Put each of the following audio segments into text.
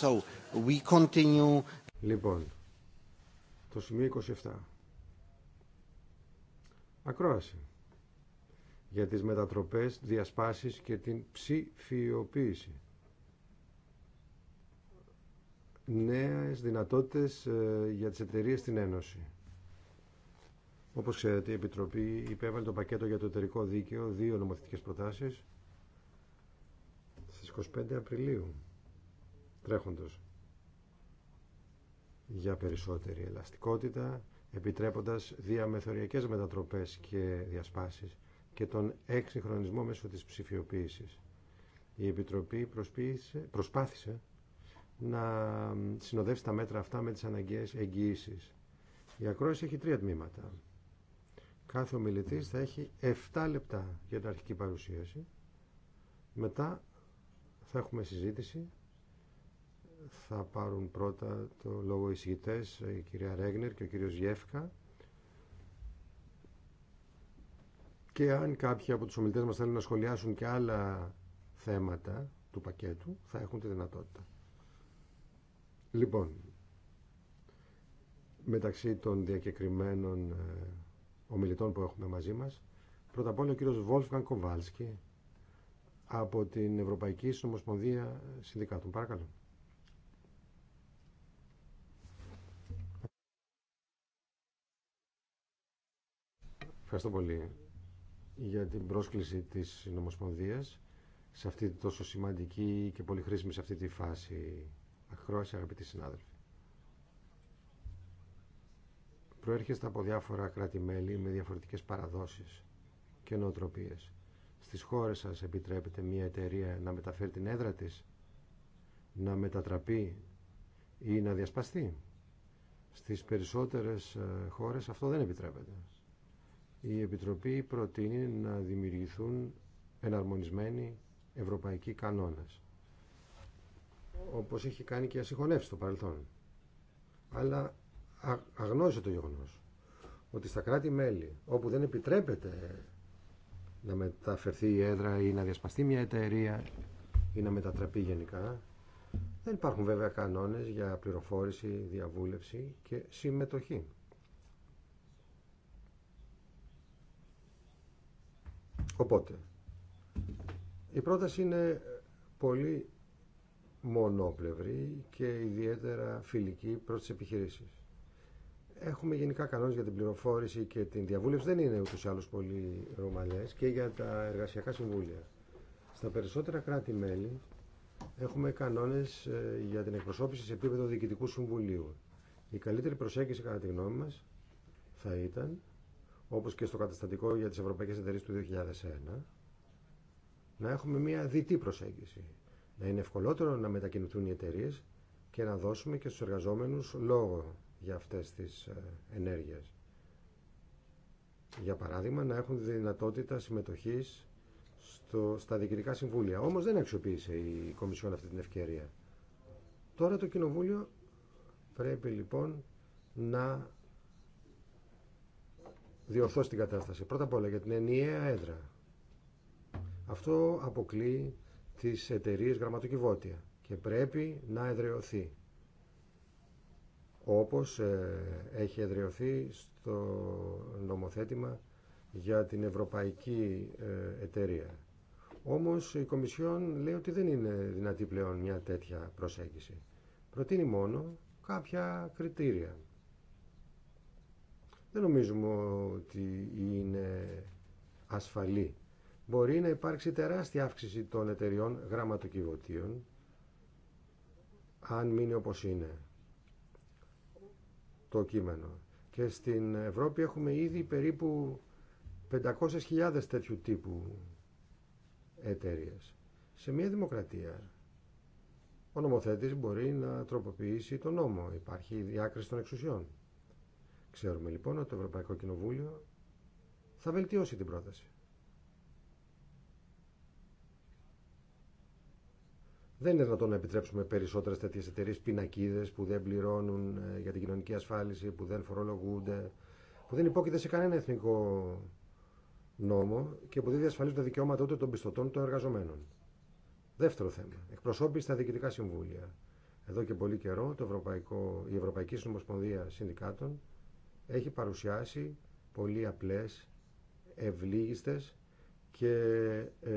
So, we continue... Λοιπόν, το σημείο 27. Ακρόαση για τις μετατροπές, διασπάσεις και την ψηφιοποίηση. Νέες δυνατότητες ε, για τις εταιρείες στην Ένωση. Όπως ξέρετε, η Επιτροπή υπέβαλε το πακέτο για το εταιρικό δίκαιο, δύο νομοθετικές προτάσεις, στις 25 Απριλίου τρέχοντος για περισσότερη ελαστικότητα, επιτρέποντας διαμεθοριακές μετατροπές και διασπάσεις και τον εξυγχρονισμό μέσω της ψηφιοποίησης. Η Επιτροπή προσπάθησε να συνοδεύσει τα μέτρα αυτά με τις αναγκαίες εγγυήσεις. Η ακρόαση έχει τρία τμήματα. Κάθε ομιλητή θα έχει 7 λεπτά για την αρχική παρουσίαση. Μετά θα έχουμε συζήτηση θα πάρουν πρώτα το λόγο οι η κυρία Ρέγνερ και ο κύριος Γεύκα. Και αν κάποιοι από τους ομιλητές μας θέλουν να σχολιάσουν και άλλα θέματα του πακέτου, θα έχουν τη δυνατότητα. Λοιπόν, μεταξύ των διακεκριμένων ε, ομιλητών που έχουμε μαζί μας, πρώτα απ' όλα ο κύριος Βόλφκαν Κοβάλσκι από την Ευρωπαϊκή Συνομοσπονδία Συνδικάτων. Παρακαλώ. Ευχαριστώ πολύ για την πρόσκληση της Νομοσπονδίας σε αυτή τη τόσο σημαντική και πολύ χρήσιμη σε αυτή τη φάση ακρόαση αγαπητοί συνάδελφοι. Προέρχεστε από διάφορα κράτη-μέλη με διαφορετικές παραδόσεις και νοοτροπίες. Στις χώρες σας επιτρέπεται μια εταιρεία να μεταφέρει την έδρα της, να μετατραπεί ή να διασπαστεί. Στις περισσότερες ε, χώρες αυτό δεν επιτρέπεται η Επιτροπή προτείνει να δημιουργηθούν εναρμονισμένοι ευρωπαϊκοί κανόνες όπως έχει κάνει και ασυγχωνεύσει στο παρελθόν αλλά αγνώρισε το γεγονός ότι στα κράτη-μέλη όπου δεν επιτρέπεται να μεταφερθεί η έδρα ή να διασπαστεί μια εταιρεία ή να μετατραπεί γενικά δεν υπάρχουν βέβαια κανόνες για πληροφόρηση, διαβούλευση και συμμετοχή Οπότε, η πρόταση είναι πολύ μονόπλευρη και ιδιαίτερα φιλική προς τις επιχειρήσεις. Έχουμε γενικά κανόνες για την πληροφόρηση και την διαβούλευση. Δεν είναι ούτως ή άλλως πολύ ρωμαλές και για τα εργασιακά συμβούλια. Στα περισσότερα κράτη-μέλη έχουμε κανόνες ε, για την εκπροσώπηση σε επίπεδο διοικητικού συμβουλίου. Η καλύτερη προσέγγιση κατά τη γνώμη μας θα ήταν όπως και στο καταστατικό για τις Ευρωπαϊκές Εταιρείες του 2001, να έχουμε μια διτή προσέγγιση. Να είναι ευκολότερο να μετακινηθούν οι εταιρείε και να δώσουμε και στους εργαζόμενους λόγο για αυτές τις ε, ενέργειες. Για παράδειγμα, να έχουν δυνατότητα συμμετοχής στο, στα διοικητικά συμβούλια. Όμως δεν αξιοποίησε η Κομισιόν αυτή την ευκαιρία. Τώρα το Κοινοβούλιο πρέπει λοιπόν να διορθώσει την κατάσταση. Πρώτα απ' όλα για την ενιαία έδρα. Αυτό αποκλεί τις εταιρείε γραμματοκιβώτια και πρέπει να εδραιωθεί. Όπως ε, έχει εδραιωθεί στο νομοθέτημα για την Ευρωπαϊκή ε, Εταιρεία. Όμως η Κομισιόν λέει ότι δεν είναι δυνατή πλέον μια τέτοια προσέγγιση. Προτείνει μόνο κάποια κριτήρια δεν νομίζουμε ότι είναι ασφαλή. Μπορεί να υπάρξει τεράστια αύξηση των εταιριών γραμματοκιβωτίων αν μείνει όπως είναι το κείμενο. Και στην Ευρώπη έχουμε ήδη περίπου 500.000 τέτοιου τύπου εταιρείες. Σε μια δημοκρατία ο νομοθέτης μπορεί να τροποποιήσει τον νόμο. Υπάρχει διάκριση των εξουσιών. Ξέρουμε λοιπόν ότι το Ευρωπαϊκό Κοινοβούλιο θα βελτιώσει την πρόταση. Δεν είναι δυνατόν να επιτρέψουμε περισσότερες τέτοιες εταιρείε πινακίδες που δεν πληρώνουν ε, για την κοινωνική ασφάλιση, που δεν φορολογούνται, που δεν υπόκειται σε κανένα εθνικό νόμο και που δεν διασφαλίζουν τα δικαιώματα ούτε των πιστωτών των εργαζομένων. Δεύτερο θέμα. Εκπροσώπηση στα διοικητικά συμβούλια. Εδώ και πολύ καιρό το Ευρωπαϊκό, η Ευρωπαϊκή Συνομοσπονδία Συνδικάτων έχει παρουσιάσει πολύ απλές, ευλίγιστες και ε,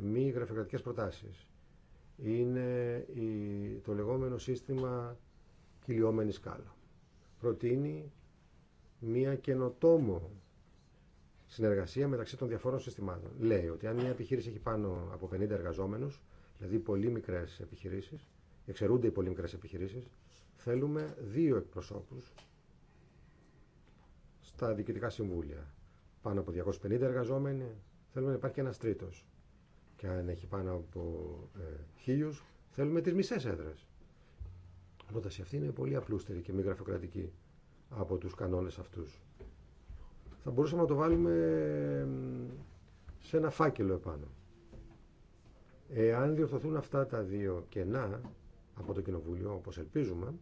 μη γραφειοκρατικές προτάσεις. Είναι το λεγόμενο σύστημα κυλιόμενη σκάλα. Προτείνει μία καινοτόμο συνεργασία μεταξύ των διαφόρων συστημάτων. Λέει ότι αν μια επιχείρηση έχει πάνω από 50 εργαζόμενους, δηλαδή πολύ μικρές επιχειρήσεις, εξαιρούνται οι πολύ μικρές επιχειρήσεις, θέλουμε δύο εκπροσώπους τα διοικητικά συμβούλια. Πάνω από 250 εργαζόμενοι, θέλουμε να υπάρχει ένα τρίτο. Και αν έχει πάνω από ε, χίλιου, θέλουμε τι μισέ έδρε. Η πρόταση αυτή είναι πολύ απλούστερη και μη γραφειοκρατική από του κανόνε αυτού. Θα μπορούσαμε να το βάλουμε σε ένα φάκελο επάνω. Εάν διορθωθούν αυτά τα δύο κενά από το Κοινοβούλιο, όπως ελπίζουμε,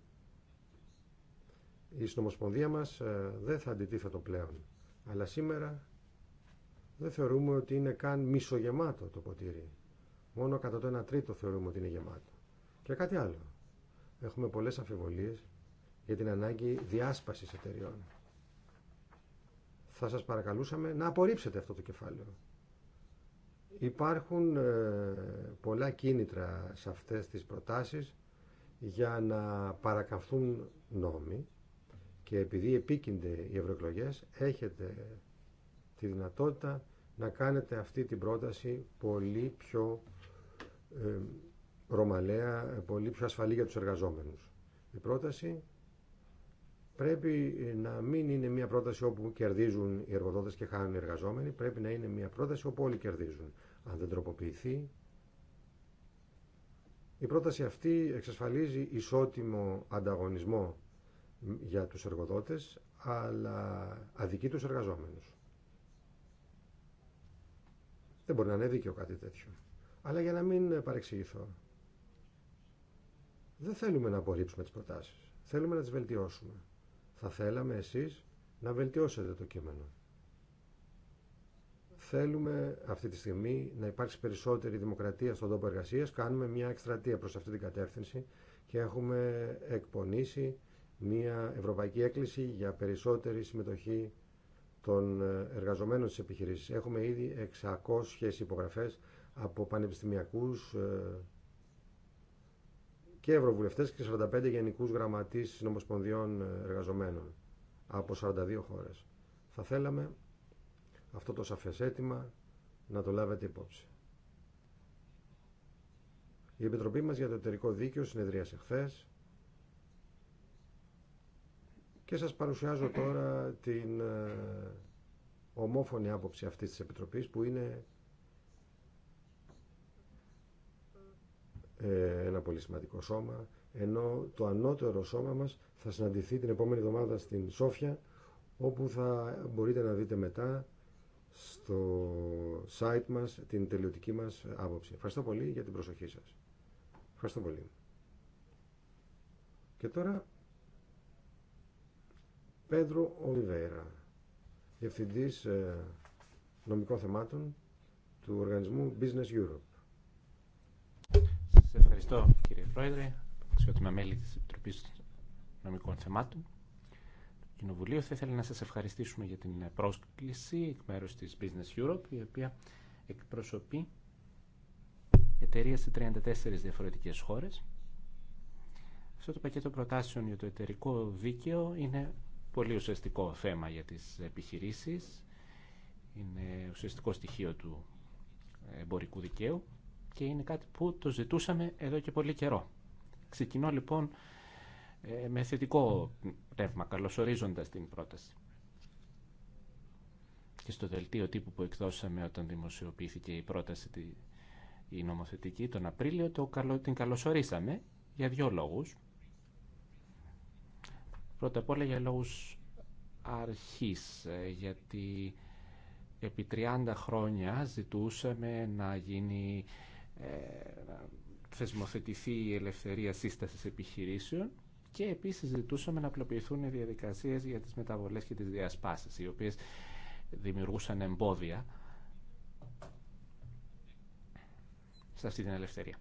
η συνομοσπονδία μας ε, δεν θα αντιτίθετο πλέον. Αλλά σήμερα δεν θεωρούμε ότι είναι καν μισογεμάτο το ποτήρι. Μόνο κατά το 1 τρίτο θεωρούμε ότι είναι γεμάτο. Και κάτι άλλο. Έχουμε πολλές αμφιβολίες για την ανάγκη διάσπασης εταιριών. Θα σας παρακαλούσαμε να απορρίψετε αυτό το κεφάλαιο. Υπάρχουν ε, πολλά κίνητρα σε αυτές τις προτάσεις για να παρακαμφθούν νόμοι και επειδή επίκυνται οι ευρωεκλογέ, έχετε τη δυνατότητα να κάνετε αυτή την πρόταση πολύ πιο ε, ρωμαλαία, πολύ πιο ασφαλή για τους εργαζόμενους. Η πρόταση πρέπει να μην είναι μια πρόταση όπου κερδίζουν οι εργοδότες και χάνουν οι εργαζόμενοι, πρέπει να είναι μια πρόταση όπου όλοι κερδίζουν. Αν δεν τροποποιηθεί, η πρόταση αυτή εξασφαλίζει ισότιμο ανταγωνισμό για τους εργοδότες, αλλά αδικεί τους εργαζόμενους. Δεν μπορεί να είναι δίκαιο κάτι τέτοιο. Αλλά για να μην παρεξηγηθώ, δεν θέλουμε να απορρίψουμε τις προτάσεις. Θέλουμε να τις βελτιώσουμε. Θα θέλαμε εσείς να βελτιώσετε το κείμενο. Θέλουμε αυτή τη στιγμή να υπάρξει περισσότερη δημοκρατία στον τόπο εργασία. Κάνουμε μια εκστρατεία προς αυτή την κατεύθυνση και έχουμε εκπονήσει μια ευρωπαϊκή έκκληση για περισσότερη συμμετοχή των ε, εργαζομένων στις επιχειρήσεις. Έχουμε ήδη 600 υπογραφές από πανεπιστημιακούς ε, και ευρωβουλευτές και 45 γενικούς γραμματείς νομοσπονδιών ε, εργαζομένων από 42 χώρες. Θα θέλαμε αυτό το σαφές αίτημα να το λάβετε υπόψη. Η Επιτροπή μας για το Εταιρικό Δίκαιο συνεδρίασε χθες και σας παρουσιάζω τώρα την ε, ομόφωνη άποψη αυτής της Επιτροπής που είναι ε, ένα πολύ σημαντικό σώμα ενώ το ανώτερο σώμα μας θα συναντηθεί την επόμενη εβδομάδα στην Σόφια όπου θα μπορείτε να δείτε μετά στο site μας την τελειωτική μας άποψη. Ευχαριστώ πολύ για την προσοχή σας. Ευχαριστώ πολύ. Και τώρα Πέδρο Ολιβέρα, διευθυντή ε, Νομικών Θεμάτων του οργανισμού Business Europe. Σας ευχαριστώ κύριε Πρόεδρε, αξιότιμα μέλη της Επιτροπής Νομικών Θεμάτων. Κοινοβουλίου θα ήθελα να σας ευχαριστήσουμε για την πρόσκληση εκ μέρους της Business Europe, η οποία εκπροσωπεί εταιρεία σε 34 διαφορετικές χώρες. Αυτό το πακέτο προτάσεων για το εταιρικό δίκαιο είναι πολύ ουσιαστικό θέμα για τις επιχειρήσεις. Είναι ουσιαστικό στοιχείο του εμπορικού δικαίου και είναι κάτι που το ζητούσαμε εδώ και πολύ καιρό. Ξεκινώ λοιπόν ε, με θετικό πνεύμα, καλωσορίζοντας την πρόταση. Και στο δελτίο τύπου που εκδώσαμε όταν δημοσιοποιήθηκε η πρόταση η νομοθετική τον Απρίλιο, το την καλωσορίσαμε για δύο λόγους. Πρώτα απ' όλα για λόγους αρχής, ε, γιατί επί 30 χρόνια ζητούσαμε να γίνει ε, θεσμοθετηθεί η ελευθερία σύστασης επιχειρήσεων και επίσης ζητούσαμε να απλοποιηθούν οι διαδικασίες για τις μεταβολές και τις διασπάσεις, οι οποίες δημιουργούσαν εμπόδια σε αυτή την ελευθερία.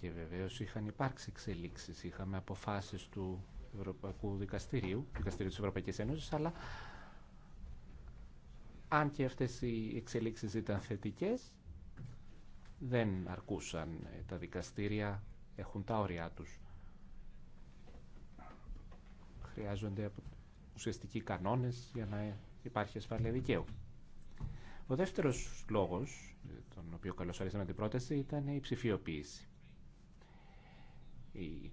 Και βεβαίως είχαν υπάρξει εξελίξεις, είχαμε αποφάσεις του Ευρωπαϊκού Δικαστηρίου, του Δικαστηρίου της Ευρωπαϊκής Ένωσης, αλλά αν και αυτές οι εξελίξεις ήταν θετικές, δεν αρκούσαν τα δικαστήρια, έχουν τα όρια τους. Χρειάζονται ουσιαστικοί κανόνες για να υπάρχει ασφάλεια δικαίου. Ο δεύτερος λόγος, τον οποίο καλωσορίσαμε την πρόταση, ήταν η ψηφιοποίηση η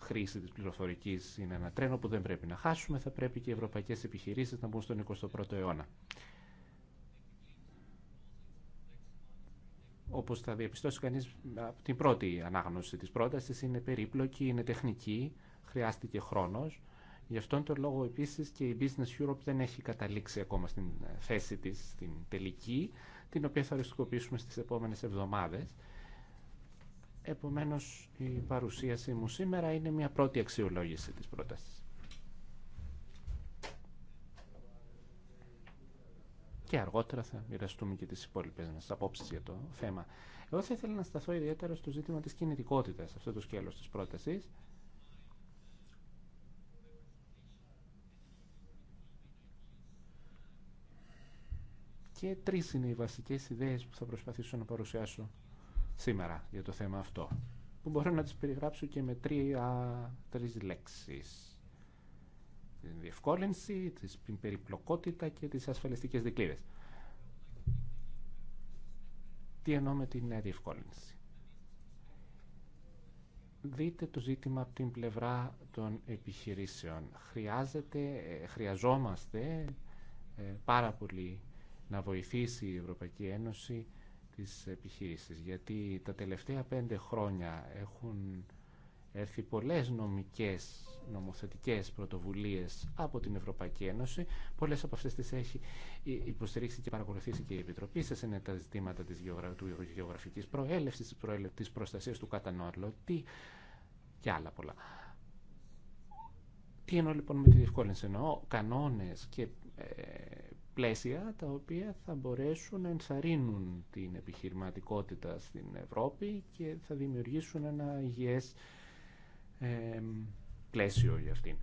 χρήση της πληροφορικής είναι ένα τρένο που δεν πρέπει να χάσουμε, θα πρέπει και οι ευρωπαϊκές επιχειρήσεις να μπουν στον 21ο αιώνα. Όπως θα διαπιστώσει κανείς από την πρώτη ανάγνωση της πρότασης, είναι περίπλοκη, είναι τεχνική, χρειάστηκε χρόνος. Γι' αυτόν τον λόγο επίσης και η Business Europe δεν έχει καταλήξει ακόμα στην θέση της, στην τελική, την οποία θα οριστικοποιήσουμε στις επόμενες εβδομάδες. Επομένως, η παρουσίαση μου σήμερα είναι μια πρώτη αξιολόγηση της πρότασης. Και αργότερα θα μοιραστούμε και τις υπόλοιπες μας απόψεις για το θέμα. Εγώ θα ήθελα να σταθώ ιδιαίτερα στο ζήτημα της κινητικότητας, αυτό το σκέλος της πρότασης, Και τρεις είναι οι βασικές ιδέες που θα προσπαθήσω να παρουσιάσω σήμερα για το θέμα αυτό, που μπορώ να τις περιγράψω και με τρία, τρεις λέξεις. Την διευκόλυνση, την περιπλοκότητα και τις ασφαλιστικές δικλείδες. Τι εννοώ με την ε, διευκόλυνση. Δείτε το ζήτημα από την πλευρά των επιχειρήσεων. Χρειάζεται, ε, χρειαζόμαστε ε, πάρα πολύ να βοηθήσει η Ευρωπαϊκή Ένωση της επιχείρησης, γιατί τα τελευταία πέντε χρόνια έχουν έρθει πολλές νομικές, νομοθετικές πρωτοβουλίες από την Ευρωπαϊκή Ένωση. Πολλές από αυτές τις έχει υποστηρίξει και παρακολουθήσει και η Επιτροπή σε Είναι τα ζητήματα της γεωγραφικής προέλευσης, της προστασίας του καταναλωτή και άλλα πολλά. Τι εννοώ λοιπόν με τη διευκόλυνση. Εννοώ κανόνες και ε, πλαίσια τα οποία θα μπορέσουν να ενθαρρύνουν την επιχειρηματικότητα στην Ευρώπη και θα δημιουργήσουν ένα υγιές πλαίσιο για αυτήν.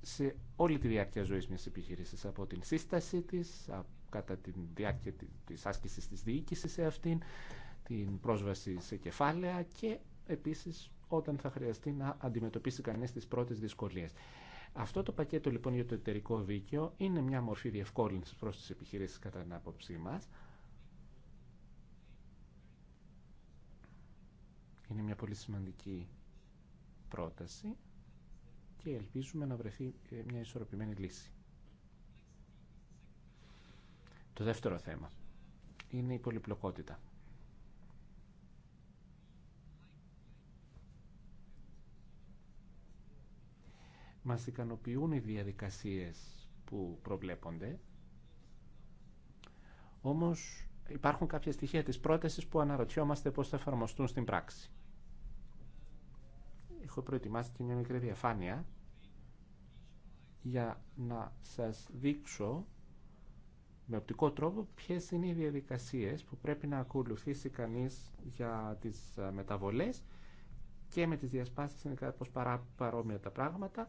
Σε όλη τη διάρκεια ζωής μιας επιχείρησης, από την σύσταση της, κατά τη διάρκεια της άσκησης της διοίκησης σε αυτήν, την πρόσβαση σε κεφάλαια και επίσης όταν θα χρειαστεί να αντιμετωπίσει κανείς τις πρώτες δυσκολίες. Αυτό το πακέτο λοιπόν για το εταιρικό δίκαιο είναι μια μορφή διευκόλυνση προς τις επιχειρήσεις κατά την άποψή μας. Είναι μια πολύ σημαντική πρόταση και ελπίζουμε να βρεθεί ε, μια ισορροπημένη λύση. Το δεύτερο θέμα είναι η πολυπλοκότητα. Μας ικανοποιούν οι διαδικασίες που προβλέπονται, όμως υπάρχουν κάποια στοιχεία της πρότασης που αναρωτιόμαστε πώς θα εφαρμοστούν στην πράξη. Έχω προετοιμάσει και μια μικρή διαφάνεια για να σας δείξω με οπτικό τρόπο ποιες είναι οι διαδικασίες που πρέπει να ακολουθήσει κανείς για τις ε, μεταβολές και με τις διασπάσεις είναι κάπως παρόμοια τα πράγματα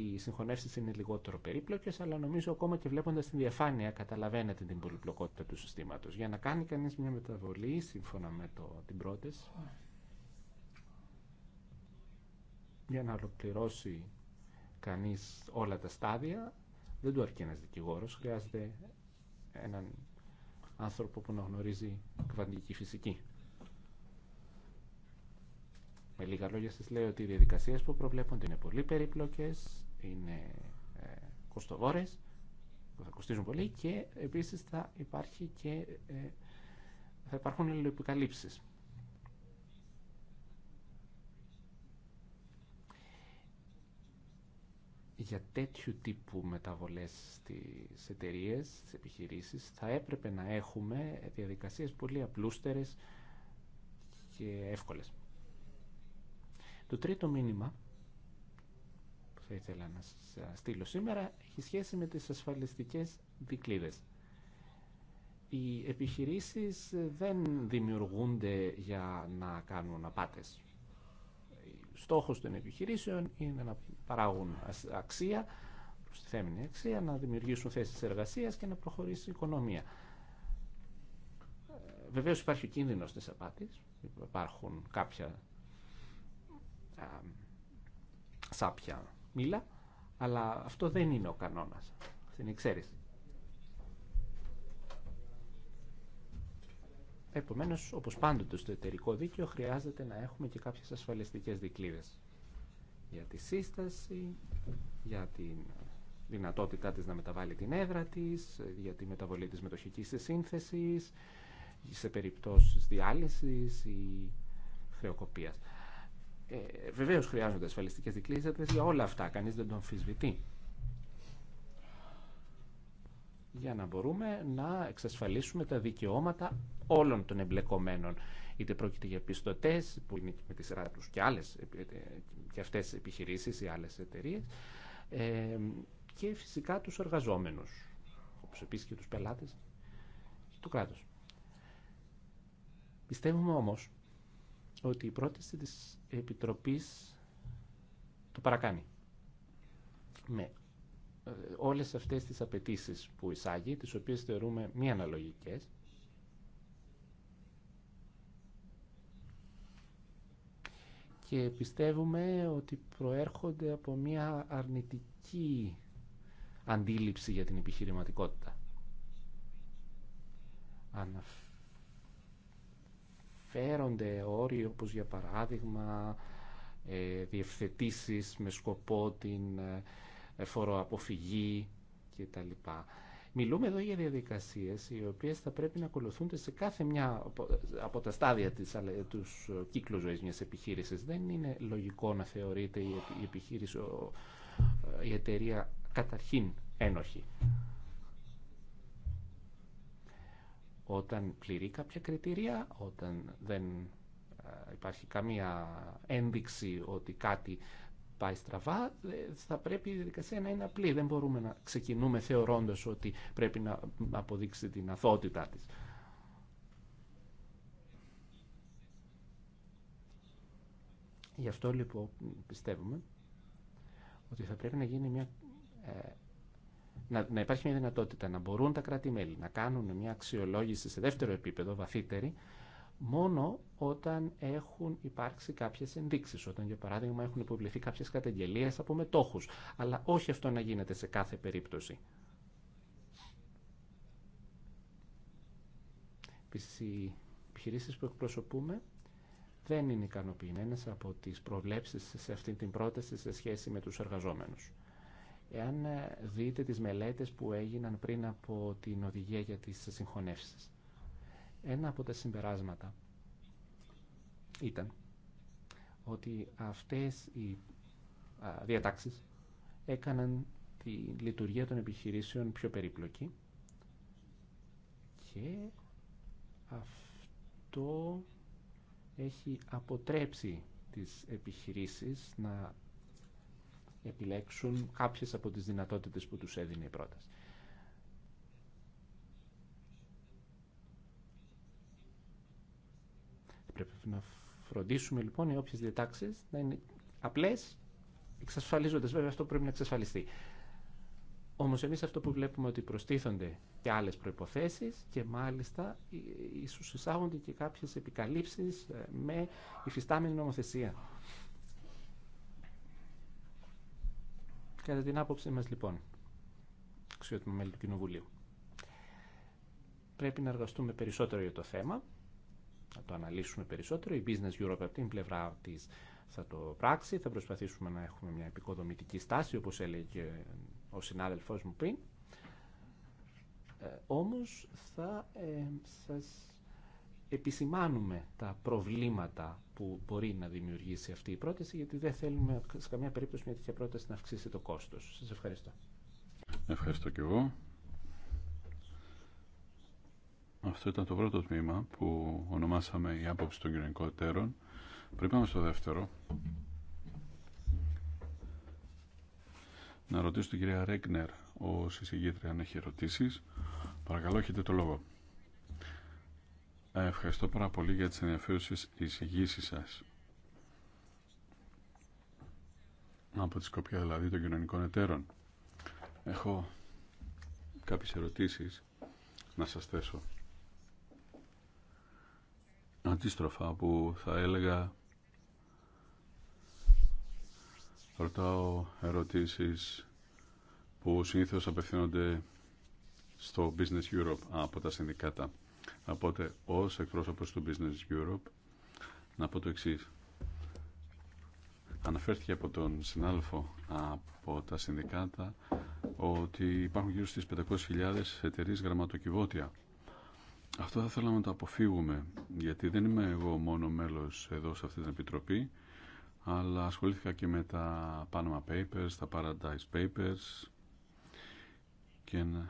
οι συγχωνεύσει είναι λιγότερο περίπλοκε, αλλά νομίζω ακόμα και βλέποντα την διαφάνεια καταλαβαίνετε την πολυπλοκότητα του συστήματο. Για να κάνει κανεί μια μεταβολή, σύμφωνα με το, την πρόταση, για να ολοκληρώσει κανεί όλα τα στάδια, δεν του αρκεί ένα δικηγόρος, χρειάζεται έναν άνθρωπο που να γνωρίζει κβαντική φυσική. Με λίγα λόγια σας λέω ότι οι διαδικασίες που προβλέπονται είναι πολύ περίπλοκες, είναι ε, κοστοβόρες, θα κοστίζουν πολύ και επίσης θα υπάρχει και ε, θα υπάρχουν αλληλοεπικαλύψεις. για τέτοιου τύπου μεταβολές στις εταιρείε, στις επιχειρήσεις, θα έπρεπε να έχουμε διαδικασίες πολύ απλούστερες και εύκολες. Το τρίτο μήνυμα θα ήθελα να σας ε, στείλω σήμερα έχει σχέση με τις ασφαλιστικές δικλείδες. Οι επιχειρήσεις δεν δημιουργούνται για να κάνουν απάτες. Στόχος των επιχειρήσεων είναι να παράγουν αξία, προστιθέμενη αξία, να δημιουργήσουν θέσεις εργασίας και να προχωρήσει η οικονομία. Ε, βεβαίως υπάρχει κίνδυνος της απάτης, υπάρχουν κάποια σάπια Μίλα, αλλά αυτό δεν είναι ο κανόνας. Στην εξαίρεση. Επομένως, όπως πάντοτε στο εταιρικό δίκαιο, χρειάζεται να έχουμε και κάποιες ασφαλιστικές δικλείδες για τη σύσταση, για την δυνατότητά της να μεταβάλει την έδρα της, για τη μεταβολή της μετοχικής της σύνθεσης, σε περιπτώσεις διάλυσης ή χρεοκοπίας. Ε, Βεβαίω χρειάζονται ασφαλιστικέ δικλείδε για όλα αυτά. Κανεί δεν τον αμφισβητεί. Για να μπορούμε να εξασφαλίσουμε τα δικαιώματα όλων των εμπλεκομένων. Είτε πρόκειται για πιστωτέ, που είναι με τη σειρά του ε, ε, ε, και, αυτές και αυτέ τι επιχειρήσει ή άλλε εταιρείε, ε, και φυσικά του εργαζόμενου, όπω επίση και του πελάτε του κράτου. Πιστεύουμε όμως ότι η πρόταση της Επιτροπής το παρακάνει. Με ε, όλες αυτές τις απαιτήσεις που εισάγει, τις οποίες θεωρούμε μη αναλογικές, και πιστεύουμε ότι προέρχονται από μια αρνητική αντίληψη για την επιχειρηματικότητα αναφέρονται όροι όπως για παράδειγμα ε, διευθετήσεις με σκοπό την ε, φοροαποφυγή κτλ. Μιλούμε εδώ για διαδικασίες οι οποίες θα πρέπει να ακολουθούνται σε κάθε μια από τα στάδια της, τους κύκλου ζωής μιας επιχείρησης. Δεν είναι λογικό να θεωρείται η επιχείρηση, η εταιρεία καταρχήν ένοχη. όταν πληρεί κάποια κριτήρια, όταν δεν ε, υπάρχει καμία ένδειξη ότι κάτι πάει στραβά, ε, θα πρέπει η διαδικασία να είναι απλή. Δεν μπορούμε να ξεκινούμε θεωρώντας ότι πρέπει να αποδείξει την αθότητά της. Γι' αυτό λοιπόν πιστεύουμε ότι θα πρέπει να γίνει μια ε, να, να υπάρχει μια δυνατότητα να μπορούν τα κράτη-μέλη να κάνουν μια αξιολόγηση σε δεύτερο επίπεδο, βαθύτερη, μόνο όταν έχουν υπάρξει κάποιες ενδείξεις, όταν για παράδειγμα έχουν υποβληθεί κάποιες καταγγελίες από μετόχους, αλλά όχι αυτό να γίνεται σε κάθε περίπτωση. Επίση, οι επιχειρήσει που εκπροσωπούμε δεν είναι ικανοποιημένε από τις προβλέψεις σε αυτή την πρόταση σε σχέση με τους εργαζόμενους εάν ε, δείτε τις μελέτες που έγιναν πριν από την οδηγία για τις συγχωνεύσεις. Ένα από τα συμπεράσματα ήταν ότι αυτές οι διατάξεις έκαναν τη λειτουργία των επιχειρήσεων πιο περίπλοκη και αυτό έχει αποτρέψει τις επιχειρήσεις να επιλέξουν κάποιες από τις δυνατότητες που τους έδινε η πρόταση. Πρέπει να φροντίσουμε λοιπόν οι όποιες διατάξεις να είναι απλές, εξασφαλίζοντας βέβαια αυτό που πρέπει να εξασφαλιστεί. Όμως εμείς αυτό που βλέπουμε ότι προστίθονται και άλλες προϋποθέσεις και μάλιστα ίσως εισάγονται και κάποιες επικαλύψεις ε, με υφιστάμενη νομοθεσία. Κατά την άποψή μας λοιπόν, αξιότιμο μέλη του Κοινοβουλίου, πρέπει να εργαστούμε περισσότερο για το θέμα, να το αναλύσουμε περισσότερο. Η Business Europe από την πλευρά της θα το πράξει, θα προσπαθήσουμε να έχουμε μια επικοδομητική στάση, όπως έλεγε ο συνάδελφο μου πριν. Ε, όμως θα ε, σας επισημάνουμε τα προβλήματα που μπορεί να δημιουργήσει αυτή η πρόταση, γιατί δεν θέλουμε σε καμία περίπτωση μια τέτοια πρόταση να αυξήσει το κόστος. Σας ευχαριστώ. Ευχαριστώ και εγώ. Αυτό ήταν το πρώτο τμήμα που ονομάσαμε η άποψη των κοινωνικών εταίρων. να πάμε στο δεύτερο, να ρωτήσω την κυρία Ρέγκνερ, ο συζηγήτρια, αν έχει ερωτήσεις. Παρακαλώ, έχετε το λόγο. Ευχαριστώ πάρα πολύ για τις ενδιαφέρουσες εισηγήσεις σας. Από τη σκοπιά δηλαδή των κοινωνικών εταίρων. Έχω κάποιες ερωτήσεις να σας θέσω. Αντίστροφα που θα έλεγα ρωτάω ερωτήσεις που συνήθως απευθύνονται στο Business Europe από τα συνδικάτα. Οπότε ως εκπρόσωπος του Business Europe να πω το εξή. Αναφέρθηκε από τον συνάδελφο από τα συνδικάτα ότι υπάρχουν γύρω στις 500.000 εταιρείε γραμματοκιβώτια. Αυτό θα θέλαμε να το αποφύγουμε, γιατί δεν είμαι εγώ μόνο μέλος εδώ σε αυτή την επιτροπή, αλλά ασχολήθηκα και με τα Panama Papers, τα Paradise Papers και ένα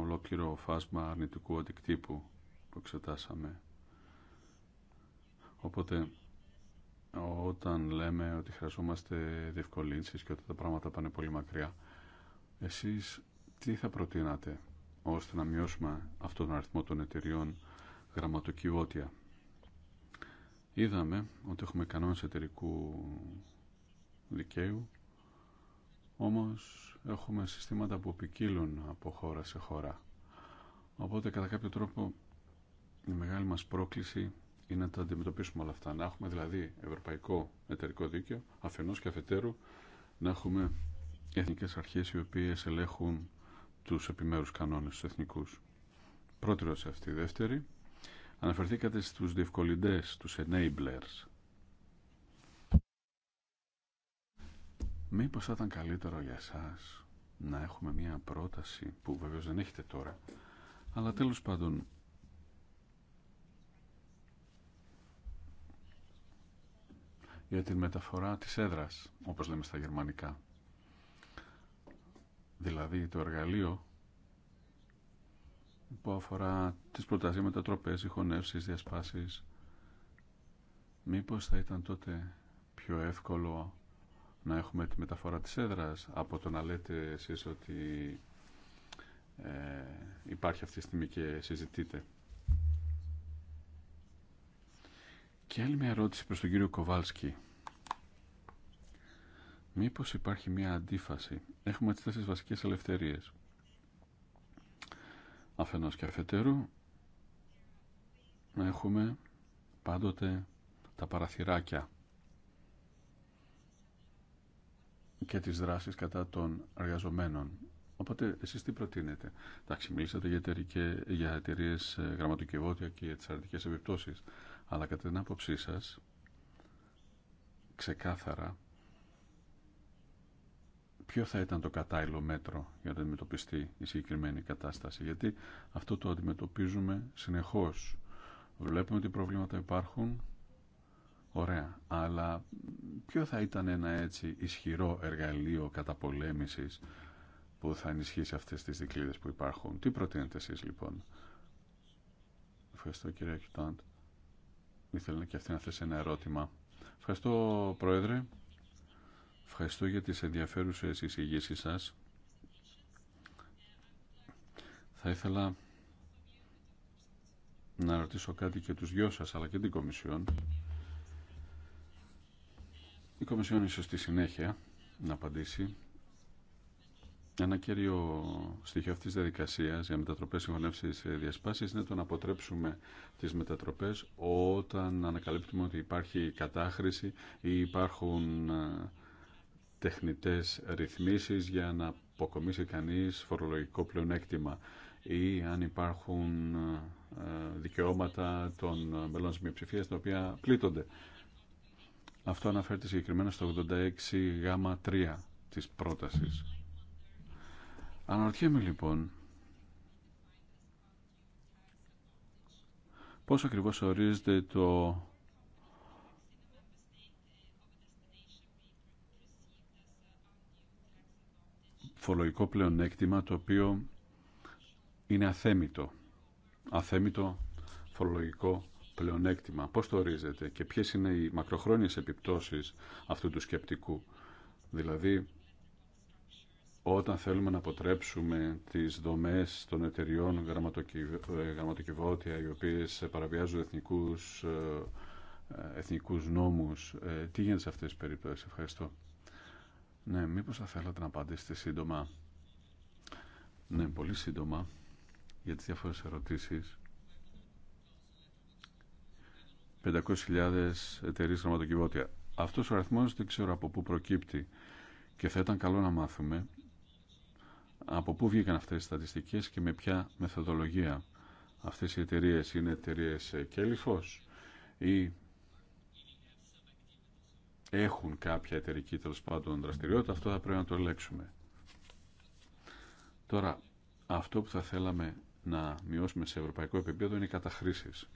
ολόκληρο φάσμα αρνητικού αντικτύπου που εξετάσαμε. Οπότε όταν λέμε ότι χρειαζόμαστε διευκολύνσεις και ότι τα πράγματα πάνε πολύ μακριά, εσείς τι θα προτείνατε ώστε να μειώσουμε αυτόν τον αριθμό των εταιριών γραμματοκιβώτια. Είδαμε ότι έχουμε κανόνες εταιρικού δικαίου, όμως έχουμε συστήματα που ποικίλουν από χώρα σε χώρα. Οπότε κατά κάποιο τρόπο η μεγάλη μας πρόκληση είναι να τα αντιμετωπίσουμε όλα αυτά. Να έχουμε δηλαδή ευρωπαϊκό εταιρικό δίκαιο, αφενός και αφετέρου να έχουμε εθνικές αρχές οι οποίες ελέγχουν τους επιμέρους κανόνες τους εθνικούς. Πρώτη ρώτηση αυτή. Δεύτερη, αναφερθήκατε στους διευκολυντές, τους enablers. Μήπως θα ήταν καλύτερο για σας να έχουμε μια πρόταση που βεβαίως δεν έχετε τώρα, αλλά τέλος πάντων για τη μεταφορά της έδρας, όπως λέμε στα γερμανικά. Δηλαδή το εργαλείο που αφορά τις προτάσεις μετατροπές, ηχονεύσεις, διασπάσεις. Μήπως θα ήταν τότε πιο εύκολο να έχουμε τη μεταφορά της έδρας από το να λέτε εσείς ότι ε, υπάρχει αυτή τη στιγμή και συζητείτε. Και άλλη μια ερώτηση προς τον κύριο Κοβάλσκι. Μήπως υπάρχει μια αντίφαση. Έχουμε τις τέσσερις βασικές ελευθερίες. Αφενός και αφετέρου έχουμε πάντοτε τα παραθυράκια και τις δράσεις κατά των εργαζομένων. Οπότε εσείς τι προτείνετε. Εντάξει, μιλήσατε για, εταιρείε ε, γραμματοκιβώτια και τις αρνητικές επιπτώσεις αλλά κατά την άποψή σας ξεκάθαρα ποιο θα ήταν το κατάλληλο μέτρο για να αντιμετωπιστεί η συγκεκριμένη κατάσταση γιατί αυτό το αντιμετωπίζουμε συνεχώς βλέπουμε ότι προβλήματα υπάρχουν Ωραία, αλλά ποιο θα ήταν ένα έτσι ισχυρό εργαλείο καταπολέμησης που θα ενισχύσει αυτές τις δικλείδες που υπάρχουν. Τι προτείνετε εσείς λοιπόν. Ευχαριστώ κύριε Κιτάντ. Ήθελα και αυτή να θέσει ένα ερώτημα. Ευχαριστώ, Πρόεδρε. Ευχαριστώ για τις ενδιαφέρουσες εισηγήσει σας. Θα ήθελα να ρωτήσω κάτι και τους δυο σας, αλλά και την Κομισιόν. Η Κομισιόν ίσως στη συνέχεια να απαντήσει ένα κύριο στοιχείο αυτής της διαδικασίας για μετατροπές συγχωνεύσεις διασπάσεις είναι το να αποτρέψουμε τις μετατροπές όταν ανακαλύπτουμε ότι υπάρχει κατάχρηση ή υπάρχουν ε, τεχνητές ρυθμίσεις για να αποκομίσει κανείς φορολογικό πλεονέκτημα ή αν υπάρχουν ε, δικαιώματα των μελών τη μειοψηφίας τα οποία πλήττονται. Αυτό αναφέρεται συγκεκριμένα στο 86 γ3 της πρότασης. Αναρωτιέμαι λοιπόν πώς ακριβώς ορίζεται το φορολογικό πλεονέκτημα το οποίο είναι αθέμητο. Αθέμητο φορολογικό πλεονέκτημα. Πώς το ορίζεται και ποιες είναι οι μακροχρόνιες επιπτώσεις αυτού του σκεπτικού. Δηλαδή, όταν θέλουμε να αποτρέψουμε τις δομές των εταιριών ε, γραμματοκιβώτια οι οποίες παραβιάζουν εθνικούς, ε, εθνικούς νόμους. Ε, τι γίνεται σε αυτές τις περιπτώσεις. Ευχαριστώ. Ναι, μήπως θα θέλατε να απαντήσετε σύντομα. Ναι, πολύ σύντομα για τις διάφορες ερωτήσεις. 500.000 εταιρείε γραμματοκιβώτια. Αυτός ο αριθμός δεν ξέρω από πού προκύπτει και θα ήταν καλό να μάθουμε από πού βγήκαν αυτές οι στατιστικές και με ποια μεθοδολογία. Αυτές οι εταιρείε είναι εταιρείε ε, κέλυφος ή έχουν κάποια εταιρική τέλο πάντων δραστηριότητα, αυτό θα πρέπει να το ελέγξουμε. Τώρα, αυτό που θα θέλαμε να μειώσουμε σε ευρωπαϊκό επίπεδο είναι οι καταχρήσεις.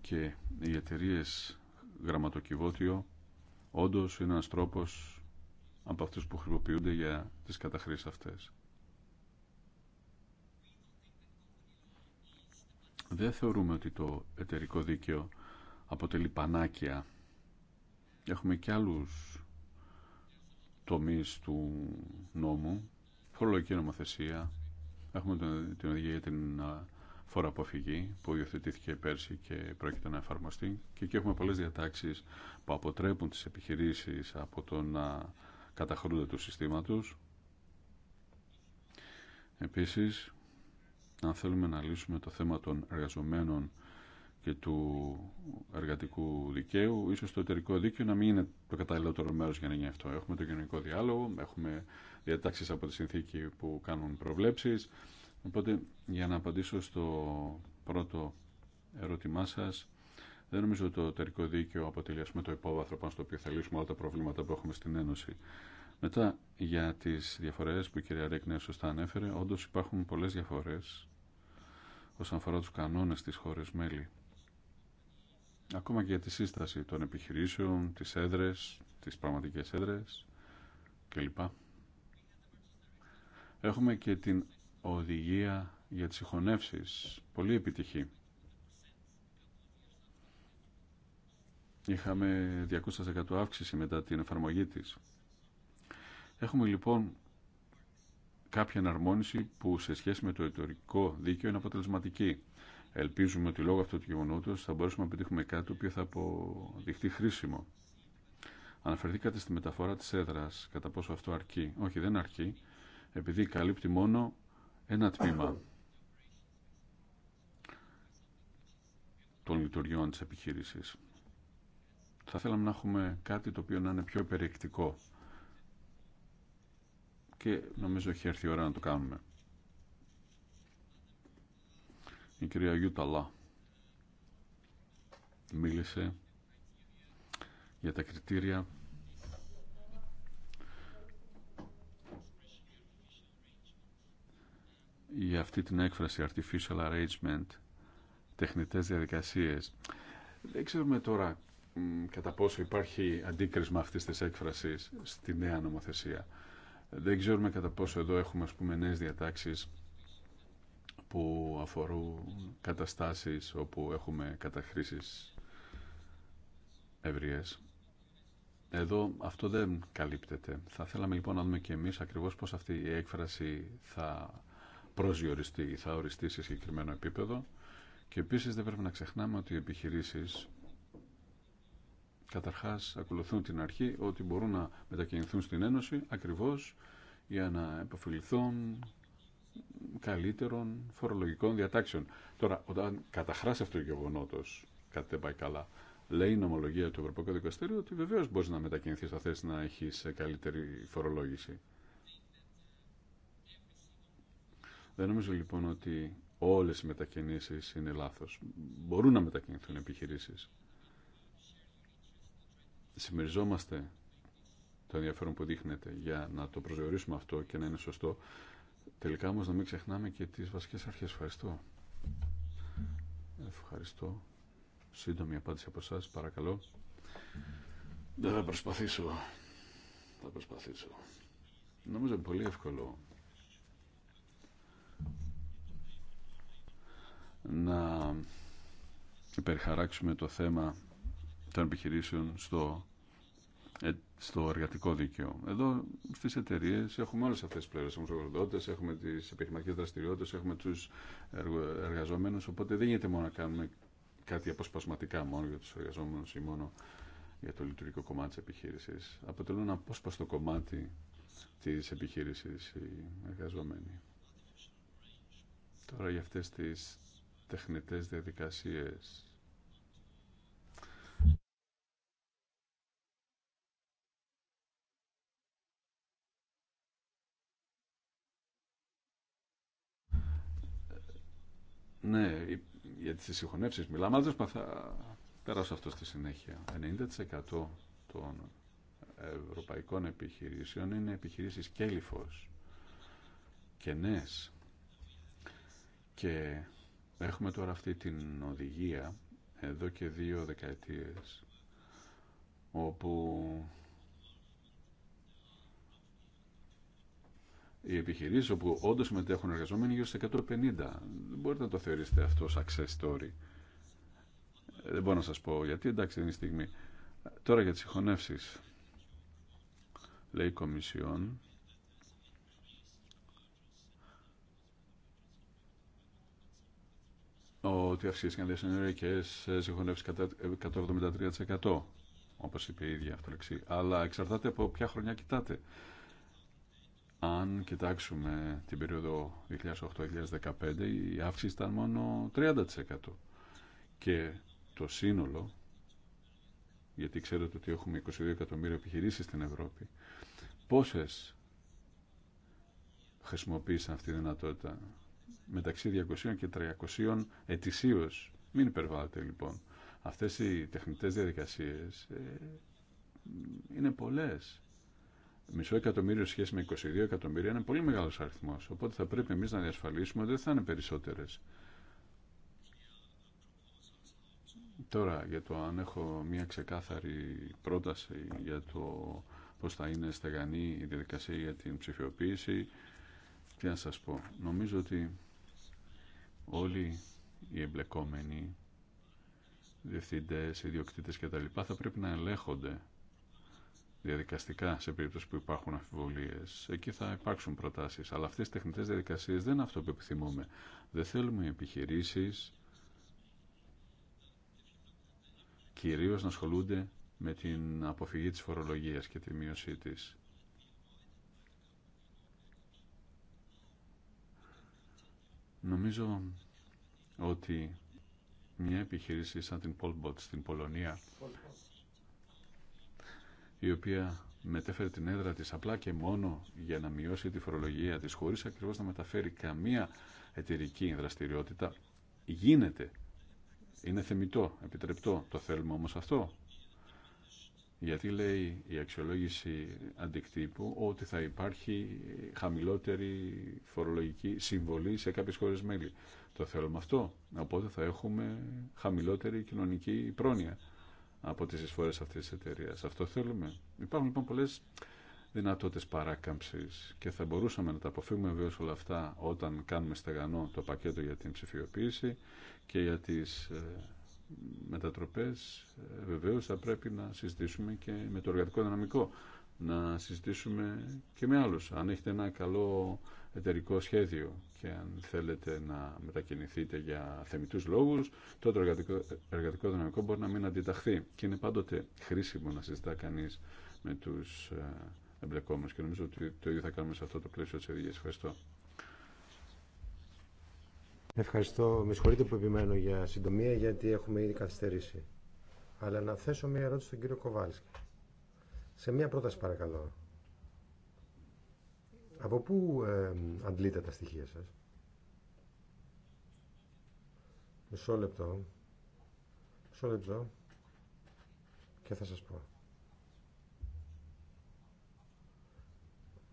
Και οι εταιρείε γραμματοκιβώτιο όντως είναι ένας τρόπος από αυτούς που χρησιμοποιούνται για τις καταχρήσεις αυτές. Δεν θεωρούμε ότι το εταιρικό δίκαιο αποτελεί πανάκια. Έχουμε και άλλους τομείς του νόμου, φορολογική νομοθεσία, έχουμε την οδηγία για την φόρα αποφυγή που υιοθετήθηκε πέρσι και πρόκειται να εφαρμοστεί και εκεί έχουμε πολλές διατάξεις που αποτρέπουν τις επιχειρήσεις από το να καταχρούνται του συστήματος. Επίσης, αν θέλουμε να λύσουμε το θέμα των εργαζομένων και του εργατικού δικαίου, ίσως το εταιρικό δίκαιο να μην είναι το καταλληλότερο μέρος για να γίνει αυτό. Έχουμε το κοινωνικό διάλογο, έχουμε διατάξεις από τη συνθήκη που κάνουν προβλέψεις. Οπότε, για να απαντήσω στο πρώτο ερώτημά σας, δεν νομίζω ότι το εταιρικό δίκαιο αποτελεί πούμε, το υπόβαθρο πάνω στο οποίο θα λύσουμε όλα τα προβλήματα που έχουμε στην Ένωση. Μετά, για τι διαφορέ που η κυρία Ρέκνερ σωστά ανέφερε, όντω υπάρχουν πολλέ διαφορέ όσον αφορά του κανόνε τη χώρε μέλη. Ακόμα και για τη σύσταση των επιχειρήσεων, τι έδρε, τι πραγματικέ έδρε κλπ. Έχουμε και την οδηγία για τι συγχωνεύσει. πολύ επιτυχή. Είχαμε 200% αύξηση μετά την εφαρμογή της. Έχουμε λοιπόν κάποια εναρμόνιση που σε σχέση με το εταιρικό δίκαιο είναι αποτελεσματική. Ελπίζουμε ότι λόγω αυτού του γεγονότο θα μπορέσουμε να πετύχουμε κάτι το οποίο θα αποδειχτεί χρήσιμο. Αναφερθήκατε στη μεταφορά τη έδρα, κατά πόσο αυτό αρκεί. Όχι, δεν αρκεί, επειδή καλύπτει μόνο ένα τμήμα των λειτουργιών της επιχείρησης. Θα θέλαμε να έχουμε κάτι το οποίο να είναι πιο περιεκτικό. Και νομίζω έχει έρθει η ώρα να το κάνουμε. Η κυρία Γιούταλα μίλησε για τα κριτήρια για αυτή την έκφραση artificial arrangement τεχνητές διαδικασίες δεν ξέρουμε τώρα κατά πόσο υπάρχει αντίκρισμα αυτής της έκφρασης στη νέα νομοθεσία. Δεν ξέρουμε κατά πόσο εδώ έχουμε ας πούμε νέες διατάξεις που αφορούν καταστάσεις όπου έχουμε καταχρήσεις ευρείες. Εδώ αυτό δεν καλύπτεται. Θα θέλαμε λοιπόν να δούμε και εμείς ακριβώς πώς αυτή η έκφραση θα προσδιοριστεί ή θα οριστεί σε συγκεκριμένο επίπεδο. Και επίσης δεν πρέπει να ξεχνάμε ότι οι επιχειρήσεις καταρχάς ακολουθούν την αρχή ότι μπορούν να μετακινηθούν στην Ένωση ακριβώς για να επωφεληθούν καλύτερων φορολογικών διατάξεων. Τώρα, όταν καταχράσει αυτό το γεγονότο, κάτι δεν πάει καλά, λέει η νομολογία του Ευρωπαϊκού Δικαστήριου ότι βεβαίω μπορεί να μετακινηθεί στα θέση να έχει καλύτερη φορολόγηση. Δεν νομίζω λοιπόν ότι όλες οι μετακινήσεις είναι λάθος. Μπορούν να μετακινηθούν επιχειρήσεις συμμεριζόμαστε το ενδιαφέρον που δείχνετε για να το προσδιορίσουμε αυτό και να είναι σωστό. Τελικά όμως να μην ξεχνάμε και τις βασικές αρχές. Ευχαριστώ. Ευχαριστώ. Σύντομη απάντηση από εσά, παρακαλώ. Δεν θα προσπαθήσω. Θα προσπαθήσω. Νομίζω είναι πολύ εύκολο να υπερχαράξουμε το θέμα των επιχειρήσεων στο, ε, στο εργατικό δίκαιο. Εδώ στις εταιρείε έχουμε όλες αυτές τις πλευρές. Έχουμε τους εργοδότες, έχουμε τις επιχειρηματικές δραστηριότητες, έχουμε τους εργαζόμενους, οπότε δεν γίνεται μόνο να κάνουμε κάτι αποσπασματικά μόνο για τους εργαζόμενους ή μόνο για το λειτουργικό κομμάτι της επιχείρησης. Αποτελούν ένα απόσπαστο κομμάτι της επιχείρησης οι εργαζόμενοι. Τώρα για αυτές τις τεχνητές διαδικασίες Ναι, για τις συγχωνεύσεις μιλάμε, αλλά δεν θα πέρασω αυτό στη συνέχεια. 90% των ευρωπαϊκών επιχειρήσεων είναι επιχειρήσεις κέλυφος και Και έχουμε τώρα αυτή την οδηγία εδώ και δύο δεκαετίες όπου οι επιχειρήσει όπου όντω συμμετέχουν εργαζόμενοι γύρω στα 150. Δεν μπορείτε να το θεωρήσετε αυτό success story. Δεν μπορώ να σα πω γιατί, εντάξει είναι η στιγμή. Τώρα για τι συγχωνεύσει. Λέει η Κομισιόν ότι αυξήθηκαν οι συνεργειακέ ε, συγχωνεύσει κατά 173%. Ε, Όπω είπε η ίδια αυτό Αλλά εξαρτάται από ποια χρονιά κοιτάτε. Αν κοιτάξουμε την περίοδο 2008-2015, η αύξηση ήταν μόνο 30%. Και το σύνολο, γιατί ξέρετε ότι έχουμε 22 εκατομμύρια επιχειρήσεις στην Ευρώπη, πόσες χρησιμοποίησαν αυτή τη δυνατότητα μεταξύ 200 και 300 ετησίως. Μην υπερβάλλετε λοιπόν. Αυτές οι τεχνητές διαδικασίες ε, είναι πολλές Μισό εκατομμύριο σχέση με 22 εκατομμύρια είναι πολύ μεγάλος αριθμός, οπότε θα πρέπει εμείς να διασφαλίσουμε ότι δεν θα είναι περισσότερες. Τώρα, για το αν έχω μια ξεκάθαρη πρόταση για το πώς θα είναι στεγανή η διαδικασία για την ψηφιοποίηση, τι να σας πω. Νομίζω ότι όλοι οι εμπλεκόμενοι, διευθυντές, ιδιοκτήτες κτλ. θα πρέπει να ελέγχονται διαδικαστικά σε περίπτωση που υπάρχουν αμφιβολίες. Εκεί θα υπάρξουν προτάσεις, αλλά αυτές οι τεχνητές διαδικασίες δεν είναι αυτό που επιθυμούμε. Δεν θέλουμε οι επιχειρήσεις κυρίως να ασχολούνται με την αποφυγή της φορολογίας και τη μείωσή της. Νομίζω ότι μια επιχείρηση σαν την Polbot στην Πολωνία η οποία μετέφερε την έδρα της απλά και μόνο για να μειώσει τη φορολογία της χωρίς ακριβώς να μεταφέρει καμία εταιρική δραστηριότητα γίνεται είναι θεμητό, επιτρεπτό το θέλουμε όμως αυτό γιατί λέει η αξιολόγηση αντικτύπου ότι θα υπάρχει χαμηλότερη φορολογική συμβολή σε κάποιες χώρες μέλη. Το θέλουμε αυτό. Οπότε θα έχουμε χαμηλότερη κοινωνική πρόνοια από τις εισφορές αυτής της εταιρεία. Αυτό θέλουμε. Υπάρχουν λοιπόν πολλές δυνατότητες παράκαμψης και θα μπορούσαμε να τα αποφύγουμε βέβαια όλα αυτά όταν κάνουμε στεγανό το πακέτο για την ψηφιοποίηση και για τις ε, μετατροπές ε, βεβαίως θα πρέπει να συζητήσουμε και με το εργατικό δυναμικό να συζητήσουμε και με άλλους. Αν έχετε ένα καλό εταιρικό σχέδιο και αν θέλετε να μετακινηθείτε για θεμητούς λόγους, τότε το εργατικό, εργατικό δυναμικό μπορεί να μην αντιταχθεί. Και είναι πάντοτε χρήσιμο να συζητά κανείς με τους ε, εμπλεκόμενους και νομίζω ότι το ίδιο θα κάνουμε σε αυτό το πλαίσιο της οδηγίας. Ευχαριστώ. Ευχαριστώ. Με συγχωρείτε που επιμένω για συντομία γιατί έχουμε ήδη καθυστερήσει. Αλλά να θέσω μια ερώτηση στον κύριο Κοβάλσκι. Σε μία πρόταση παρακαλώ. Από πού αντλείτε τα στοιχεία σας. Μισό λεπτό. Μισό λεπτό. Και θα σας πω.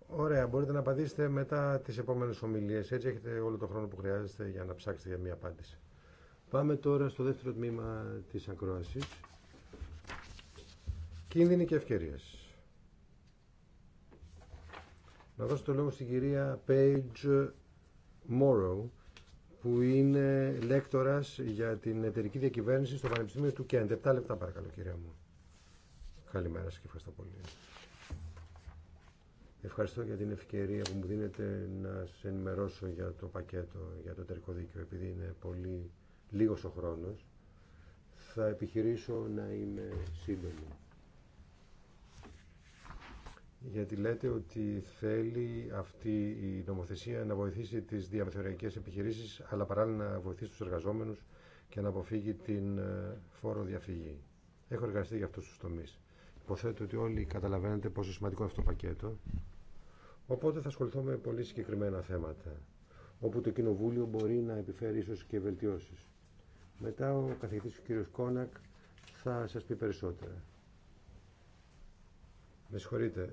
Ωραία, μπορείτε να απαντήσετε μετά τις επόμενες ομιλίες. Έτσι έχετε όλο το χρόνο που χρειάζεστε για να ψάξετε για μία απάντηση. Πάμε τώρα στο δεύτερο τμήμα της ακρόασης. Κίνδυνοι και ευκαιρίες. Να δώσω το λόγο στην κυρία Page Morrow, που είναι λέκτορας για την εταιρική διακυβέρνηση στο Πανεπιστήμιο του Κέντ. 7 λεπτά παρακαλώ κυρία μου. Καλημέρα σας και ευχαριστώ πολύ. Ευχαριστώ για την ευκαιρία που μου δίνετε να σας ενημερώσω για το πακέτο, για το εταιρικό δίκαιο, επειδή είναι πολύ λίγος ο χρόνος. Θα επιχειρήσω να είμαι σύντομη γιατί λέτε ότι θέλει αυτή η νομοθεσία να βοηθήσει τις διαμεθοριακές επιχειρήσεις αλλά παράλληλα να βοηθήσει τους εργαζόμενους και να αποφύγει την ε, φόρο διαφυγή. Έχω εργαστεί για αυτούς τους τομείς. Υποθέτω ότι όλοι καταλαβαίνετε πόσο σημαντικό είναι αυτό το πακέτο. Οπότε θα ασχοληθώ με πολύ συγκεκριμένα θέματα, όπου το Κοινοβούλιο μπορεί να επιφέρει ίσως και βελτιώσεις. Μετά ο καθηγητής ο κ. Κόνακ θα σας πει περισσότερα. Με συγχωρείτε,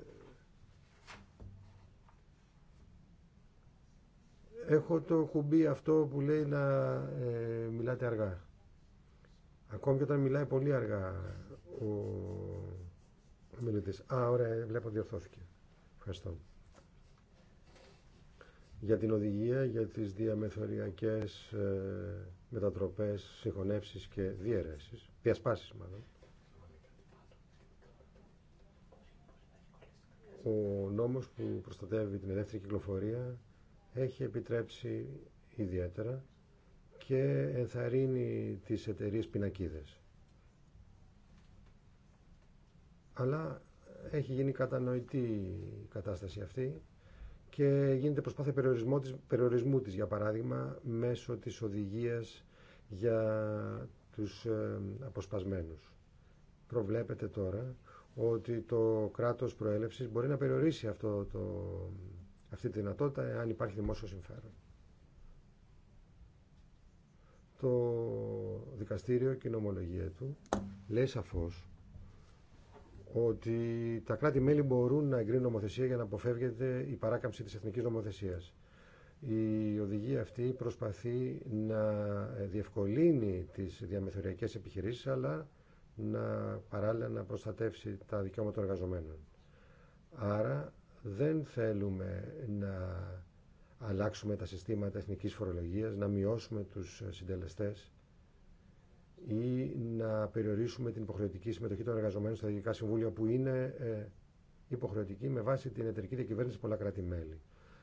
έχω το κουμπί αυτό που λέει να ε, μιλάτε αργά. Ακόμη και όταν μιλάει πολύ αργά ο μιλητής. Α, ωραία, βλέπω διορθώθηκε. Ευχαριστώ. Για την οδηγία, για τις διαμεθοριακές ε, μετατροπές, συγχωνεύσεις και διαιρέσεις, διασπάσεις μάλλον. Ο νόμος που προστατεύει την ελεύθερη κυκλοφορία έχει επιτρέψει ιδιαίτερα και ενθαρρύνει τις εταιρείες πινακίδες. Αλλά έχει γίνει κατανοητή η κατάσταση αυτή και γίνεται προσπάθεια περιορισμού της, της για παράδειγμα μέσω της οδηγίας για τους ε, αποσπασμένους. Προβλέπεται τώρα ότι το κράτος προέλευσης μπορεί να περιορίσει αυτό το αυτή τη δυνατότητα αν υπάρχει δημόσιο συμφέρον. Το δικαστήριο και η νομολογία του λέει σαφώς ότι τα κράτη-μέλη μπορούν να εγκρίνουν νομοθεσία για να αποφεύγεται η παράκαμψη της εθνικής νομοθεσίας. Η οδηγία αυτή προσπαθεί να διευκολύνει τις διαμεθοριακές επιχειρήσεις αλλά να παράλληλα να προστατεύσει τα δικαιώματα των εργαζομένων. Άρα δεν θέλουμε να αλλάξουμε τα συστήματα εθνικής φορολογίας, να μειώσουμε τους συντελεστές ή να περιορίσουμε την υποχρεωτική συμμετοχή των εργαζομένων στα διοικητικά συμβούλια που είναι ε, υποχρεωτική με βάση την εταιρική διακυβέρνηση πολλά κράτη-μέλη.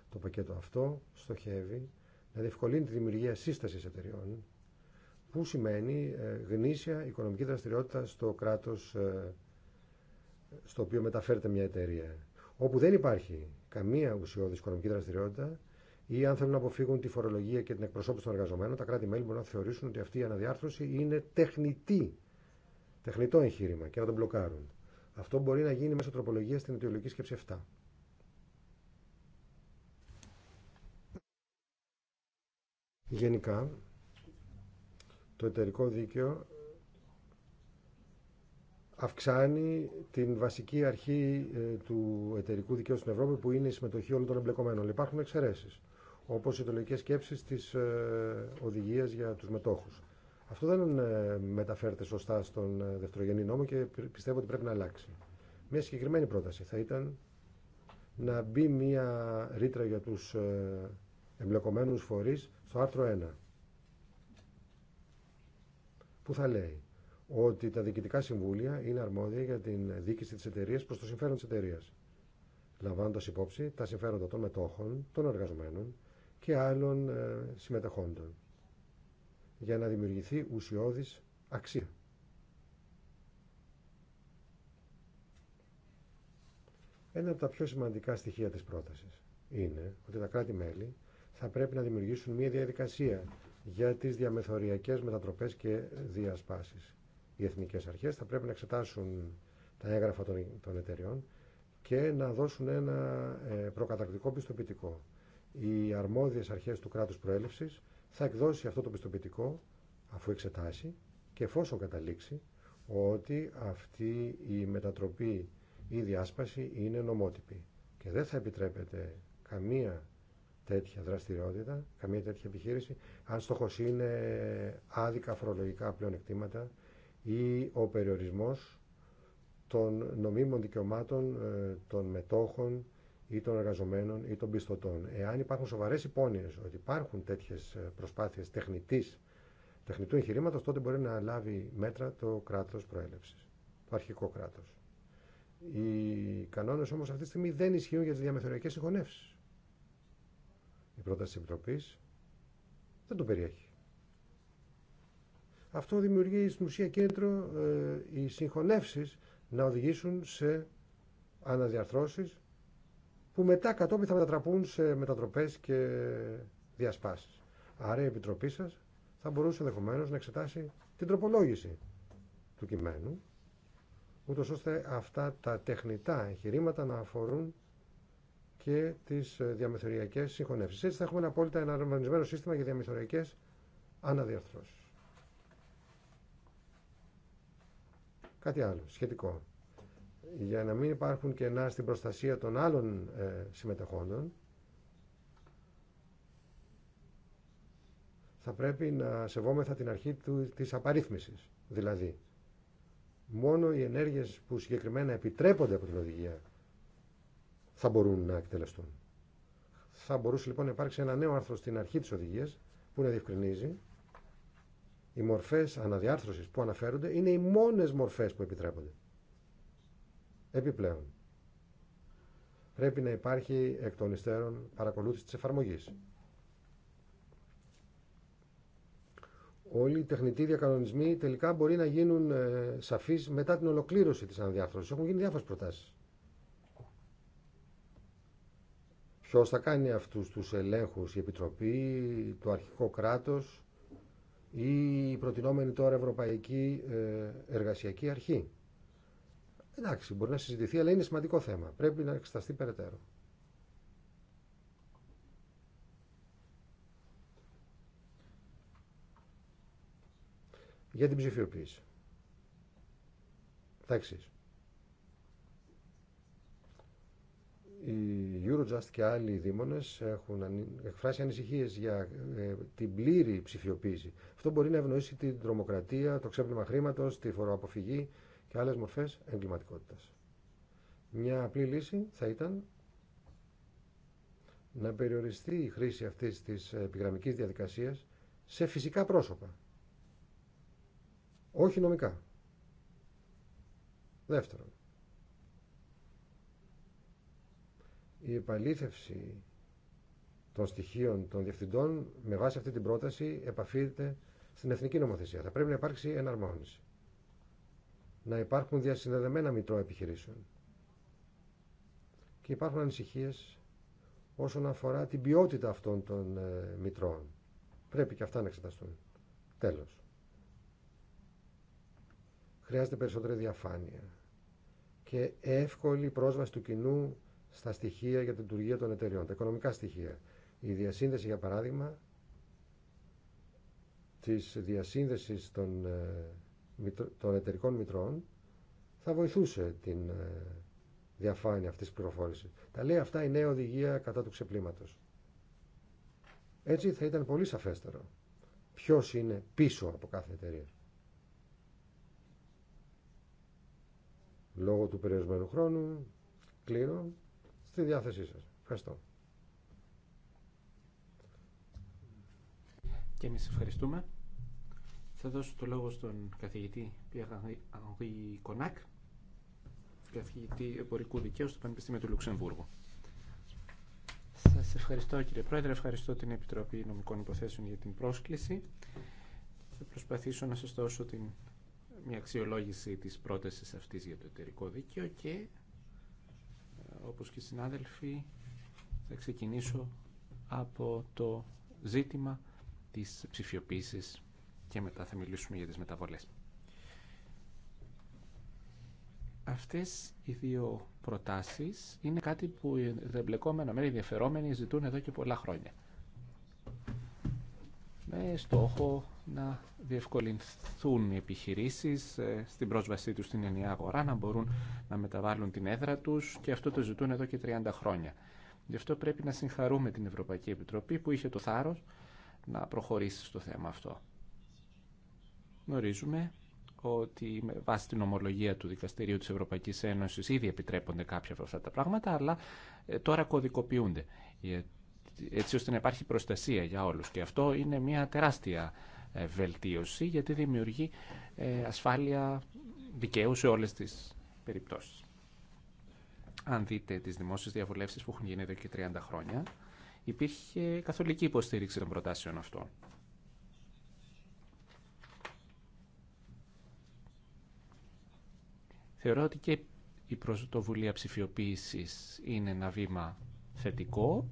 Το πακέτο αυτό στοχεύει να διευκολύνει τη δημιουργία σύστασης εταιριών που σημαίνει ε, γνήσια οικονομική δραστηριότητα στο κράτος ε, στο οποίο μεταφέρεται μια εταιρεία όπου δεν υπάρχει καμία ουσιώδη οικονομική δραστηριότητα ή αν θέλουν να αποφύγουν τη φορολογία και την εκπροσώπηση των εργαζομένων, τα κράτη-μέλη μπορούν να θεωρήσουν ότι αυτή η αναδιάρθρωση είναι τεχνητή, τεχνητό εγχείρημα και να τον μπλοκάρουν. Αυτό μπορεί να γίνει μέσω τροπολογία στην αιτιολογική σκέψη 7. Γενικά, το εταιρικό δίκαιο αυξάνει την βασική αρχή ε, του εταιρικού δικαίου στην Ευρώπη που είναι η συμμετοχή όλων των εμπλεκομένων. Υπάρχουν εξαιρέσει, όπως οι ιδεολογικές σκέψεις της ε, οδηγία για τους μετόχους. Αυτό δεν ε, μεταφέρεται σωστά στον δευτερογενή νόμο και πιστεύω ότι πρέπει να αλλάξει. Μια συγκεκριμένη πρόταση θα ήταν να μπει μια ρήτρα για τους εμπλεκομένους φορεί στο άρθρο 1 που θα λέει ότι τα διοικητικά συμβούλια είναι αρμόδια για την δίκηση τη εταιρεία προ το συμφέρον τη εταιρεία. Λαμβάνοντα υπόψη τα συμφέροντα των μετόχων, των εργαζομένων και άλλων ε, συμμετεχόντων. Για να δημιουργηθεί ουσιώδη αξία. Ένα από τα πιο σημαντικά στοιχεία της πρότασης είναι ότι τα κράτη-μέλη θα πρέπει να δημιουργήσουν μια διαδικασία για τις διαμεθοριακές μετατροπές και διασπάσεις οι Εθνικέ αρχές θα πρέπει να εξετάσουν τα έγγραφα των εταιριών και να δώσουν ένα ε, προκαταρκτικό πιστοποιητικό. Οι αρμόδιε αρχές του κράτους προέλευση θα εκδώσει αυτό το πιστοποιητικό αφού εξετάσει και εφόσον καταλήξει ότι αυτή η μετατροπή ή διάσπαση είναι νομότυπη και δεν θα επιτρέπεται καμία τέτοια δραστηριότητα, καμία τέτοια επιχείρηση, αν στόχος είναι άδικα φορολογικά πλεονεκτήματα ή ο περιορισμός των νομίμων δικαιωμάτων ε, των μετόχων ή των εργαζομένων ή των πιστωτών. Εάν υπάρχουν σοβαρές υπόνοιες ότι υπάρχουν τέτοιες ε, προσπάθειες τεχνητής, τεχνητού εγχειρήματος, τότε μπορεί να λάβει μέτρα το κράτος προέλευσης, το αρχικό κράτος. Οι κανόνες όμως αυτή τη στιγμή δεν ισχύουν για τις διαμεθοριακές συγχωνεύσεις. Η πρόταση της Επιτροπής δεν το περιέχει. Αυτό δημιουργεί στην ουσία κέντρο ε, οι συγχωνεύσεις να οδηγήσουν σε αναδιαρθρώσεις που μετά κατόπιν θα μετατραπούν σε μετατροπές και διασπάσεις. Άρα η Επιτροπή σας θα μπορούσε ενδεχομένω να εξετάσει την τροπολόγηση του κειμένου ούτω ώστε αυτά τα τεχνητά εγχειρήματα να αφορούν και τι ε, διαμεθοριακέ συγχωνεύσει. Έτσι θα έχουμε ένα απόλυτα εναρμονισμένο σύστημα για διαμεθοριακέ αναδιαρθρώσει. Κάτι άλλο, σχετικό. Για να μην υπάρχουν κενά στην προστασία των άλλων ε, συμμετεχόντων, θα πρέπει να σεβόμεθα την αρχή του, της απαρίθμησης. Δηλαδή, μόνο οι ενέργειες που συγκεκριμένα επιτρέπονται από την οδηγία θα μπορούν να εκτελεστούν. Θα μπορούσε λοιπόν να υπάρξει ένα νέο άρθρο στην αρχή της οδηγίας που να διευκρινίζει οι μορφές αναδιάρθρωσης που αναφέρονται είναι οι μόνες μορφές που επιτρέπονται. Επιπλέον, πρέπει να υπάρχει εκ των υστέρων παρακολούθηση της εφαρμογής. Όλοι οι τεχνητοί διακανονισμοί τελικά μπορεί να γίνουν ε, σαφείς μετά την ολοκλήρωση της αναδιάρθρωσης. Έχουν γίνει διάφορες προτάσεις. Ποιος θα κάνει αυτούς τους ελέγχους, η Επιτροπή, το αρχικό κράτος, ή η προτινόμενη τώρα Ευρωπαϊκή ε, Εργασιακή Αρχή. Εντάξει, μπορεί να συζητηθεί, αλλά είναι σημαντικό θέμα. Πρέπει να εξεταστεί περαιτέρω. Για την ψηφιοποίηση. Τα εξής. Οι Eurojust και άλλοι δήμονες έχουν εκφράσει ανησυχίες για ε, την πλήρη ψηφιοποίηση. Αυτό μπορεί να ευνοήσει την τρομοκρατία, το ξέπλυμα χρήματος, τη φοροαποφυγή και άλλες μορφές εγκληματικότητας. Μια απλή λύση θα ήταν να περιοριστεί η χρήση αυτής της επιγραμμικής διαδικασίας σε φυσικά πρόσωπα. Όχι νομικά. Δεύτερον, η επαλήθευση των στοιχείων των διευθυντών με βάση αυτή την πρόταση επαφείται στην εθνική νομοθεσία. Θα πρέπει να υπάρξει εναρμόνιση. Να υπάρχουν διασυνδεδεμένα μητρώα επιχειρήσεων. Και υπάρχουν ανησυχίες όσον αφορά την ποιότητα αυτών των ε, μητρώων. Πρέπει και αυτά να εξεταστούν. Τέλος. Χρειάζεται περισσότερη διαφάνεια και εύκολη πρόσβαση του κοινού στα στοιχεία για την λειτουργία των εταιριών, τα οικονομικά στοιχεία. Η διασύνδεση, για παράδειγμα, της διασύνδεσης των, ε, εταιρικών μητρών θα βοηθούσε την ε, διαφάνεια αυτής της πληροφόρησης. Τα λέει αυτά η νέα οδηγία κατά του ξεπλήματος. Έτσι θα ήταν πολύ σαφέστερο ποιος είναι πίσω από κάθε εταιρεία. Λόγω του περιορισμένου χρόνου κλείνω στη διάθεσή σας. Ευχαριστώ. Και εμείς ευχαριστούμε. Θα δώσω το λόγο στον καθηγητή Κονάκ, καθηγητή εμπορικού δικαίου στο Πανεπιστήμιο του Λουξεμβούργου. Σας ευχαριστώ κύριε Πρόεδρε, ευχαριστώ την Επιτροπή Νομικών Υποθέσεων για την πρόσκληση. Θα προσπαθήσω να σας δώσω την, μια αξιολόγηση της πρότασης αυτής για το εταιρικό δίκαιο και όπως και οι συνάδελφοι, θα ξεκινήσω από το ζήτημα της ψηφιοποίησης και μετά θα μιλήσουμε για τις μεταβολές. Αυτές οι δύο προτάσεις είναι κάτι που οι δεμπλεκόμενοι μέρη ενδιαφερόμενοι ζητούν εδώ και πολλά χρόνια. Με στόχο να διευκολυνθούν οι επιχειρήσεις ε, στην πρόσβασή τους στην ενιαία αγορά, να μπορούν να μεταβάλουν την έδρα τους και αυτό το ζητούν εδώ και 30 χρόνια. Γι' αυτό πρέπει να συγχαρούμε την Ευρωπαϊκή Επιτροπή που είχε το θάρρος να προχωρήσει στο θέμα αυτό. Γνωρίζουμε ότι με βάση την ομολογία του Δικαστηρίου της Ευρωπαϊκής Ένωσης ήδη επιτρέπονται κάποια από αυτά τα πράγματα, αλλά ε, τώρα κωδικοποιούνται ε, έτσι ώστε να υπάρχει προστασία για όλους. Και αυτό είναι μια τεράστια ε, βελτίωση γιατί δημιουργεί ε, ασφάλεια δικαίου σε όλες τις περιπτώσεις. Αν δείτε τις δημόσιες διαβουλεύσεις που έχουν γίνει εδώ και 30 χρόνια, υπήρχε καθολική υποστήριξη των προτάσεων αυτών. Θεωρώ ότι και η πρωτοβουλία ψηφιοποίηση είναι ένα βήμα θετικό.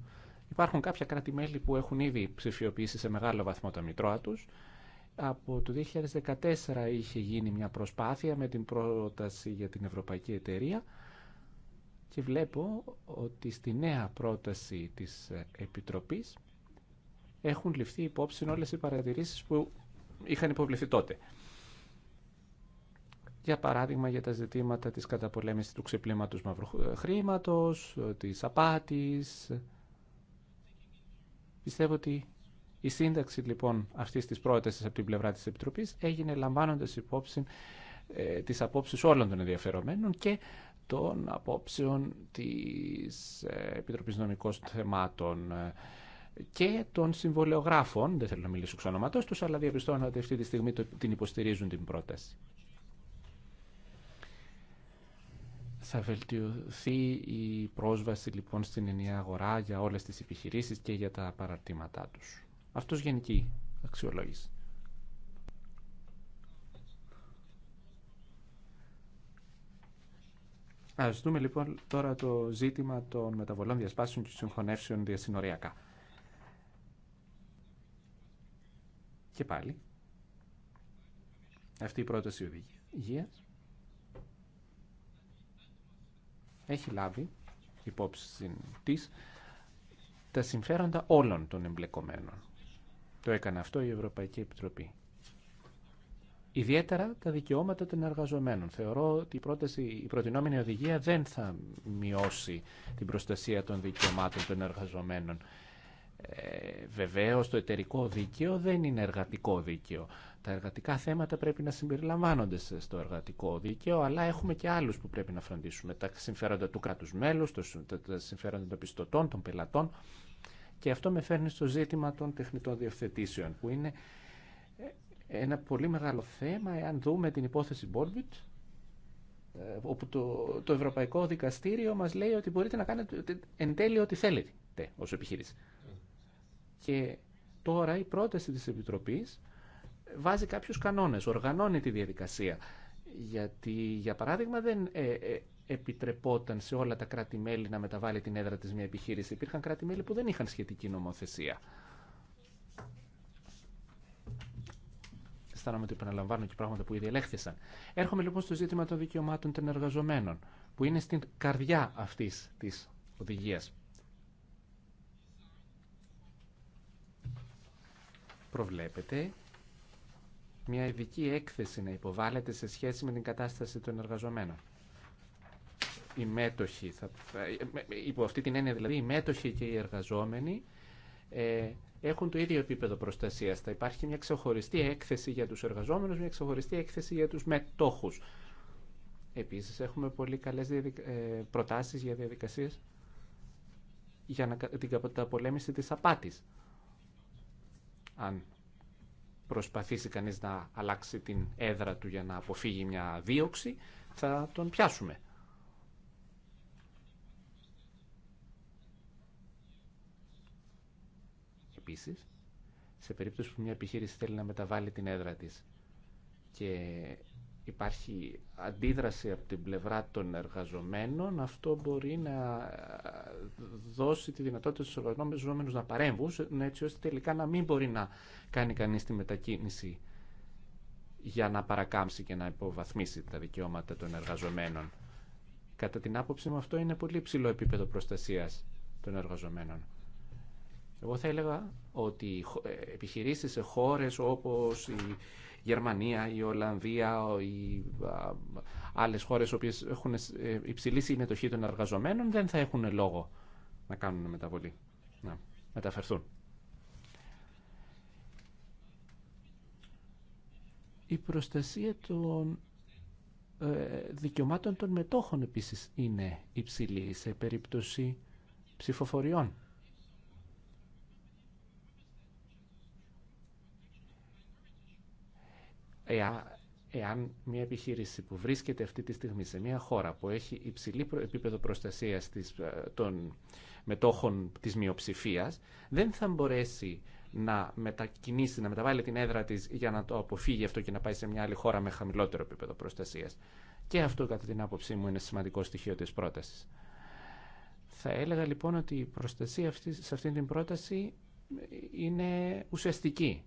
Υπάρχουν κάποια κράτη-μέλη που έχουν ήδη ψηφιοποιήσει σε μεγάλο βαθμό τα μητρώα τους από το 2014 είχε γίνει μια προσπάθεια με την πρόταση για την Ευρωπαϊκή Εταιρεία και βλέπω ότι στη νέα πρόταση της Επιτροπής έχουν ληφθεί υπόψη όλες οι παρατηρήσεις που είχαν υποβληθεί τότε. Για παράδειγμα για τα ζητήματα της καταπολέμησης του ξεπλήματος μαύρου ε, χρήματος, ε, της απάτης. Πιστεύω ότι η σύνταξη λοιπόν αυτής της πρότασης από την πλευρά της Επιτροπής έγινε λαμβάνοντας υπόψη ε, τις απόψεις όλων των ενδιαφερομένων και των απόψεων της ε, Επιτροπής Νομικών Θεμάτων ε, και των συμβολεογράφων, δεν θέλω να μιλήσω εξ τους, αλλά διαπιστώνω ότι αυτή τη στιγμή την υποστηρίζουν την πρόταση. Θα βελτιωθεί η πρόσβαση λοιπόν στην ενιαία αγορά για όλες τις επιχειρήσεις και για τα παραρτήματά τους. Αυτός γενική αξιολόγηση. Ας δούμε λοιπόν τώρα το ζήτημα των μεταβολών διασπάσεων και συγχωνεύσεων διασυνοριακά. Και πάλι, αυτή η πρόταση οδηγίας έχει λάβει υπόψη της τα συμφέροντα όλων των εμπλεκομένων. Το έκανε αυτό η Ευρωπαϊκή Επιτροπή. Ιδιαίτερα τα δικαιώματα των εργαζομένων. Θεωρώ ότι η, πρόταση, η προτινόμενη οδηγία δεν θα μειώσει την προστασία των δικαιωμάτων των εργαζομένων. Ε, βεβαίως το εταιρικό δίκαιο δεν είναι εργατικό δίκαιο. Τα εργατικά θέματα πρέπει να συμπεριλαμβάνονται στο εργατικό δίκαιο, αλλά έχουμε και άλλου που πρέπει να φροντίσουμε. Τα συμφέροντα του κρατου μέλου, τα συμφέροντα των πιστωτών, των πελατών και αυτό με φέρνει στο ζήτημα των τεχνητών διευθετήσεων, που είναι ε, ένα πολύ μεγάλο θέμα εάν δούμε την υπόθεση Μπόρμπιτ, ε, όπου το, το Ευρωπαϊκό Δικαστήριο μας λέει ότι μπορείτε να κάνετε εν τέλει ό,τι θέλετε ως επιχείρηση. Και τώρα η πρόταση της Επιτροπής βάζει κάποιους κανόνες, οργανώνει τη διαδικασία. Γιατί, για παράδειγμα, δεν ε, επιτρεπόταν σε όλα τα κράτη-μέλη να μεταβάλει την έδρα της μια επιχείρηση. Υπήρχαν κράτη-μέλη που δεν είχαν σχετική νομοθεσία. Αισθάνομαι ότι επαναλαμβάνω και πράγματα που ήδη ελέγχθησαν. Έρχομαι λοιπόν στο ζήτημα των δικαιωμάτων των εργαζομένων, που είναι στην καρδιά αυτής της οδηγίας. Προβλέπετε μια ειδική έκθεση να υποβάλλεται σε σχέση με την κατάσταση των εργαζομένων οι μέτοχοι, θα, υπό αυτή την έννοια δηλαδή οι μέτοχοι και οι εργαζόμενοι ε, έχουν το ίδιο επίπεδο προστασίας. Θα υπάρχει μια ξεχωριστή έκθεση για τους εργαζόμενους, μια ξεχωριστή έκθεση για τους μετόχους. Επίσης έχουμε πολύ καλές διαδικα... Ε, προτάσεις για διαδικασίες για να... την καταπολέμηση τη απάτη. Αν προσπαθήσει κανείς να αλλάξει την έδρα του για να αποφύγει μια δίωξη, θα τον πιάσουμε. επίση, σε περίπτωση που μια επιχείρηση θέλει να μεταβάλει την έδρα τη και υπάρχει αντίδραση από την πλευρά των εργαζομένων, αυτό μπορεί να δώσει τη δυνατότητα στους εργαζόμενους να παρέμβουν, έτσι ώστε τελικά να μην μπορεί να κάνει κανείς τη μετακίνηση για να παρακάμψει και να υποβαθμίσει τα δικαιώματα των εργαζομένων. Κατά την άποψή μου αυτό είναι πολύ ψηλό επίπεδο προστασίας των εργαζομένων. Εγώ θα έλεγα ότι ε, επιχειρήσεις σε χώρες όπως η Γερμανία, η Ολλανδία, οι άλλες χώρες που έχουν ε, υψηλή συμμετοχή των εργαζομένων δεν θα έχουν λόγο να κάνουν μεταβολή, να μεταφερθούν. Η προστασία των ε, δικαιωμάτων των μετόχων επίσης είναι υψηλή σε περίπτωση ψηφοφοριών εάν μια επιχείρηση που βρίσκεται αυτή τη στιγμή σε μια χώρα που έχει υψηλή επίπεδο προστασίας ε, των μετόχων της μειοψηφία, δεν θα μπορέσει να μετακινήσει, να μεταβάλει την έδρα της για να το αποφύγει αυτό και να πάει σε μια άλλη χώρα με χαμηλότερο επίπεδο προστασίας. Και αυτό κατά την άποψή μου είναι σημαντικό στοιχείο της πρότασης. Θα έλεγα λοιπόν ότι η προστασία αυτή, σε αυτή την πρόταση είναι ουσιαστική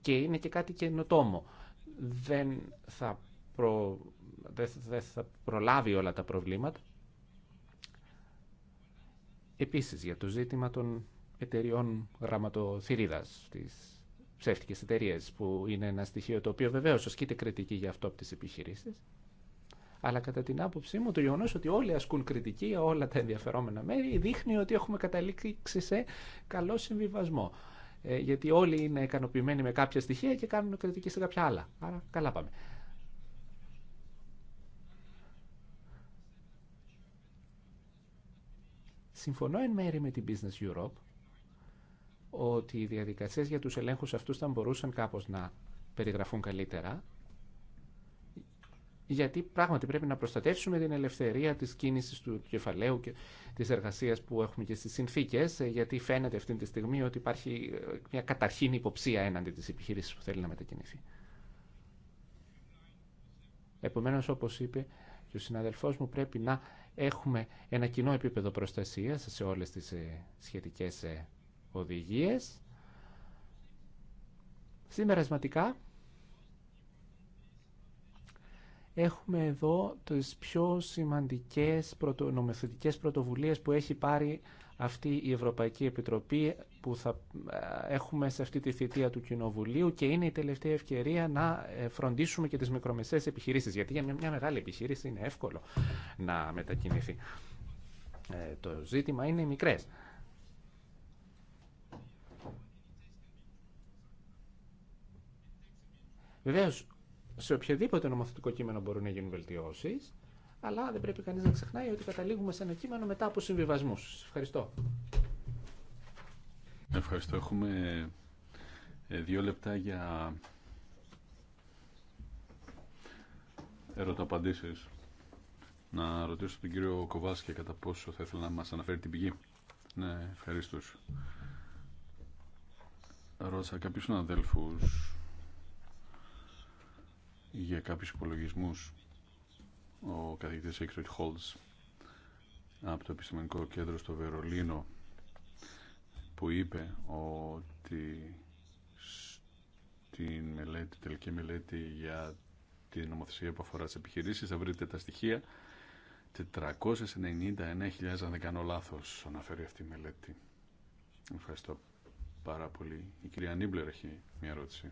και είναι και κάτι καινοτόμο. Δεν θα, προ... δεν θα προλάβει όλα τα προβλήματα. Επίσης, για το ζήτημα των εταιριών γραμματοθυρίδας, τις ψεύτικες εταιρείε που είναι ένα στοιχείο το οποίο βεβαίως ασκείται κριτική για αυτό από τις επιχειρήσεις. Αλλά κατά την άποψή μου το γεγονό ότι όλοι ασκούν κριτική για όλα τα ενδιαφερόμενα μέρη δείχνει ότι έχουμε καταλήξει σε καλό συμβιβασμό. Ε, γιατί όλοι είναι ικανοποιημένοι με κάποια στοιχεία και κάνουν κριτική σε κάποια άλλα. Άρα καλά πάμε. Συμφωνώ εν μέρη με την Business Europe ότι οι διαδικασίες για τους ελέγχους αυτούς θα μπορούσαν κάπως να περιγραφούν καλύτερα γιατί πράγματι πρέπει να προστατεύσουμε την ελευθερία της κίνησης του κεφαλαίου και της εργασίας που έχουμε και στις συνθήκες, ε, γιατί φαίνεται αυτή τη στιγμή ότι υπάρχει ε, μια καταρχήν υποψία έναντι της επιχείρησης που θέλει να μετακινηθεί. Επομένως, όπως είπε και ο συναδελφός μου, πρέπει να έχουμε ένα κοινό επίπεδο προστασίας σε όλες τις ε, σχετικές οδηγίες. Συμπερασματικά, έχουμε εδώ τις πιο σημαντικές νομοθετικές πρωτοβουλίες που έχει πάρει αυτή η Ευρωπαϊκή Επιτροπή που θα ε, έχουμε σε αυτή τη θητεία του Κοινοβουλίου και είναι η τελευταία ευκαιρία να ε, φροντίσουμε και τις μικρομεσαίες επιχειρήσεις γιατί για μια μεγάλη επιχείρηση είναι εύκολο να μετακινηθεί. Ε, το ζήτημα είναι οι μικρές. Βεβαίως σε οποιοδήποτε νομοθετικό κείμενο μπορούν να γίνουν βελτιώσει, αλλά δεν πρέπει κανεί να ξεχνάει ότι καταλήγουμε σε ένα κείμενο μετά από συμβιβασμού. Ευχαριστώ. Ευχαριστώ. Έχουμε ε, δύο λεπτά για ερωταπαντήσει. Να ρωτήσω τον κύριο Κοβάσκε κατά πόσο θα ήθελα να μας αναφέρει την πηγή. Ναι, ευχαριστώ. Ρώτησα κάποιου αδέλφους για κάποιους υπολογισμού, ο καθηγητής Siegfried Holtz από το Επιστημονικό Κέντρο στο Βερολίνο που είπε ότι στην μελέτη, τελική μελέτη για την νομοθεσία που αφορά τις επιχειρήσεις θα βρείτε τα στοιχεία 499.000 αν δεν κάνω λάθος αναφέρει αυτή η μελέτη ευχαριστώ πάρα πολύ η κυρία Νίμπλερ έχει μια ερώτηση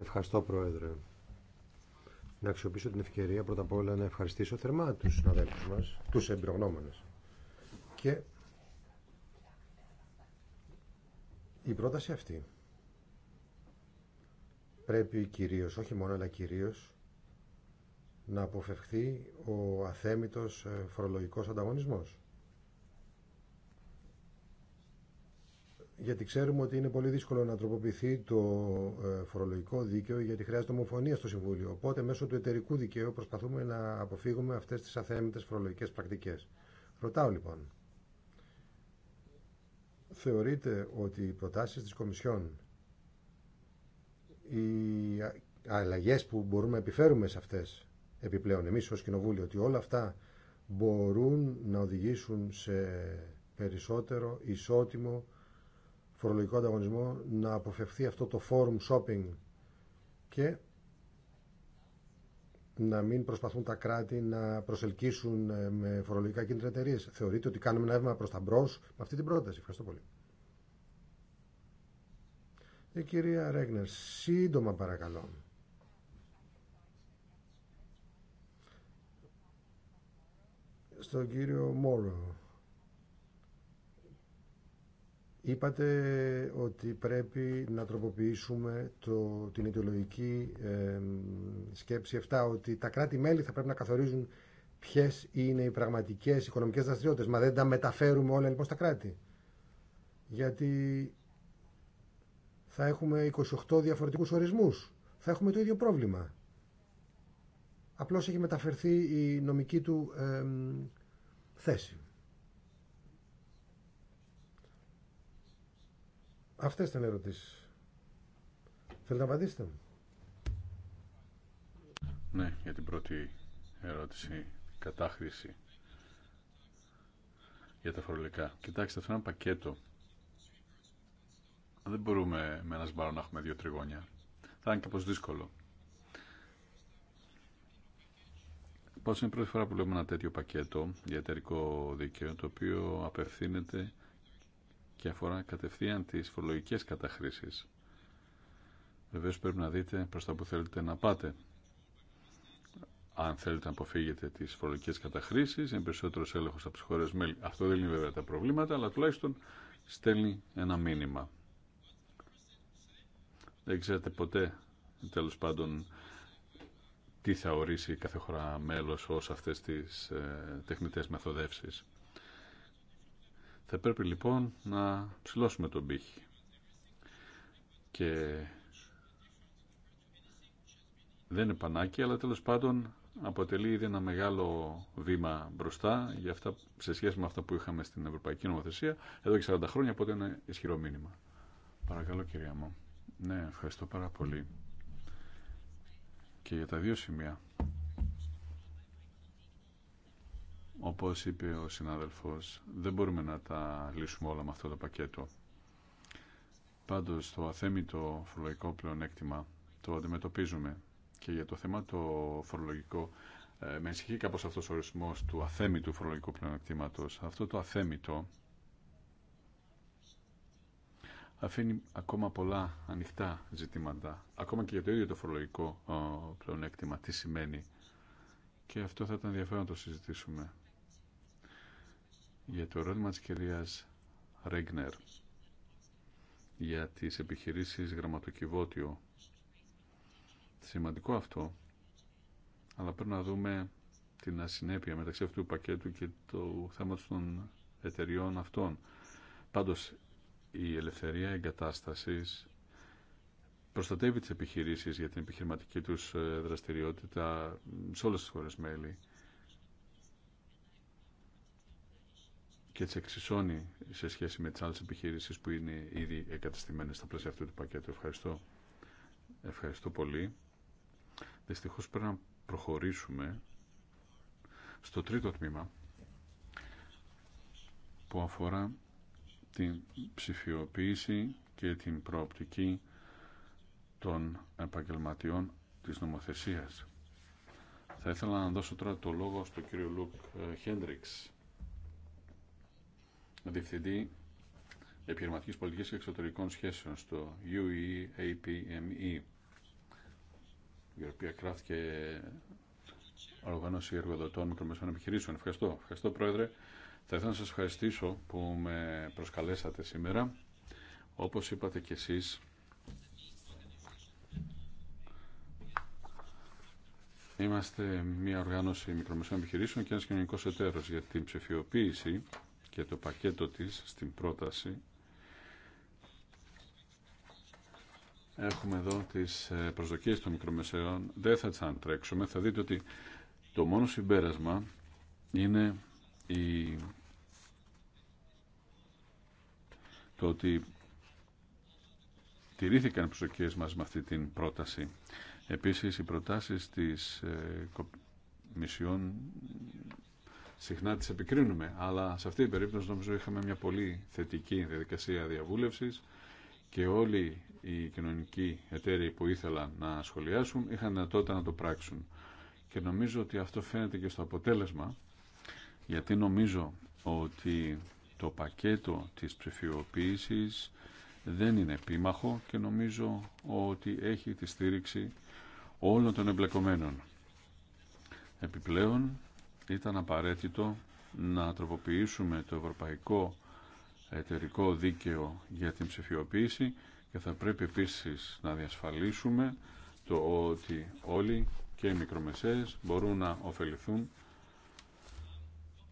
Ευχαριστώ, Πρόεδρε. Να αξιοποιήσω την ευκαιρία πρώτα απ' όλα να ευχαριστήσω θερμά τους συναδέλφου μα, τους εμπειρογνώμονε. Και η πρόταση αυτή πρέπει κυρίως, όχι μόνο αλλά κυρίως, να αποφευχθεί ο αθέμητος ε, φορολογικός ανταγωνισμός. γιατί ξέρουμε ότι είναι πολύ δύσκολο να τροποποιηθεί το ε, φορολογικό δίκαιο γιατί χρειάζεται ομοφωνία στο Συμβούλιο. Οπότε μέσω του εταιρικού δικαίου προσπαθούμε να αποφύγουμε αυτές τις αθέμητες φορολογικές πρακτικές. Ρωτάω λοιπόν, θεωρείτε ότι οι προτάσεις της Κομισιόν, οι αλλαγές που μπορούμε να επιφέρουμε σε αυτές επιπλέον εμείς ως Κοινοβούλιο, ότι όλα αυτά μπορούν να οδηγήσουν σε περισσότερο ισότιμο φορολογικό ανταγωνισμό, να αποφευθεί αυτό το forum shopping και να μην προσπαθούν τα κράτη να προσελκύσουν ε, με φορολογικά κίνητρα εταιρείε. Θεωρείτε ότι κάνουμε ένα έβημα προ τα μπρο με αυτή την πρόταση. Ευχαριστώ πολύ. Η ε, κυρία Ρέγνερ, σύντομα παρακαλώ. Στον κύριο Μόρο. Είπατε ότι πρέπει να τροποποιήσουμε το, την ιδεολογική σκέψη 7, ότι τα κράτη-μέλη θα πρέπει να καθορίζουν ποιε είναι οι πραγματικέ οικονομικέ δραστηριότητε. Μα δεν τα μεταφέρουμε όλα λοιπόν στα κράτη. Γιατί θα έχουμε 28 διαφορετικού ορισμού. Θα έχουμε το ίδιο πρόβλημα. Απλώ έχει μεταφερθεί η νομική του θέση. Αυτέ ήταν οι ερωτήσεις. Θέλετε να απαντήσετε Ναι, για την πρώτη ερώτηση, κατάχρηση για τα φορολογικά. Κοιτάξτε, αυτό είναι ένα πακέτο. Δεν μπορούμε με ένα σμπάρο να έχουμε δύο τριγώνια. Θα είναι κάπως δύσκολο. Πώς είναι η πρώτη φορά που λέμε ένα τέτοιο πακέτο για εταιρικό δίκαιο, το οποίο απευθύνεται και αφορά κατευθείαν τις φορολογικές καταχρήσεις. Βεβαίως πρέπει να δείτε προς τα που θέλετε να πάτε. Αν θέλετε να αποφύγετε τις φορολογικές καταχρήσεις, είναι περισσότερο έλεγχος από τις χώρες μέλη. Αυτό δεν είναι βέβαια τα προβλήματα, αλλά τουλάχιστον στέλνει ένα μήνυμα. Δεν ξέρετε ποτέ, τέλος πάντων, τι θα ορίσει κάθε χώρα μέλος ως αυτές τις ε, τεχνητές θα πρέπει λοιπόν να ψηλώσουμε τον πύχη. Και δεν είναι πανάκι, αλλά τέλος πάντων αποτελεί ήδη ένα μεγάλο βήμα μπροστά για αυτά, σε σχέση με αυτά που είχαμε στην Ευρωπαϊκή Νομοθεσία εδώ και 40 χρόνια, οπότε είναι ισχυρό μήνυμα. Παρακαλώ κυρία μου. Ναι, ευχαριστώ πάρα πολύ. Και για τα δύο σημεία Όπως είπε ο συνάδελφος, δεν μπορούμε να τα λύσουμε όλα με αυτό το πακέτο. Πάντως, το αθέμητο φορολογικό πλεονέκτημα το αντιμετωπίζουμε και για το θέμα το φορολογικό ε, με ενσυχεί κάπως αυτός ο ορισμός του αθέμητου φορολογικού πλεονεκτήματος. Αυτό το αθέμητο αφήνει ακόμα πολλά ανοιχτά ζητήματα, ακόμα και για το ίδιο το φορολογικό ε, πλεονέκτημα, τι σημαίνει. Και αυτό θα ήταν ενδιαφέρον να το συζητήσουμε για το ερώτημα της κυρίας Ρέγνερ για τις επιχειρήσεις γραμματοκιβώτιο. Σημαντικό αυτό, αλλά πρέπει να δούμε την ασυνέπεια μεταξύ αυτού του πακέτου και του θέματος των εταιριών αυτών. Πάντως, η ελευθερία εγκατάστασης προστατεύει τις επιχειρήσεις για την επιχειρηματική τους ε, δραστηριότητα σε όλες τις χώρες μέλη. και τι εξισώνει σε σχέση με τι άλλε επιχείρησει που είναι ήδη εγκαταστημένε στα πλαίσια αυτού του πακέτου. Ευχαριστώ. Ευχαριστώ πολύ. Δυστυχώ πρέπει να προχωρήσουμε στο τρίτο τμήμα που αφορά την ψηφιοποίηση και την προοπτική των επαγγελματιών της νομοθεσίας. Θα ήθελα να δώσω τώρα το λόγο στον κύριο Λουκ ε, Χέντριξ Διευθυντή Επιχειρηματική Πολιτική και Εξωτερικών Σχέσεων στο UEAPME, e, η οποία κράθηκε οργάνωση εργοδοτών μικρομεσαίων επιχειρήσεων. Ευχαριστώ. Ευχαριστώ, Πρόεδρε. Θα ήθελα να σας ευχαριστήσω που με προσκαλέσατε σήμερα. Όπως είπατε κι εσείς, είμαστε μια οργάνωση μικρομεσαίων επιχειρήσεων και ένας κοινωνικός εταίρος για την ψηφιοποίηση και το πακέτο της στην πρόταση έχουμε εδώ τις ε, προσδοκίες των μικρομεσαίων δεν θα τις αντρέξουμε θα δείτε ότι το μόνο συμπέρασμα είναι η... το ότι τηρήθηκαν οι προσδοκίες μας με αυτή την πρόταση επίσης οι προτάσεις της ε, Κομισιόν συχνά τις επικρίνουμε, αλλά σε αυτή την περίπτωση νομίζω είχαμε μια πολύ θετική διαδικασία διαβούλευσης και όλοι οι κοινωνικοί εταίροι που ήθελαν να σχολιάσουν είχαν δυνατότητα να το πράξουν. Και νομίζω ότι αυτό φαίνεται και στο αποτέλεσμα, γιατί νομίζω ότι το πακέτο της ψηφιοποίηση δεν είναι επίμαχο και νομίζω ότι έχει τη στήριξη όλων των εμπλεκομένων. Επιπλέον, ήταν απαραίτητο να τροποποιήσουμε το ευρωπαϊκό εταιρικό δίκαιο για την ψηφιοποίηση και θα πρέπει επίσης να διασφαλίσουμε το ότι όλοι και οι μικρομεσαίες μπορούν να ωφεληθούν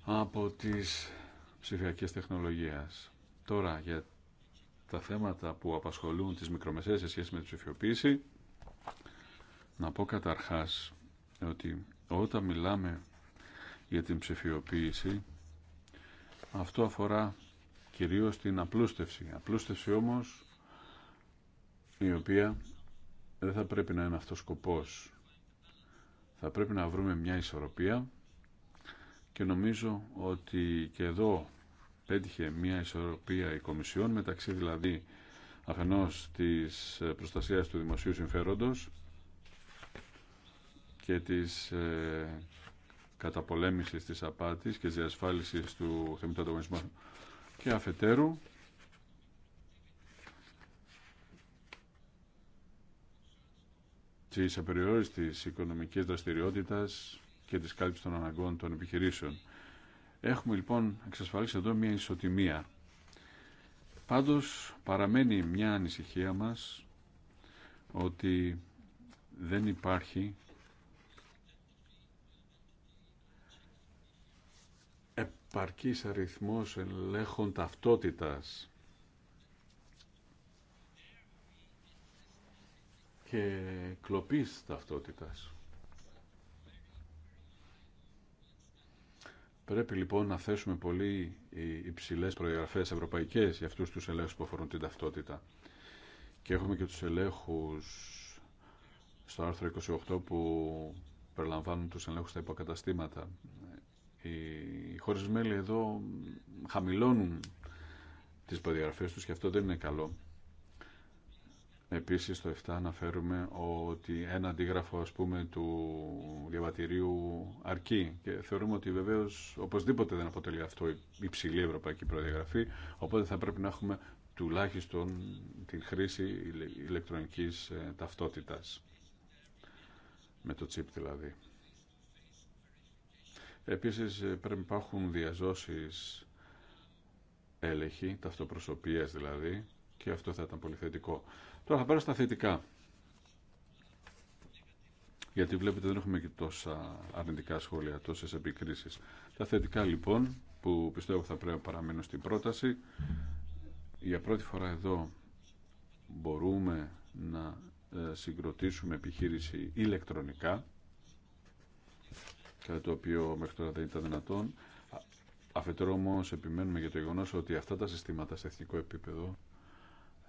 από τις ψηφιακές τεχνολογίες. Τώρα για τα θέματα που απασχολούν τις μικρομεσαίες σε σχέση με την ψηφιοποίηση να πω καταρχάς ότι όταν μιλάμε για την ψηφιοποίηση. Αυτό αφορά κυρίως την απλούστευση. Απλούστευση όμως η οποία δεν θα πρέπει να είναι αυτός σκοπός. Θα πρέπει να βρούμε μια ισορροπία και νομίζω ότι και εδώ πέτυχε μια ισορροπία η Κομισιόν μεταξύ δηλαδή αφενός της προστασίας του δημοσίου συμφέροντος και της ε, καταπολέμησης της απάτης και διασφάλιση του θεμητού και αφετέρου της απεριόριστη οικονομική δραστηριότητα και της κάλυψης των αναγκών των επιχειρήσεων. Έχουμε λοιπόν εξασφαλίσει εδώ μια ισοτιμία. Πάντως παραμένει μια ανησυχία μας ότι δεν υπάρχει επαρκής αριθμός ελέγχων ταυτότητας και κλοπής ταυτότητας. Πρέπει λοιπόν να θέσουμε πολύ υψηλέ προγραφές ευρωπαϊκές... για αυτούς τους ελέγχους που αφορούν την ταυτότητα. Και έχουμε και τους ελέγχους στο άρθρο 28 που περιλαμβάνουν τους ελέγχους στα υποκαταστήματα οι χώρε μέλη εδώ χαμηλώνουν τις προδιαγραφές τους και αυτό δεν είναι καλό. Επίσης στο 7 αναφέρουμε ότι ένα αντίγραφο ας πούμε του διαβατηρίου αρκεί και θεωρούμε ότι βεβαίως οπωσδήποτε δεν αποτελεί αυτό η υψηλή ευρωπαϊκή προδιαγραφή οπότε θα πρέπει να έχουμε τουλάχιστον την χρήση ηλεκτρονικής ε, ταυτότητας με το τσίπ δηλαδή. Επίσης πρέπει να υπάρχουν διαζώσεις έλεγχη, ταυτοπροσωπίας δηλαδή, και αυτό θα ήταν πολύ θετικό. Τώρα θα πάρω στα θετικά. Γιατί βλέπετε δεν έχουμε και τόσα αρνητικά σχόλια, τόσες επικρίσεις. Τα θετικά λοιπόν, που πιστεύω θα πρέπει να παραμείνω στην πρόταση, για πρώτη φορά εδώ μπορούμε να ε, συγκροτήσουμε επιχείρηση ηλεκτρονικά κάτι το οποίο μέχρι τώρα δεν ήταν δυνατόν. Αφετέρου όμω επιμένουμε για το γεγονό ότι αυτά τα συστήματα σε εθνικό επίπεδο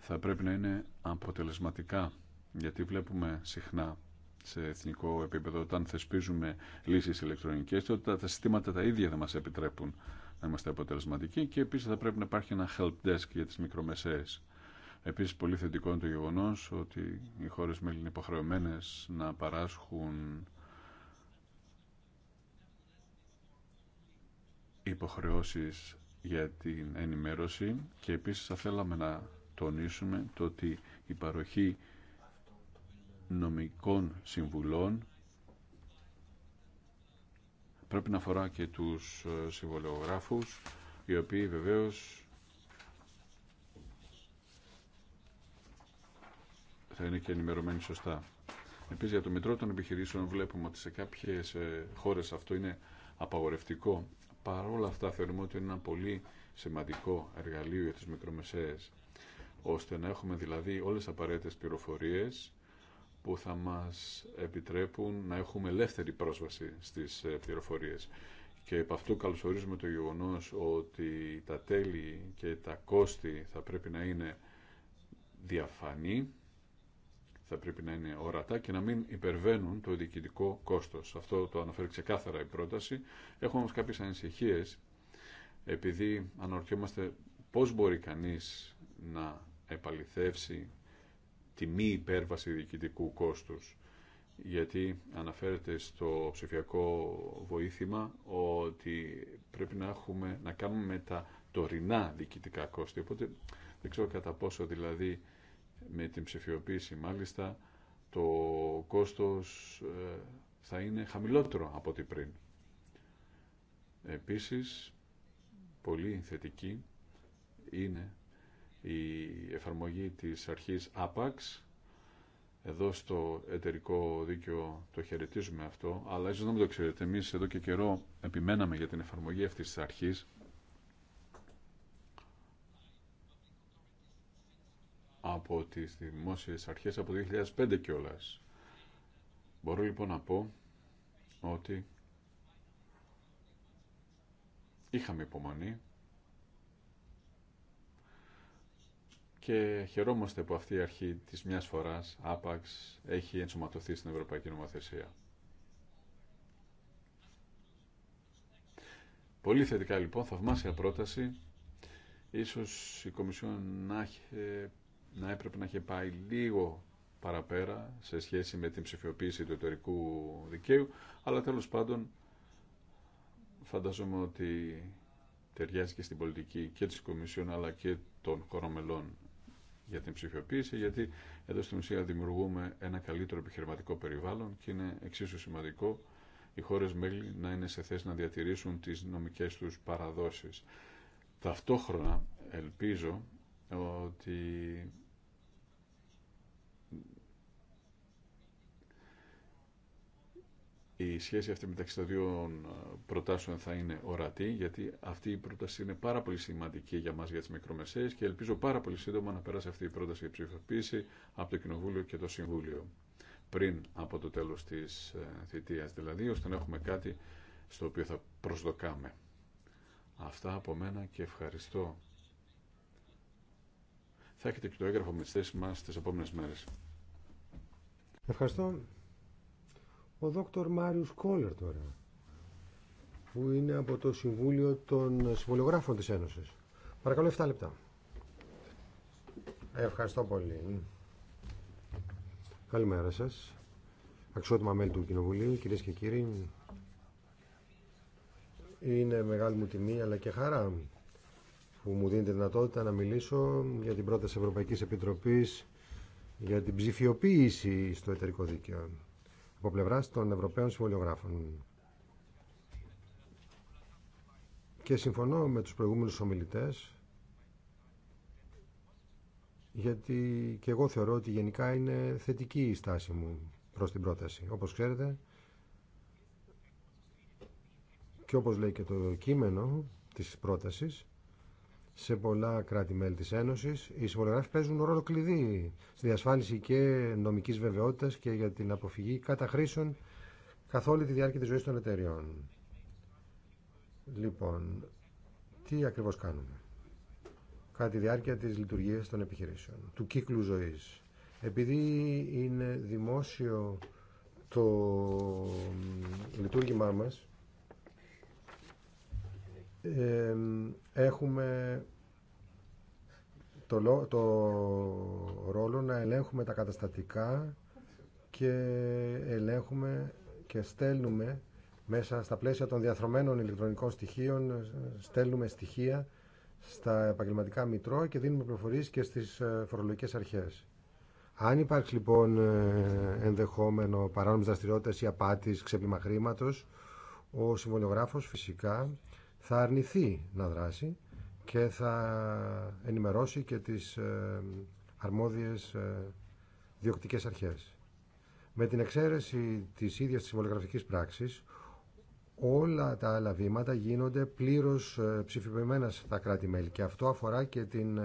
θα πρέπει να είναι αποτελεσματικά. Γιατί βλέπουμε συχνά σε εθνικό επίπεδο όταν θεσπίζουμε λύσεις ηλεκτρονικές ότι τα συστήματα τα ίδια δεν μας επιτρέπουν να είμαστε αποτελεσματικοί και επίσης θα πρέπει να υπάρχει ένα help desk για τις μικρομεσαίες. Επίσης πολύ θετικό είναι το γεγονός ότι οι χώρες μέλη είναι υποχρεωμένες να παράσχουν υποχρεώσεις για την ενημέρωση και επίσης θα θέλαμε να τονίσουμε το ότι η παροχή νομικών συμβουλών πρέπει να αφορά και τους ε, συμβολεογράφους οι οποίοι βεβαίως θα είναι και ενημερωμένοι σωστά. Επίσης για το Μητρό των Επιχειρήσεων βλέπουμε ότι σε κάποιες ε, χώρες αυτό είναι απαγορευτικό παρόλα αυτά θεωρούμε ότι είναι ένα πολύ σημαντικό εργαλείο για τις μικρομεσαίες, ώστε να έχουμε δηλαδή όλες τις απαραίτητες πληροφορίες που θα μας επιτρέπουν να έχουμε ελεύθερη πρόσβαση στις ε, πληροφορίες. Και επ' αυτού καλωσορίζουμε το γεγονός ότι τα τέλη και τα κόστη θα πρέπει να είναι διαφανή θα πρέπει να είναι ορατά και να μην υπερβαίνουν το διοικητικό κόστος. Αυτό το αναφέρει ξεκάθαρα η πρόταση. Έχουμε όμω κάποιες ανησυχίες επειδή αναρωτιόμαστε πώς μπορεί κανείς να επαληθεύσει τη μη υπέρβαση διοικητικού κόστους γιατί αναφέρεται στο ψηφιακό βοήθημα ότι πρέπει να, έχουμε, να κάνουμε τα τωρινά διοικητικά κόστη. Οπότε δεν ξέρω κατά πόσο δηλαδή με την ψηφιοποίηση μάλιστα το κόστος ε, θα είναι χαμηλότερο από ό,τι πριν. Επίσης, πολύ θετική είναι η εφαρμογή της αρχής APAX. Εδώ στο εταιρικό δίκαιο το χαιρετίζουμε αυτό, αλλά ίσως να μην το ξέρετε. Εμείς εδώ και καιρό επιμέναμε για την εφαρμογή αυτής της αρχής από τις δημόσιες αρχές από 2005 κιόλα. Μπορώ λοιπόν να πω ότι είχαμε υπομονή και χαιρόμαστε που αυτή η αρχή της μιας φοράς, άπαξ, έχει ενσωματωθεί στην Ευρωπαϊκή Νομοθεσία. Πολύ θετικά λοιπόν, θαυμάσια πρόταση. Ίσως η Κομισιόν να έχει να έπρεπε να είχε πάει λίγο παραπέρα σε σχέση με την ψηφιοποίηση του εταιρικού δικαίου, αλλά τέλος πάντων φαντάζομαι ότι ταιριάζει και στην πολιτική και της Κομισιόν αλλά και των χωρομελών για την ψηφιοποίηση, γιατί εδώ στην ουσία δημιουργούμε ένα καλύτερο επιχειρηματικό περιβάλλον και είναι εξίσου σημαντικό οι χώρες μέλη να είναι σε θέση να διατηρήσουν τις νομικές τους παραδόσεις. Ταυτόχρονα ελπίζω ότι η σχέση αυτή μεταξύ των δύο ε, προτάσεων θα είναι ορατή, γιατί αυτή η πρόταση είναι πάρα πολύ σημαντική για μας για τις μικρομεσαίες και ελπίζω πάρα πολύ σύντομα να περάσει αυτή η πρόταση για ψηφοποίηση από το Κοινοβούλιο και το Συμβούλιο πριν από το τέλος της ε, θητείας, δηλαδή ώστε να έχουμε κάτι στο οποίο θα προσδοκάμε. Αυτά από μένα και ευχαριστώ. Θα έχετε και το έγγραφο με τις θέσεις μας τις επόμενες μέρες. Ευχαριστώ. Ο δόκτωρ Μάριους Κόλλερ τώρα, που είναι από το Συμβούλιο των Συμβολιογράφων της Ένωσης. Παρακαλώ 7 λεπτά. Ε, ευχαριστώ πολύ. Καλημέρα σας. Αξιότιμα μέλη του Κοινοβουλίου, κυρίες και κύριοι. Είναι μεγάλη μου τιμή αλλά και χαρά που μου δίνει τη δυνατότητα να μιλήσω για την πρόταση Ευρωπαϊκής Επιτροπής για την ψηφιοποίηση στο εταιρικό δίκαιο από πλευρά των Ευρωπαίων Συμβολιογράφων. Και συμφωνώ με τους προηγούμενους ομιλητές γιατί και εγώ θεωρώ ότι γενικά είναι θετική η στάση μου προς την πρόταση. Όπως ξέρετε και όπως λέει και το κείμενο της πρότασης σε πολλά κράτη-μέλη της Ένωσης. Οι συμβολογράφοι παίζουν ρόλο κλειδί στη διασφάλιση και νομικής βεβαιότητας και για την αποφυγή καταχρήσεων καθ' όλη τη διάρκεια της ζωής των εταιριών. Λοιπόν, τι ακριβώς κάνουμε κατά τη διάρκεια της λειτουργίας των επιχειρήσεων, του κύκλου ζωής. Επειδή είναι δημόσιο το λειτουργήμά μας, έχουμε το, το ρόλο να ελέγχουμε τα καταστατικά και ελέγχουμε και στέλνουμε μέσα στα πλαίσια των διαθρωμένων ηλεκτρονικών στοιχείων στέλνουμε στοιχεία στα επαγγελματικά μητρώα και δίνουμε πληροφορίες και στις ε, φορολογικές αρχές. Αν υπάρχει λοιπόν ε, ενδεχόμενο παράνομης δραστηριότητας ή απάτης, ξέπλυμα ο συμβολιογράφος φυσικά θα αρνηθεί να δράσει και θα ενημερώσει και τις ε, αρμόδιες ε, διοκτικές αρχές. Με την εξαίρεση της ίδιας της συμβολογραφικής πράξης, όλα τα άλλα βήματα γίνονται πλήρως ε, ψηφιπημένα στα κράτη-μέλη και αυτό αφορά και την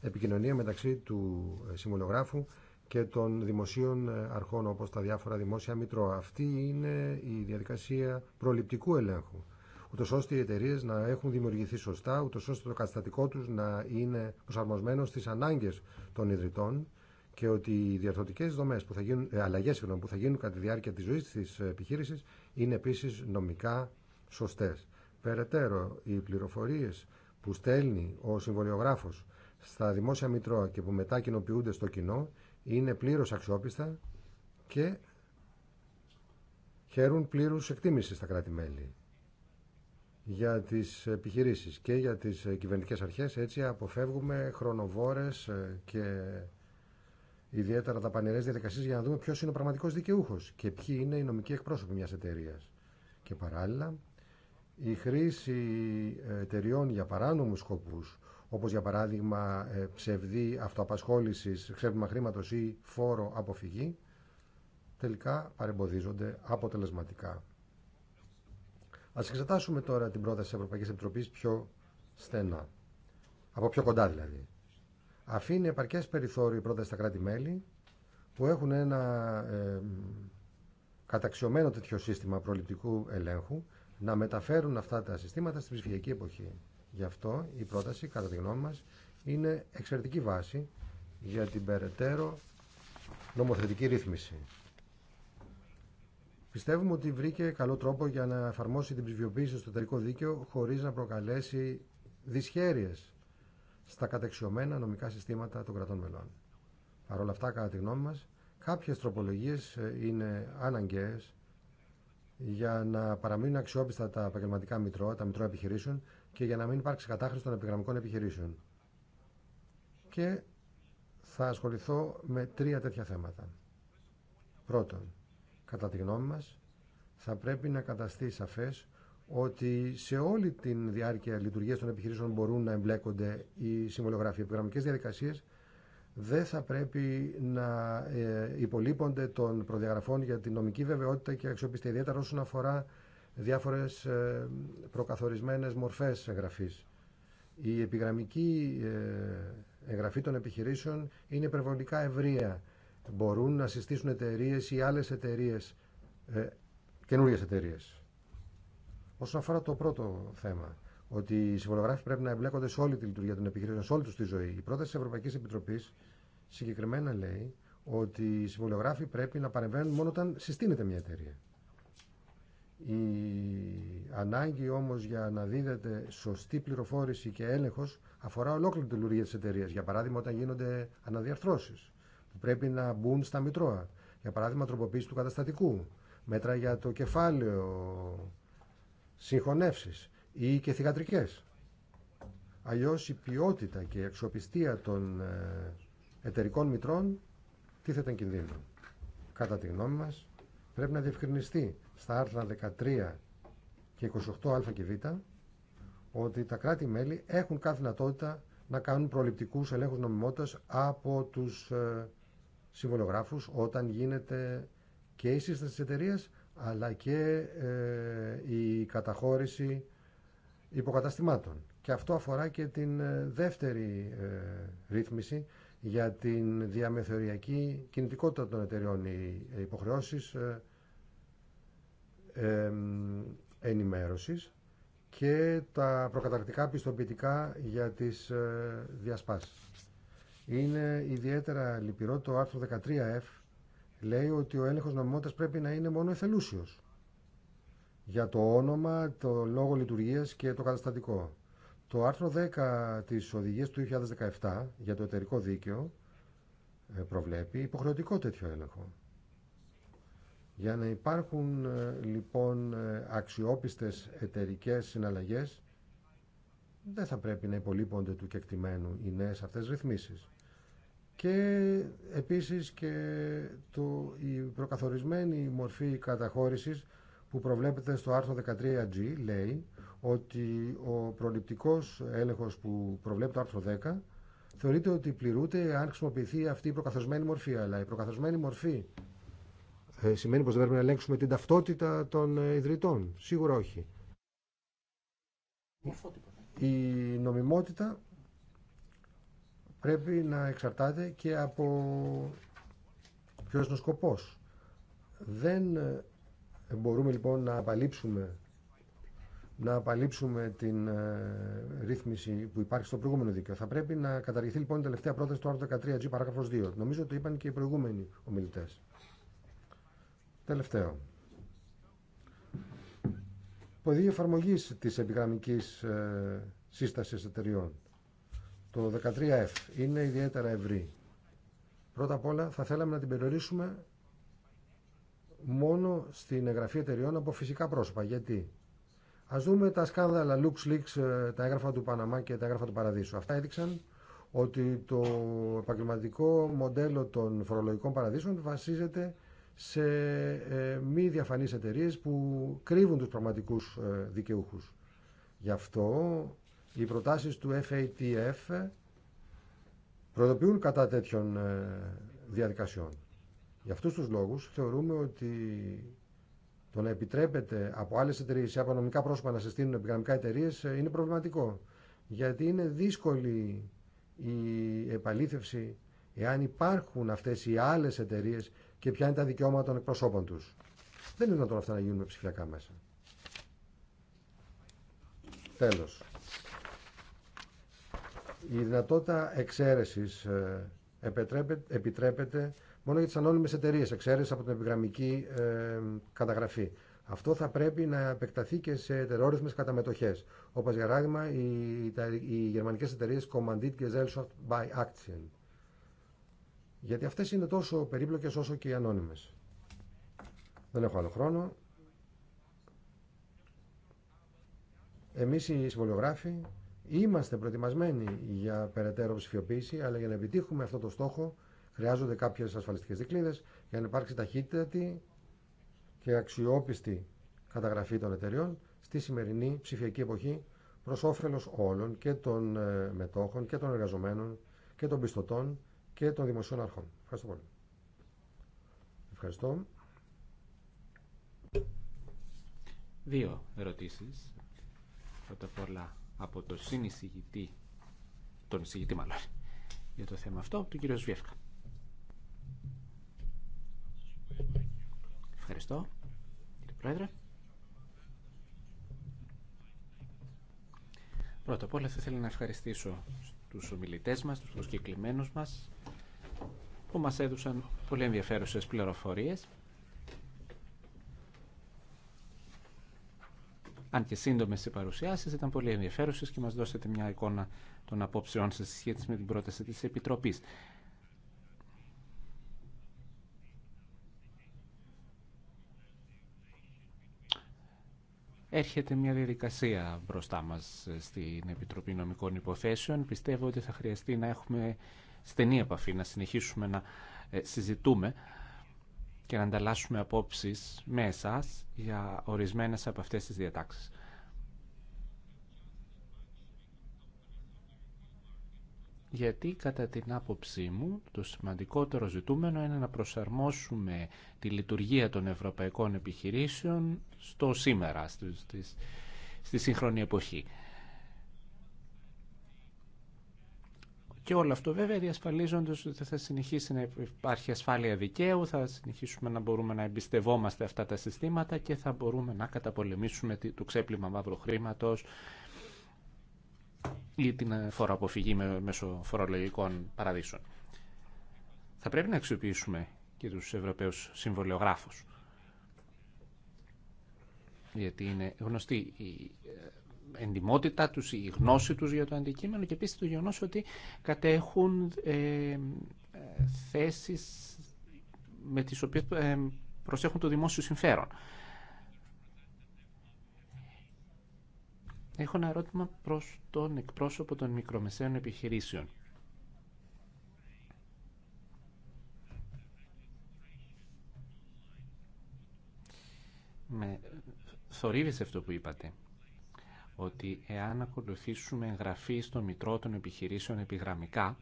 επικοινωνία μεταξύ του συμβολογράφου και των δημοσίων αρχών όπως τα διάφορα δημόσια μητρώα. Αυτή είναι η διαδικασία προληπτικού ελέγχου ούτω ώστε οι εταιρείε να έχουν δημιουργηθεί σωστά, ούτω ώστε το καταστατικό του να είναι προσαρμοσμένο στι ανάγκε των ιδρυτών και ότι οι διαρθρωτικέ δομέ που θα γίνουν, ε, αλλαγέ που θα γίνουν κατά τη διάρκεια τη ζωή τη ε, επιχείρηση είναι επίση νομικά σωστέ. Περαιτέρω, οι πληροφορίε που στέλνει ο συμβολιογράφο στα δημόσια μητρώα και που μετά κοινοποιούνται στο κοινό είναι πλήρω αξιόπιστα και χαίρουν πλήρους εκτίμηση στα κράτη-μέλη για τις επιχειρήσεις και για τις ε, κυβερνητικές αρχές. Έτσι αποφεύγουμε χρονοβόρες ε, και ιδιαίτερα τα πανερές διαδικασίες για να δούμε ποιος είναι ο πραγματικός δικαιούχος και ποιοι είναι οι νομικοί εκπρόσωποι μιας εταιρεία. Και παράλληλα, η χρήση εταιριών για παράνομους σκοπούς, όπως για παράδειγμα ε, ψευδή αυτοαπασχόλησης, ξέπλυμα χρήματος ή φόρο αποφυγή, τελικά παρεμποδίζονται αποτελεσματικά Ας εξετάσουμε τώρα την πρόταση της Ευρωπαϊκής Επιτροπής πιο στενά. Από πιο κοντά δηλαδή. Αφήνει επαρκές περιθώριο η πρόταση στα κράτη-μέλη που έχουν ένα ε, καταξιωμένο τέτοιο σύστημα προληπτικού ελέγχου να μεταφέρουν αυτά τα συστήματα στην ψηφιακή εποχή. Γι' αυτό η πρόταση, κατά τη γνώμη μας, είναι εξαιρετική βάση για την περαιτέρω νομοθετική ρύθμιση. Πιστεύουμε ότι βρήκε καλό τρόπο για να εφαρμόσει την ψηφιοποίηση στο εταιρικό δίκαιο χωρί να προκαλέσει δυσχέρειες στα κατεξιωμένα νομικά συστήματα των κρατών μελών. Παρ' όλα αυτά, κατά τη γνώμη μα, κάποιε τροπολογίε ε, είναι αναγκαίε για να παραμείνουν αξιόπιστα τα επαγγελματικά μητρώα, τα μητρώα επιχειρήσεων και για να μην υπάρξει κατάχρηση των επιγραμμικών επιχειρήσεων. Και θα ασχοληθώ με τρία τέτοια θέματα. Πρώτον, Κατά τη γνώμη μας, θα πρέπει να καταστεί σαφές ότι σε όλη τη διάρκεια λειτουργία των επιχειρήσεων μπορούν να εμπλέκονται οι συμβολογράφοι. Οι επιγραμμικές διαδικασίες δεν θα πρέπει να ε, υπολείπονται των προδιαγραφών για την νομική βεβαιότητα και αξιοπιστία, ιδιαίτερα όσον αφορά διάφορες ε, προκαθορισμένε μορφέ εγγραφή. Η επιγραμμική ε, εγγραφή των επιχειρήσεων είναι υπερβολικά ευρεία μπορούν να συστήσουν εταιρείε ή άλλες εταιρείε, ε, καινούριε εταιρείε. Όσον αφορά το πρώτο θέμα, ότι οι συμβολογράφοι πρέπει να εμπλέκονται σε όλη τη λειτουργία των επιχειρήσεων, σε όλη του τη ζωή. Η πρόταση τη Ευρωπαϊκή Επιτροπή συγκεκριμένα λέει ότι οι συμβολογράφοι πρέπει να παρεμβαίνουν μόνο όταν συστήνεται μια εταιρεία. Η ανάγκη όμω για να δίδεται σωστή πληροφόρηση και έλεγχο αφορά ολόκληρη τη λειτουργία τη εταιρεία. Για παράδειγμα, όταν γίνονται αναδιαρθρώσει που πρέπει να μπουν στα Μητρώα. Για παράδειγμα, τροποποίηση του καταστατικού, μέτρα για το κεφάλαιο, συγχωνεύσεις ή και θηγατρικέ. Αλλιώ η και θηγατρικε αλλιως η ποιοτητα και η αξιοπιστία των ε, εταιρικών μητρών τίθεται εν κινδύνο. Κατά τη γνώμη μα, πρέπει να διευκρινιστεί στα άρθρα 13 και 28α και β ότι τα κράτη-μέλη έχουν κάθε δυνατότητα να κάνουν προληπτικούς ελέγχους νομιμότητας από τους ε, συμβολογράφους όταν γίνεται και η σύσταση της εταιρεία, αλλά και ε, η καταχώρηση υποκαταστημάτων. Και αυτό αφορά και την ε, δεύτερη ε, ρύθμιση για την διαμεθοριακή κινητικότητα των εταιριών. Οι υποχρεώσεις ενημέρωσης και τα προκαταρκτικά πιστοποιητικά για τις διασπάσεις. Είναι ιδιαίτερα λυπηρό το άρθρο 13F λέει ότι ο έλεγχος νομιμότητας πρέπει να είναι μόνο εθελούσιος για το όνομα, το λόγο λειτουργίας και το καταστατικό. Το άρθρο 10 της οδηγίας του 2017 για το εταιρικό δίκαιο ε, προβλέπει υποχρεωτικό τέτοιο έλεγχο. Για να υπάρχουν ε, λοιπόν ε, αξιόπιστες εταιρικές συναλλαγές δεν θα πρέπει να υπολείπονται του κεκτημένου οι νέες αυτές ρυθμίσεις και επίσης και το, η προκαθορισμένη μορφή καταχώρησης που προβλέπεται στο άρθρο 13G λέει ότι ο προληπτικός έλεγχος που προβλέπει το άρθρο 10 θεωρείται ότι πληρούνται αν χρησιμοποιηθεί αυτή η προκαθορισμένη μορφή αλλά η προκαθορισμένη μορφή ε, σημαίνει πως δεν πρέπει να ελέγξουμε την ταυτότητα των ε, ιδρυτών σίγουρα όχι η νομιμότητα πρέπει να εξαρτάται και από ποιος είναι ο σκοπός. Δεν ε, μπορούμε λοιπόν να απαλείψουμε να απαλείψουμε την ε, ρύθμιση που υπάρχει στο προηγούμενο δίκαιο. Θα πρέπει να καταργηθεί λοιπόν η τελευταία πρόταση του άρθρου 13G παράγραφος 2. Νομίζω το είπαν και οι προηγούμενοι ομιλητές. Τελευταίο. Ποδήλιο εφαρμογή της επιγραμμικής ε, σύστασης εταιριών το 13F είναι ιδιαίτερα ευρύ. Πρώτα απ' όλα θα θέλαμε να την περιορίσουμε μόνο στην εγγραφή εταιριών από φυσικά πρόσωπα. Γιατί α δούμε τα σκάνδαλα LuxLeaks, ε, τα έγγραφα του Παναμά και τα έγγραφα του Παραδείσου. Αυτά έδειξαν ότι το επαγγελματικό μοντέλο των φορολογικών παραδείσων βασίζεται σε ε, μη διαφανείς εταιρείε που κρύβουν τους πραγματικούς ε, δικαιούχους. Γι' αυτό οι προτάσεις του FATF προτοποιούν κατά τέτοιων ε, διαδικασιών. Για αυτούς τους λόγους θεωρούμε ότι το να επιτρέπεται από άλλες εταιρείε ή από νομικά πρόσωπα να συστήνουν επιγραμμικά εταιρείε ε, είναι προβληματικό. Γιατί είναι δύσκολη η επαλήθευση εάν υπάρχουν αυτές οι άλλες εταιρείε και ποια είναι τα δικαιώματα των εκπροσώπων τους. Δεν είναι δυνατόν αυτά να γίνουν με ψηφιακά μέσα. Τέλος. Η δυνατότητα εξαίρεση ε, επιτρέπεται, μόνο για τι ανώνυμες εταιρείε, εξαίρεση από την επιγραμμική ε, καταγραφή. Αυτό θα πρέπει να επεκταθεί και σε ετερόρυθμες καταμετοχές, όπως για παράδειγμα οι, οι γερμανικές εταιρείες Commandit και by Action. Γιατί αυτές είναι τόσο περίπλοκες όσο και οι ανώνυμες. Δεν έχω άλλο χρόνο. Εμείς οι συμβολιογράφοι Είμαστε προετοιμασμένοι για περαιτέρω ψηφιοποίηση, αλλά για να επιτύχουμε αυτό το στόχο χρειάζονται κάποιε ασφαλιστικέ δικλείδε για να υπάρξει ταχύτητατη και αξιόπιστη καταγραφή των εταιριών στη σημερινή ψηφιακή εποχή προ όφελο όλων και των ε, μετόχων και των εργαζομένων και των πιστωτών και των δημοσίων αρχών. Ευχαριστώ πολύ. Ευχαριστώ. Δύο ερωτήσεις. Πρώτα απ' από τον συνεισηγητή, τον εισηγητή μάλλον, για το θέμα αυτό, τον κύριο Σβιεύκα. Ευχαριστώ, κύριε Πρόεδρε. Πρώτα απ' όλα θα ήθελα να ευχαριστήσω τους ομιλητές μας, τους προσκεκλημένους μας, που μας έδωσαν πολύ ενδιαφέρουσες πληροφορίες. αν και σύντομε οι παρουσιάσει, ήταν πολύ ενδιαφέρουσε και μα δώσετε μια εικόνα των απόψεών σα σχέση με την πρόταση τη Επιτροπή. Έρχεται μια διαδικασία μπροστά μας στην Επιτροπή Νομικών Υποθέσεων. Πιστεύω ότι θα χρειαστεί να έχουμε στενή επαφή, να συνεχίσουμε να ε, συζητούμε και να ανταλλάσσουμε απόψεις μέσα για ορισμένες από αυτές τις διατάξεις. γιατί κατά την άποψή μου το σημαντικότερο ζητούμενο είναι να προσαρμόσουμε τη λειτουργία των ευρωπαϊκών επιχειρήσεων στο σήμερα, στη, στη σύγχρονη εποχή. Και όλο αυτό βέβαια διασφαλίζοντα ότι θα συνεχίσει να υπάρχει ασφάλεια δικαίου, θα συνεχίσουμε να μπορούμε να εμπιστευόμαστε αυτά τα συστήματα και θα μπορούμε να καταπολεμήσουμε το ξέπλυμα μαύρου χρήματο ή την φοροαποφυγή μέσω φορολογικών παραδείσων. Θα πρέπει να αξιοποιήσουμε και τους Ευρωπαίους συμβολιογράφους. Γιατί είναι γνωστή η ε, εντιμότητά τους, η γνώση τους για το αντικείμενο και επίσης το γεγονός ότι κατέχουν ε, θέσεις με τις οποίες ε, προσέχουν το δημόσιο συμφέρον. Έχω ένα ερώτημα προς τον εκπρόσωπο των μικρομεσαίων επιχειρήσεων. Με θορύβησε αυτό που είπατε ότι εάν ακολουθήσουμε εγγραφή στο Μητρό των Επιχειρήσεων επιγραμμικά,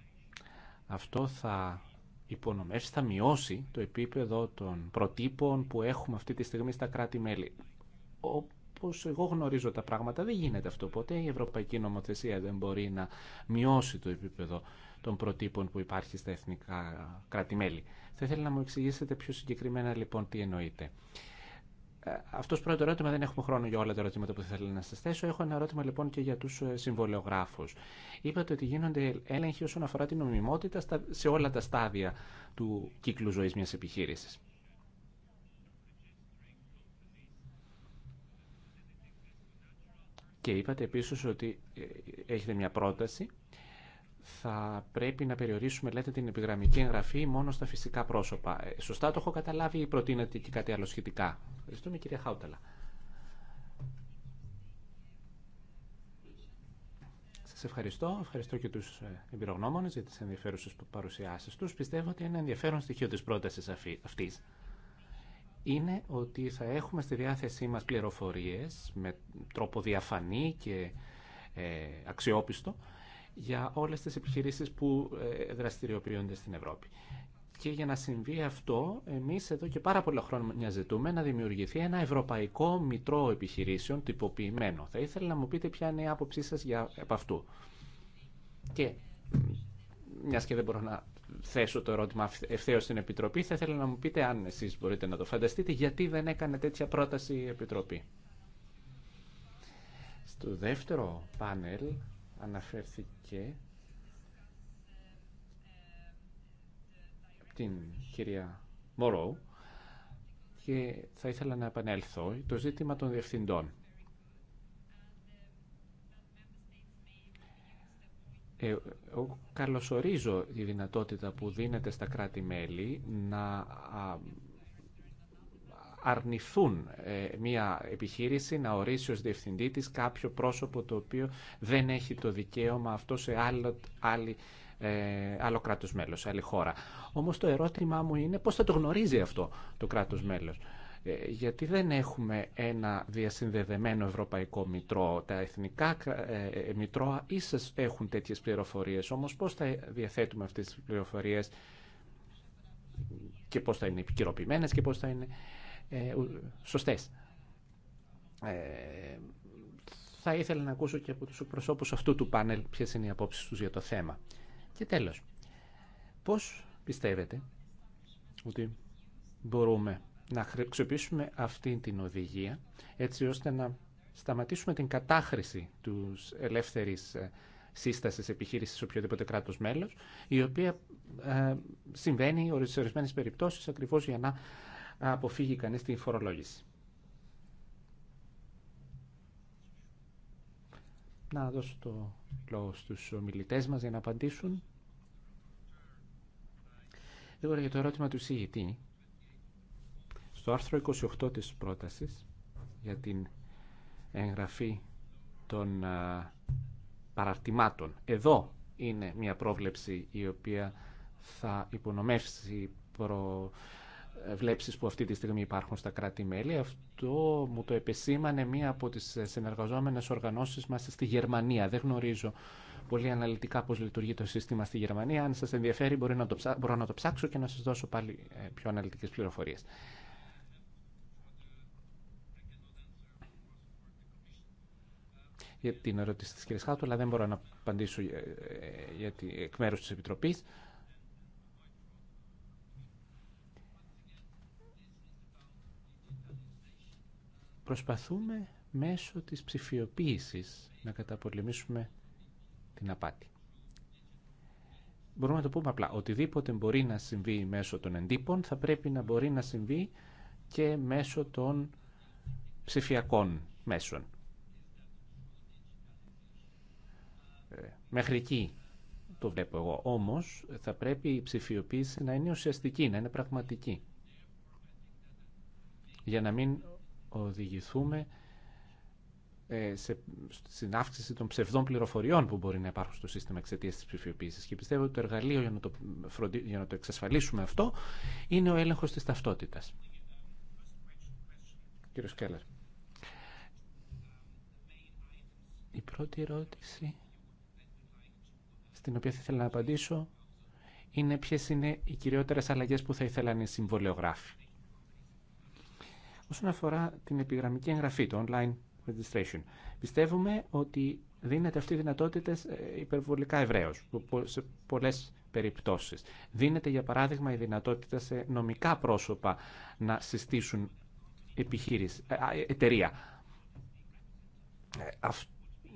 αυτό θα υπονομεύσει, θα μειώσει το επίπεδο των προτύπων που έχουμε αυτή τη στιγμή στα κράτη-μέλη. Όπως εγώ γνωρίζω τα πράγματα, δεν γίνεται αυτό ποτέ. Η Ευρωπαϊκή Νομοθεσία δεν μπορεί να μειώσει το επίπεδο των προτύπων που υπάρχει στα εθνικά κράτη-μέλη. Θα ήθελα να μου εξηγήσετε πιο συγκεκριμένα λοιπόν τι εννοείται. Αυτό το πρώτο ερώτημα δεν έχουμε χρόνο για όλα τα ερωτήματα που θα να σα θέσω. Έχω ένα ερώτημα λοιπόν και για του ε, συμβολιογράφου. Είπατε ότι γίνονται έλεγχοι όσον αφορά την νομιμότητα σε όλα τα στάδια του κύκλου ζωή μια επιχείρηση. Και είπατε επίσης ότι ε, έχετε μια πρόταση θα πρέπει να περιορίσουμε λέτε, την επιγραμμική εγγραφή μόνο στα φυσικά πρόσωπα. Ε, σωστά το έχω καταλάβει ή προτείνετε και κάτι άλλο σχετικά. Ευχαριστούμε κυρία Χάουταλα. Σας ευχαριστώ. Ευχαριστώ και τους ε, εμπειρογνώμονες για τις ενδιαφέρουσες παρουσιάσεις τους. Πιστεύω ότι ένα ενδιαφέρον στοιχείο της πρότασης αυτής είναι ότι θα έχουμε στη διάθεσή μας πληροφορίες με τρόπο διαφανή και ε, αξιόπιστο για όλες τις επιχειρήσεις που ε, δραστηριοποιούνται στην Ευρώπη. Και για να συμβεί αυτό, εμείς εδώ και πάρα πολλά χρόνια ζητούμε να δημιουργηθεί ένα ευρωπαϊκό μητρό επιχειρήσεων τυποποιημένο. Θα ήθελα να μου πείτε ποια είναι η άποψή σας για, από αυτού. Και μιας και δεν μπορώ να θέσω το ερώτημα ευθέως στην Επιτροπή, θα ήθελα να μου πείτε αν εσείς μπορείτε να το φανταστείτε, γιατί δεν έκανε τέτοια πρόταση η Επιτροπή. Στο δεύτερο πάνελ αναφέρθηκε την κυρία Μωρό και θα ήθελα να επανέλθω το ζήτημα των διευθυντών. Ε, καλωσορίζω τη δυνατότητα που δίνεται στα κράτη-μέλη να αρνηθούν ε, μια επιχείρηση να ορίσει ως διευθυντή της κάποιο πρόσωπο το οποίο δεν έχει το δικαίωμα αυτό σε άλλο, άλλη, ε, άλλο κράτος μέλος, σε άλλη χώρα. Όμως το ερώτημά μου είναι πώς θα το γνωρίζει αυτό το κράτος μέλος. Ε, γιατί δεν έχουμε ένα διασυνδεδεμένο ευρωπαϊκό μητρό. Τα εθνικά μητρώα ίσως έχουν τέτοιες πληροφορίες, όμως πώς θα διαθέτουμε αυτές τις πληροφορίες και πώς θα είναι επικυρωποιημένες και πώς θα είναι ε, σωστές. Ε, θα ήθελα να ακούσω και από τους προσώπους αυτού του πάνελ ποιες είναι οι απόψεις τους για το θέμα. Και τέλος, πώς πιστεύετε ότι μπορούμε να χρησιμοποιήσουμε αυτή την οδηγία έτσι ώστε να σταματήσουμε την κατάχρηση τους ελεύθερης ε, σύσταση επιχείρηση σε οποιοδήποτε κράτο μέλο, η οποία συμβαίνει σε ορισμένε περιπτώσει ακριβώ για να αποφύγει κανείς την φορολόγηση. Να δώσω το λόγο στους ομιλητές μας για να απαντήσουν. Εγώ για το ερώτημα του συγητή. Στο άρθρο 28 της πρότασης για την εγγραφή των παραρτημάτων. Εδώ είναι μια πρόβλεψη η οποία θα υπονομεύσει προ ε, βλέψεις που αυτή τη στιγμή υπάρχουν στα κράτη-μέλη. Αυτό μου το επεσήμανε μία από τις συνεργαζόμενες οργανώσεις μας στη Γερμανία. Δεν γνωρίζω πολύ αναλυτικά πώς λειτουργεί το σύστημα στη Γερμανία. Αν σας ενδιαφέρει μπορεί να το μπορώ να το ψάξω και να σας δώσω πάλι ε, πιο αναλυτικές πληροφορίες. Για την ερώτηση της Κυρια Χάτουλα δεν μπορώ να απαντήσω ε, για εκ μέρους της Επιτροπής. Προσπαθούμε μέσω της ψηφιοποίησης να καταπολεμήσουμε την απάτη. Μπορούμε να το πούμε απλά. Οτιδήποτε μπορεί να συμβεί μέσω των εντύπων θα πρέπει να μπορεί να συμβεί και μέσω των ψηφιακών μέσων. Ε, μέχρι εκεί το βλέπω εγώ. Όμως θα πρέπει η ψηφιοποίηση να είναι ουσιαστική, να είναι πραγματική. Για να μην οδηγηθούμε ε, σε, στην αύξηση των ψευδών πληροφοριών που μπορεί να υπάρχουν στο σύστημα εξαιτία τη ψηφιοποίηση. Και πιστεύω ότι το εργαλείο για να το, για να το εξασφαλίσουμε αυτό είναι ο έλεγχο τη ταυτότητα. Κύριο Σκέλλερ. Η πρώτη ερώτηση στην οποία θα ήθελα να απαντήσω είναι ποιες είναι οι κυριότερες αλλαγές που θα ήθελαν οι συμβολεογράφοι. Όσον αφορά την επιγραμμική εγγραφή, το online registration, πιστεύουμε ότι δίνεται αυτή η δυνατότητα ε, υπερβολικά ευρέω σε πολλέ περιπτώσει. Δίνεται, για παράδειγμα, η δυνατότητα σε νομικά πρόσωπα να συστήσουν επιχείρηση, ε, ε, εταιρεία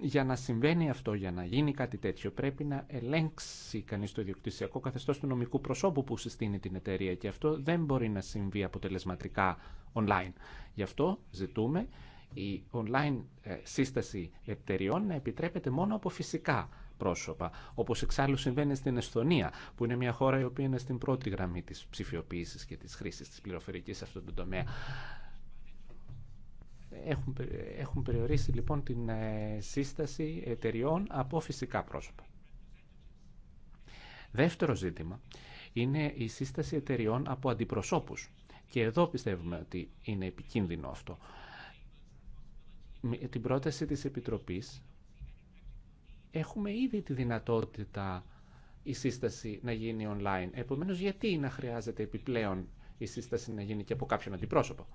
για να συμβαίνει αυτό, για να γίνει κάτι τέτοιο, πρέπει να ελέγξει κανεί το ιδιοκτησιακό καθεστώ του νομικού προσώπου που συστήνει την εταιρεία και αυτό δεν μπορεί να συμβεί αποτελεσματικά online. Γι' αυτό ζητούμε η online ε, σύσταση εταιρεών να επιτρέπεται μόνο από φυσικά πρόσωπα, όπως εξάλλου συμβαίνει στην Εσθονία, που είναι μια χώρα η οποία είναι στην πρώτη γραμμή της ψηφιοποίησης και της χρήσης της πληροφορικής σε αυτόν τον τομέα. Έχουν, περιορίσει λοιπόν την ε, σύσταση εταιριών από φυσικά πρόσωπα. Δεύτερο ζήτημα είναι η σύσταση εταιριών από αντιπροσώπους. Και εδώ πιστεύουμε ότι είναι επικίνδυνο αυτό. Με την πρόταση της Επιτροπής έχουμε ήδη τη δυνατότητα η σύσταση να γίνει online. Επομένως, γιατί να χρειάζεται επιπλέον η σύσταση να γίνει και από κάποιον αντιπρόσωπο.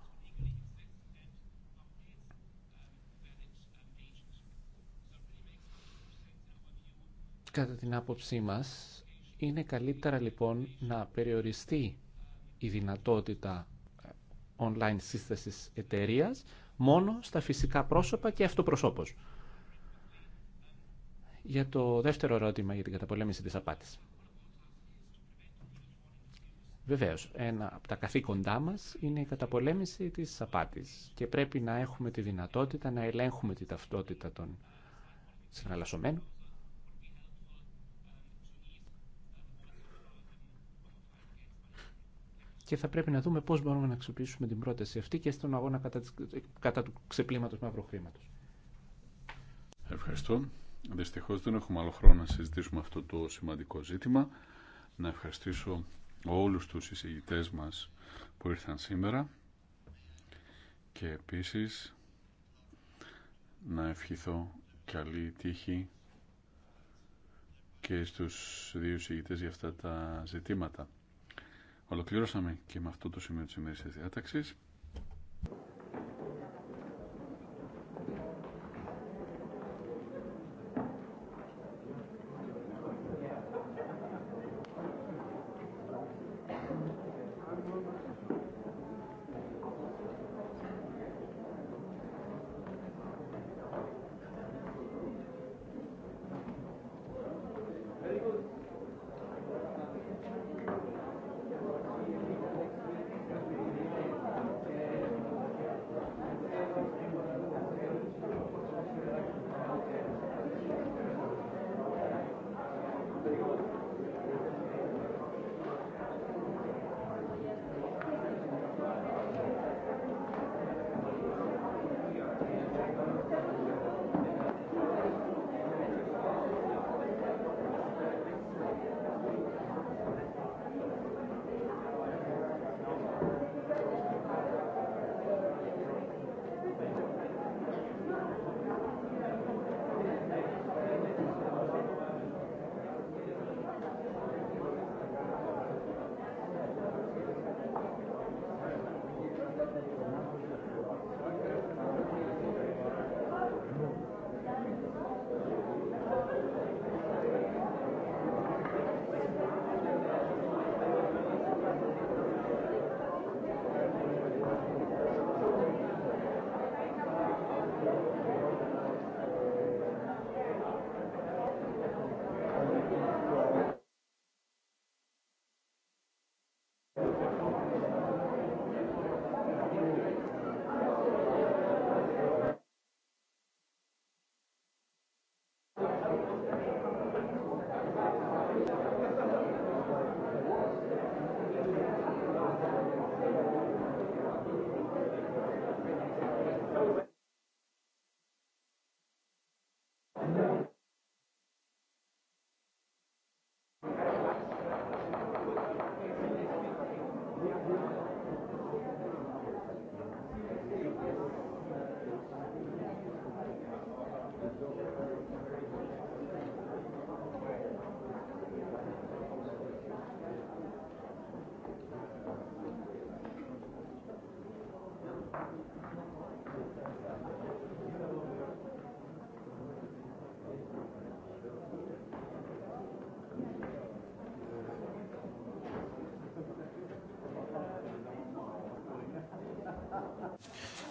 Κατά την άποψή μας, είναι καλύτερα λοιπόν να περιοριστεί η δυνατότητα ε, online σύστασης εταιρεία μόνο στα φυσικά πρόσωπα και αυτοπροσώπως. Για το δεύτερο ερώτημα για την καταπολέμηση της απάτης. Βεβαίως, ένα από τα καθήκοντά μας είναι η καταπολέμηση της απάτης και πρέπει να έχουμε τη δυνατότητα να ελέγχουμε τη ταυτότητα των συναλλασσομένων και θα πρέπει να δούμε πώς μπορούμε να αξιοποιήσουμε την πρόταση αυτή και στον αγώνα κατά, κατά του ξεπλήματος μαύρου χρήματο. Ευχαριστώ. Δυστυχώ δεν έχουμε άλλο χρόνο να συζητήσουμε αυτό το σημαντικό ζήτημα. Να ευχαριστήσω όλους τους εισηγητές μας που ήρθαν σήμερα και επίσης να ευχηθώ καλή τύχη και στους δύο εισηγητές για αυτά τα ζητήματα. Ολοκληρώσαμε και με αυτό το σημείο της ημέρης της διάταξης.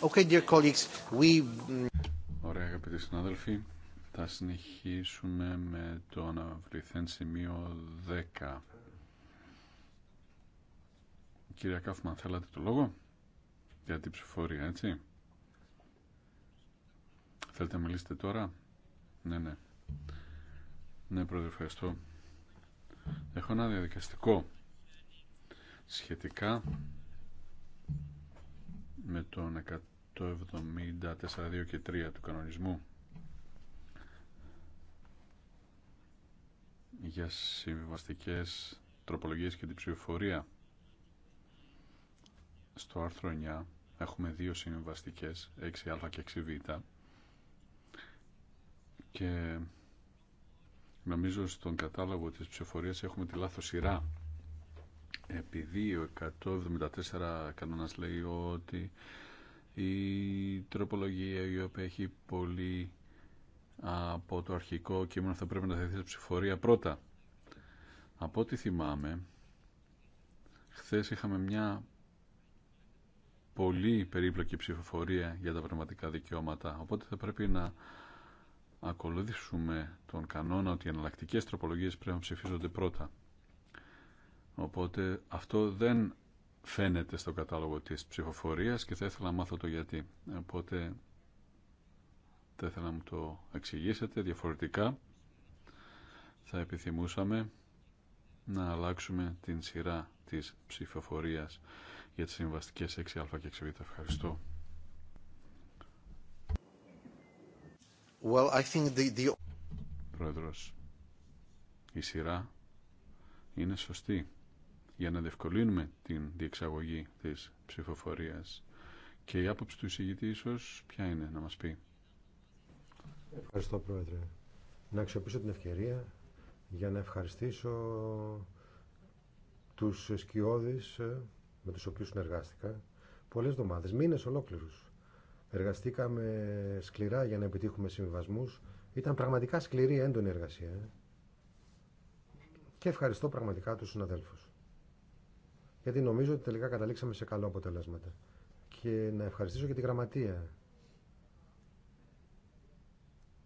Ωραία αγαπητοί συνάδελφοι, θα συνεχίσουμε με το αναβριθέν σημείο 10. Κύριε Κάφμα θέλατε το λόγο για την ψηφορία, έτσι. Θέλετε να μιλήσετε τώρα. Ναι, ναι. Ναι, πρόεδρε, ευχαριστώ. Έχω ένα διαδικαστικό σχετικά με τον 174.2 και 3 του κανονισμού για συμβιβαστικές τροπολογίες και την ψηφοφορία. Στο άρθρο 9 έχουμε δύο συμβιβαστικές, 6α και 6β και νομίζω στον κατάλογο της ψηφοφορίας έχουμε τη λάθος σειρά επειδή ο 174 κανόνας λέει ότι η τροπολογία η οποία έχει πολύ από το αρχικό κείμενο θα πρέπει να θεθεί σε ψηφορία πρώτα. Από ό,τι θυμάμαι, χθες είχαμε μια πολύ περίπλοκη ψηφοφορία για τα πραγματικά δικαιώματα, οπότε θα πρέπει να ακολουθήσουμε τον κανόνα ότι οι εναλλακτικές τροπολογίες πρέπει να ψηφίζονται πρώτα. Οπότε αυτό δεν φαίνεται στο κατάλογο της ψηφοφορίας και θα ήθελα να μάθω το γιατί. Οπότε θα ήθελα να μου το εξηγήσετε διαφορετικά. Θα επιθυμούσαμε να αλλάξουμε την σειρά της ψηφοφορίας για τις συμβαστικές 6α και 6β. Ευχαριστώ. Well, I think the, the... Πρόεδρος, η σειρά είναι σωστή για να διευκολύνουμε την διεξαγωγή της ψηφοφορίας. Και η άποψη του εισηγητή ίσως ποια είναι να μας πει. Ευχαριστώ Πρόεδρε. Να αξιοποιήσω την ευκαιρία για να ευχαριστήσω τους σκιώδεις ε, με τους οποίους συνεργάστηκα πολλές εβδομάδες, μήνες ολόκληρους. Εργαστήκαμε σκληρά για να επιτύχουμε συμβιβασμούς. Ήταν πραγματικά σκληρή έντονη εργασία και ευχαριστώ πραγματικά τους συναδέλφους γιατί νομίζω ότι τελικά καταλήξαμε σε καλό αποτελέσματα. Και να ευχαριστήσω και τη γραμματεία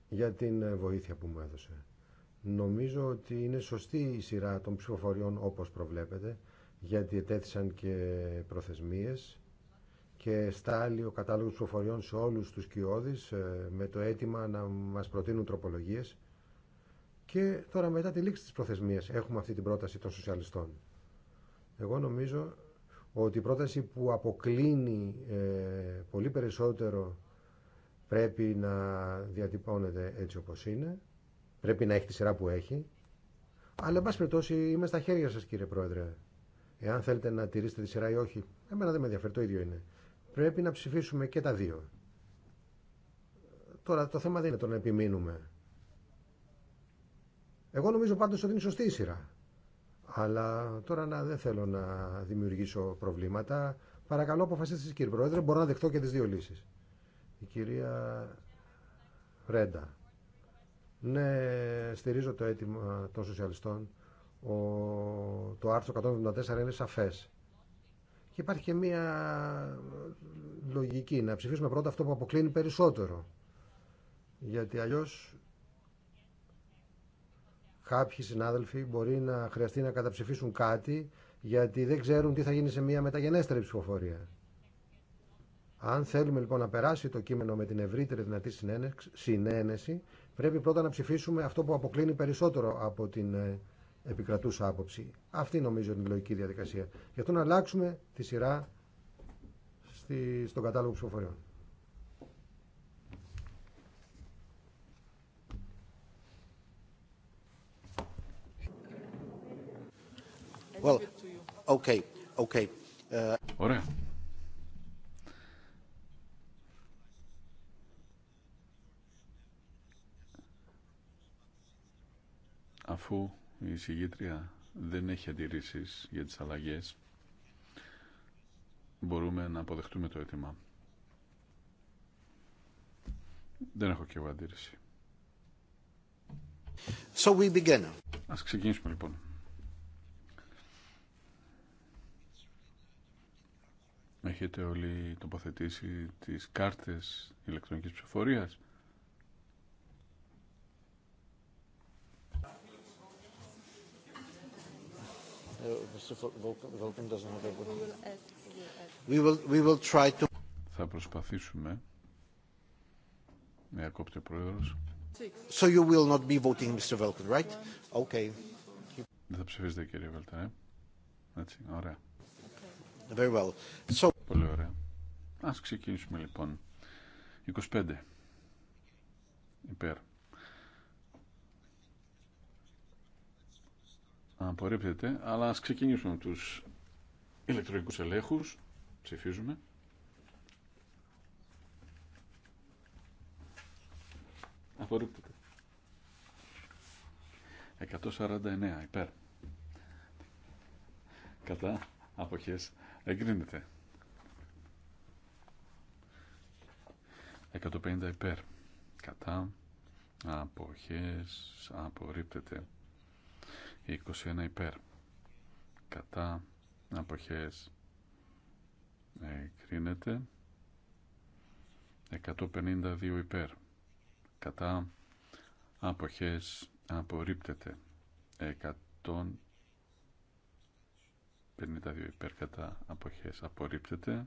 για την ε, βοήθεια που μου έδωσε. Νομίζω ότι είναι σωστή η σειρά των ψηφοφοριών όπως προβλέπετε, γιατί ετέθησαν και προθεσμίες και στάλει ο κατάλογος ψηφοφοριών σε όλους τους κοιόδης ε, με το αίτημα να μας προτείνουν τροπολογίες. Και τώρα μετά τη λήξη της προθεσμίας έχουμε αυτή την πρόταση των σοσιαλιστών. Εγώ νομίζω ότι η πρόταση που αποκλίνει ε, πολύ περισσότερο πρέπει να διατυπώνεται έτσι όπως είναι. Πρέπει να έχει τη σειρά που έχει. Αλλά, εν πάση περιπτώσει, είμαι στα χέρια σας, κύριε Πρόεδρε. Εάν θέλετε να τηρήσετε τη σειρά ή όχι, εμένα δεν με ενδιαφέρει, το ίδιο είναι. Πρέπει να ψηφίσουμε και τα δύο. Τώρα, το θέμα δεν είναι το να επιμείνουμε. Εγώ νομίζω πάντως ότι είναι σωστή η σειρά. Αλλά τώρα να, δεν θέλω να δημιουργήσω προβλήματα. Παρακαλώ αποφασίστε κύριε Πρόεδρε, μπορώ να δεχτώ και τις δύο λύσεις. Η κυρία Ρέντα. Ναι, στηρίζω το αίτημα των σοσιαλιστών. Ο, το άρθρο 174 είναι σαφέ. Και υπάρχει και μία λογική να ψηφίσουμε πρώτα αυτό που αποκλίνει περισσότερο. Γιατί αλλιώς Κάποιοι συνάδελφοι μπορεί να χρειαστεί να καταψηφίσουν κάτι γιατί δεν ξέρουν τι θα γίνει σε μια μεταγενέστερη ψηφοφορία. Αν θέλουμε λοιπόν να περάσει το κείμενο με την ευρύτερη δυνατή συνένεση, πρέπει πρώτα να ψηφίσουμε αυτό που αποκλίνει περισσότερο από την ε, επικρατούσα άποψη. Αυτή νομίζω είναι η λογική διαδικασία. Γι' αυτό να αλλάξουμε τη σειρά στον κατάλογο ψηφοφοριών. Well, uh, Ωραία. Αφού η συγγήτρια δεν έχει αντιρρήσεις για τις αλλαγές, μπορούμε να αποδεχτούμε το αίτημα. Δεν έχω και εγώ αντίρρηση. So we begin. Ας ξεκινήσουμε λοιπόν. Έχετε όλοι τοποθετήσει τις κάρτες ηλεκτρονικής ψηφορίας. Θα προσπαθήσουμε με ναι, ακόπτε πρόεδρος. So you will not be voting, Mr. Velkin, right? Okay. Δεν θα ψηφίσετε, κύριε Βέλτα, ε? Έτσι, ωραία. Very well. So... Πολύ ωραία. Ας ξεκινήσουμε λοιπόν. 25. Υπέρ. Απορρίπτεται, αλλά ας ξεκινήσουμε τους ηλεκτρονικούς ελέγχους. Ψηφίζουμε. Απορρίπτεται. 149 υπέρ. Κατά αποχές Εγκρίνεται. 150 υπέρ. Κατά. Αποχές. Απορρίπτεται. 21 υπέρ. Κατά. Αποχές. Εγκρίνεται. 152 υπέρ. Κατά. Αποχές. Απορρίπτεται. 100 52 υπέρ κατά αποχές απορρίπτεται.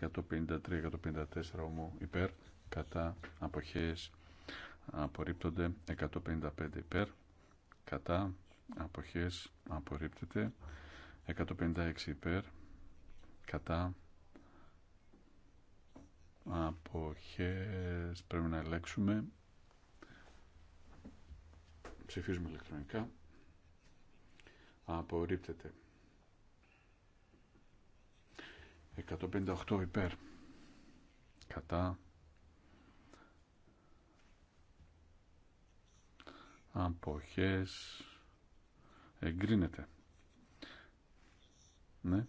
153-154 ομού υπέρ κατά αποχές απορρίπτονται 155 υπέρ κατά αποχές απορρίπτεται 156 υπέρ κατά αποχές πρέπει να ελέγξουμε Ψηφίζουμε ηλεκτρονικά. Απορρίπτεται. 158 υπέρ. Κατά. Αποχές. Εγκρίνεται. Ναι.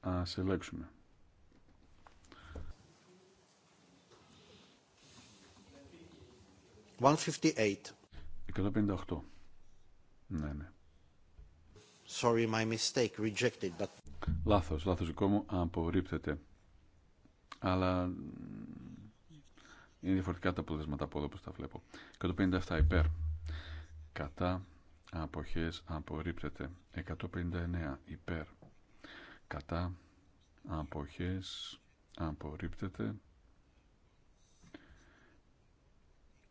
Ας ελέγξουμε. 158. 158. Ναι, ναι. Sorry, my mistake. Rejected, but... Λάθος, λάθος δικό μου. Απορρίπτεται. Αλλά είναι διαφορετικά τα αποτελέσματα από εδώ που τα βλέπω. 157 υπέρ. Κατά αποχές απορρίπτεται. 159 υπέρ. Κατά αποχές απορρίπτεται.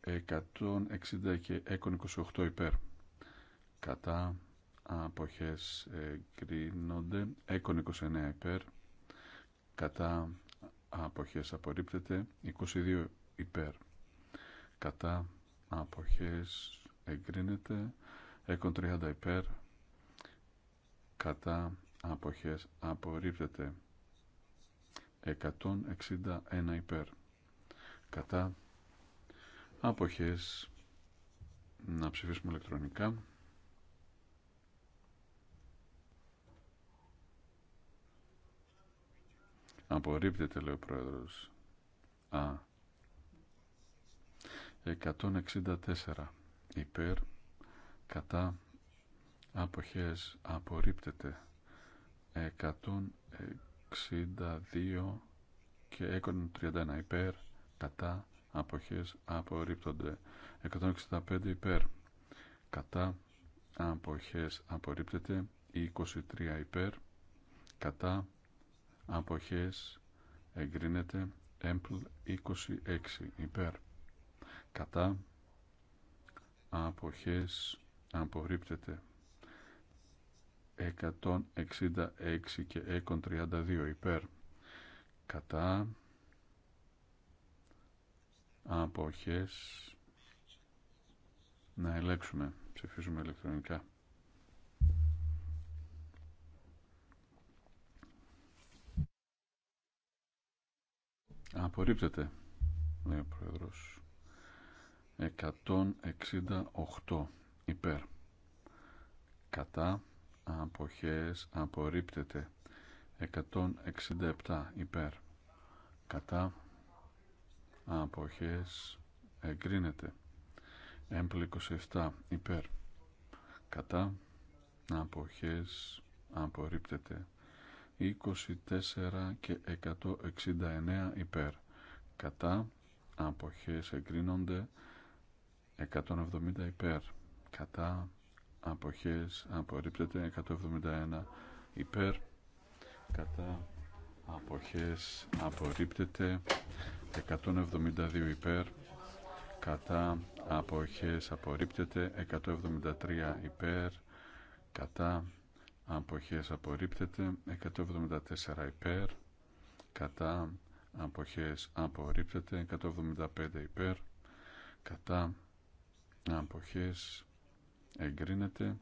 160 και έκον 28 υπέρ. Κατά αποχές εγκρίνονται έκον 29 υπέρ. Κατά αποχές απορρίπτεται 22 υπέρ. Κατά αποχές εγκρίνεται έκον 30 υπέρ. Κατά αποχές απορρίπτεται 161 υπέρ. Κατά Αποχές. Να ψηφίσουμε ηλεκτρονικά. Απορρίπτεται, λέει ο πρόεδρος. Α. 164. Υπέρ. Κατά. Αποχές. Απορρίπτεται. 162 και έκον 31 υπέρ. Κατά αποχές απορρίπτονται 165 υπέρ κατά αποχές απορρίπτεται 23 υπέρ κατά αποχές εγκρίνεται έμπλ 26 υπέρ κατά αποχές απορρίπτεται 166 και έκον 32 υπέρ κατά αποχές να ελέγξουμε ψηφίζουμε ηλεκτρονικά απορρίπτεται λέει ο πρόεδρος 168 υπέρ κατά αποχές απορρίπτεται 167 υπέρ κατά αποχές εγκρίνεται έμπλη 27 υπέρ κατά αποχές απορρίπτεται 24 και 169 υπέρ κατά αποχές εγκρίνονται 170 υπέρ κατά αποχές απορρίπτεται 171 υπέρ κατά αποχές απορρίπτεται 172 υπέρ κατά αποχές απορρίπτεται 173 υπέρ κατά αποχές απορρίπτεται 174 υπέρ κατά αποχές απορρίπτεται 175 υπέρ κατά αποχές εγκρίνεται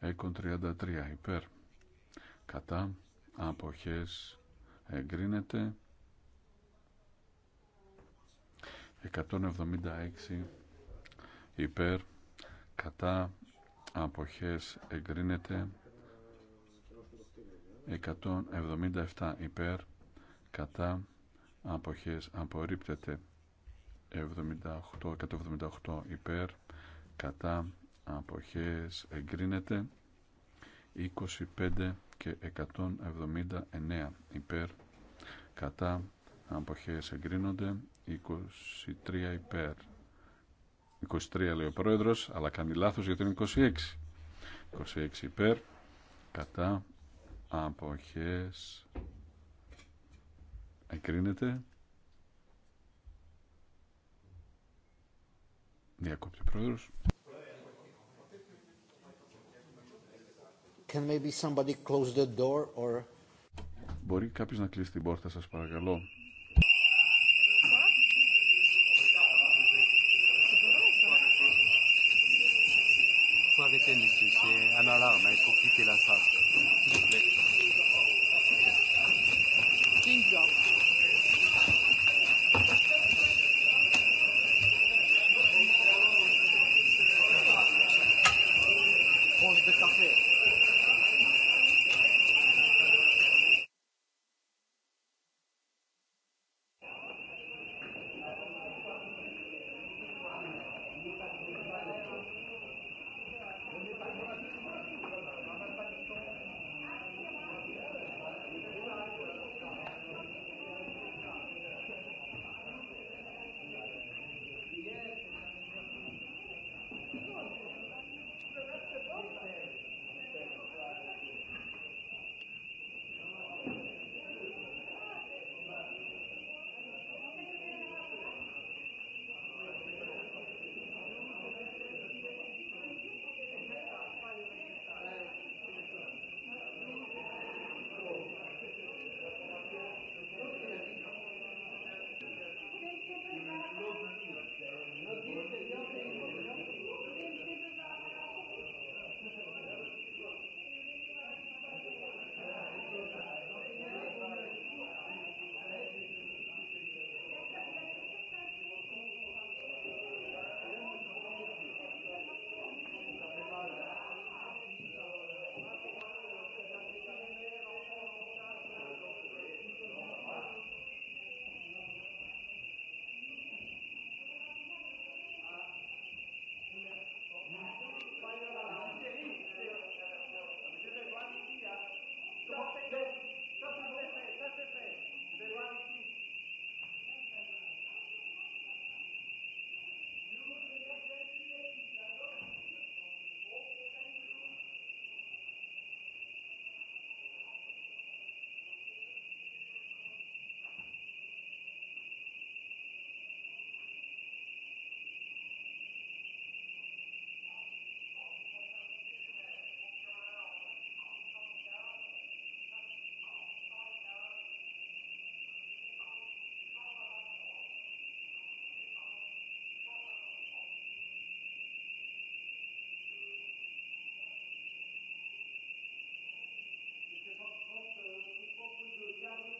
133 υπέρ κατά αποχές εγκρίνεται 176 υπέρ κατά αποχές εγκρίνεται 177 υπέρ κατά αποχές απορρίπτεται 78, 178 υπέρ κατά αποχές εγκρίνεται 25 και 179 υπέρ κατά αποχές εγκρίνονται 23 υπέρ. 23 λέει ο πρόεδρο, αλλά κάνει λάθο γιατί είναι 26. 26 υπέρ, κατά, αποχές, εκρίνεται. Διακόπτει ο πρόεδρος. Can maybe somebody close the door or... Μπορεί κάποιος να κλείσει την πόρτα σας παρακαλώ. arrêtez, monsieur. C'est un alarme. Il faut quitter la salle. S'il vous plaît. Gracias.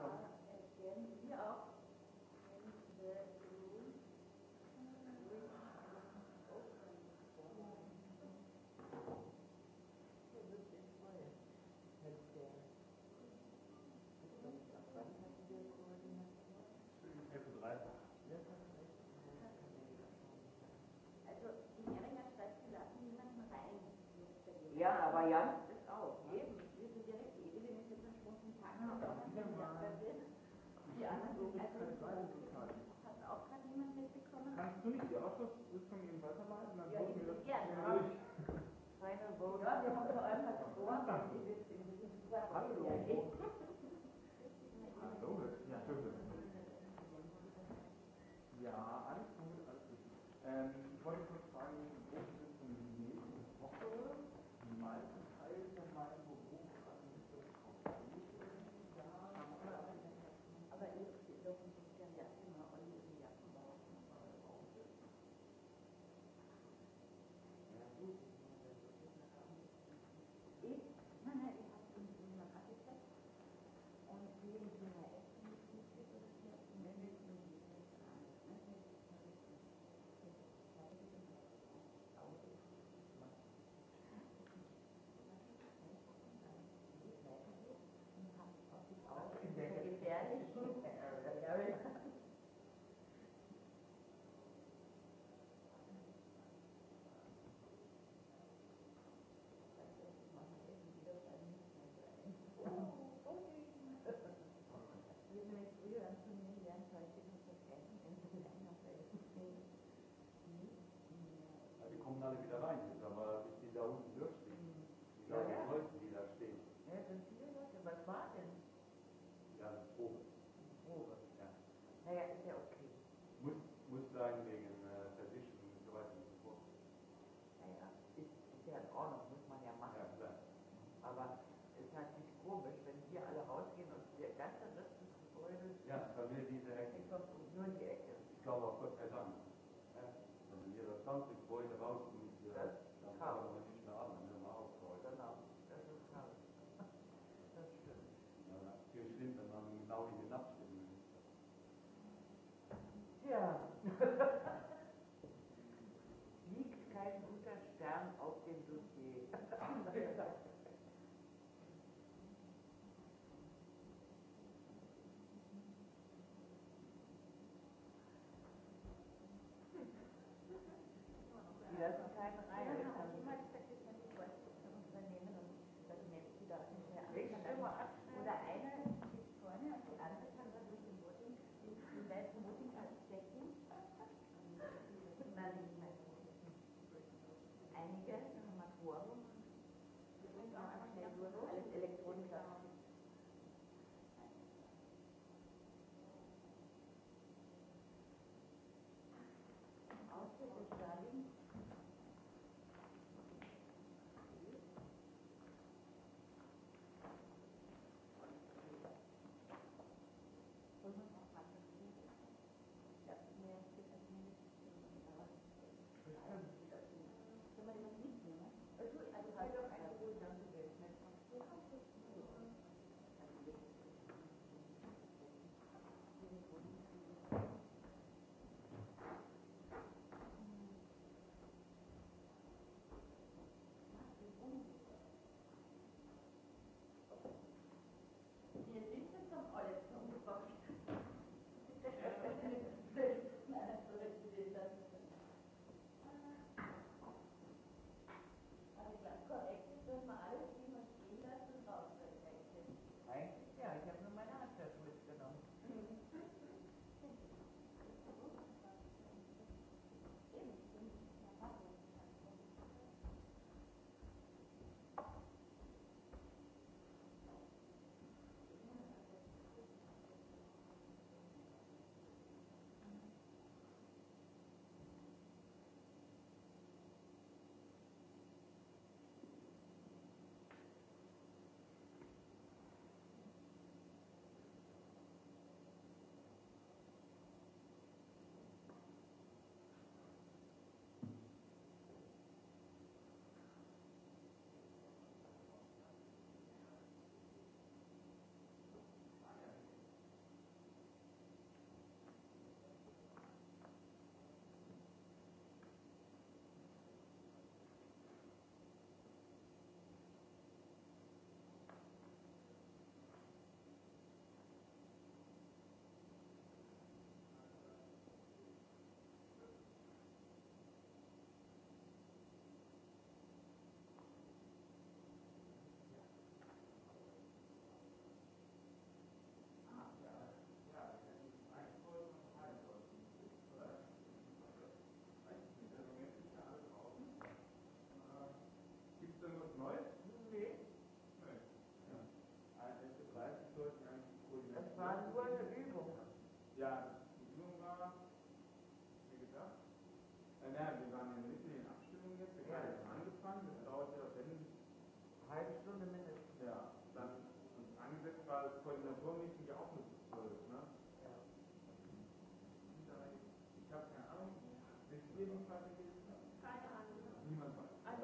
Ja, apa Niemand weiß. Also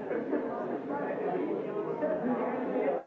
Σα ευχαριστώ.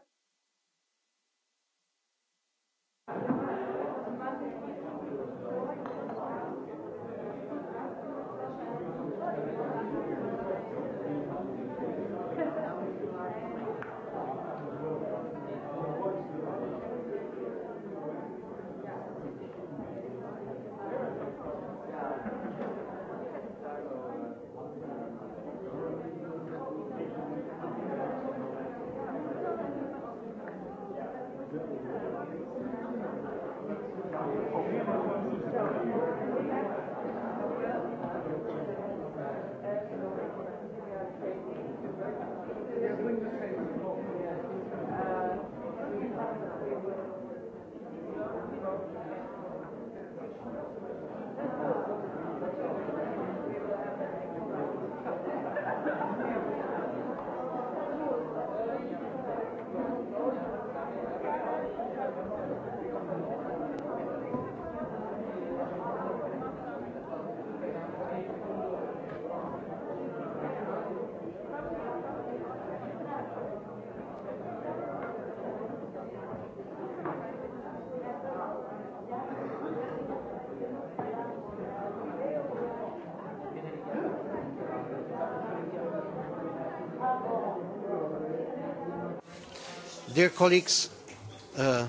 Uh,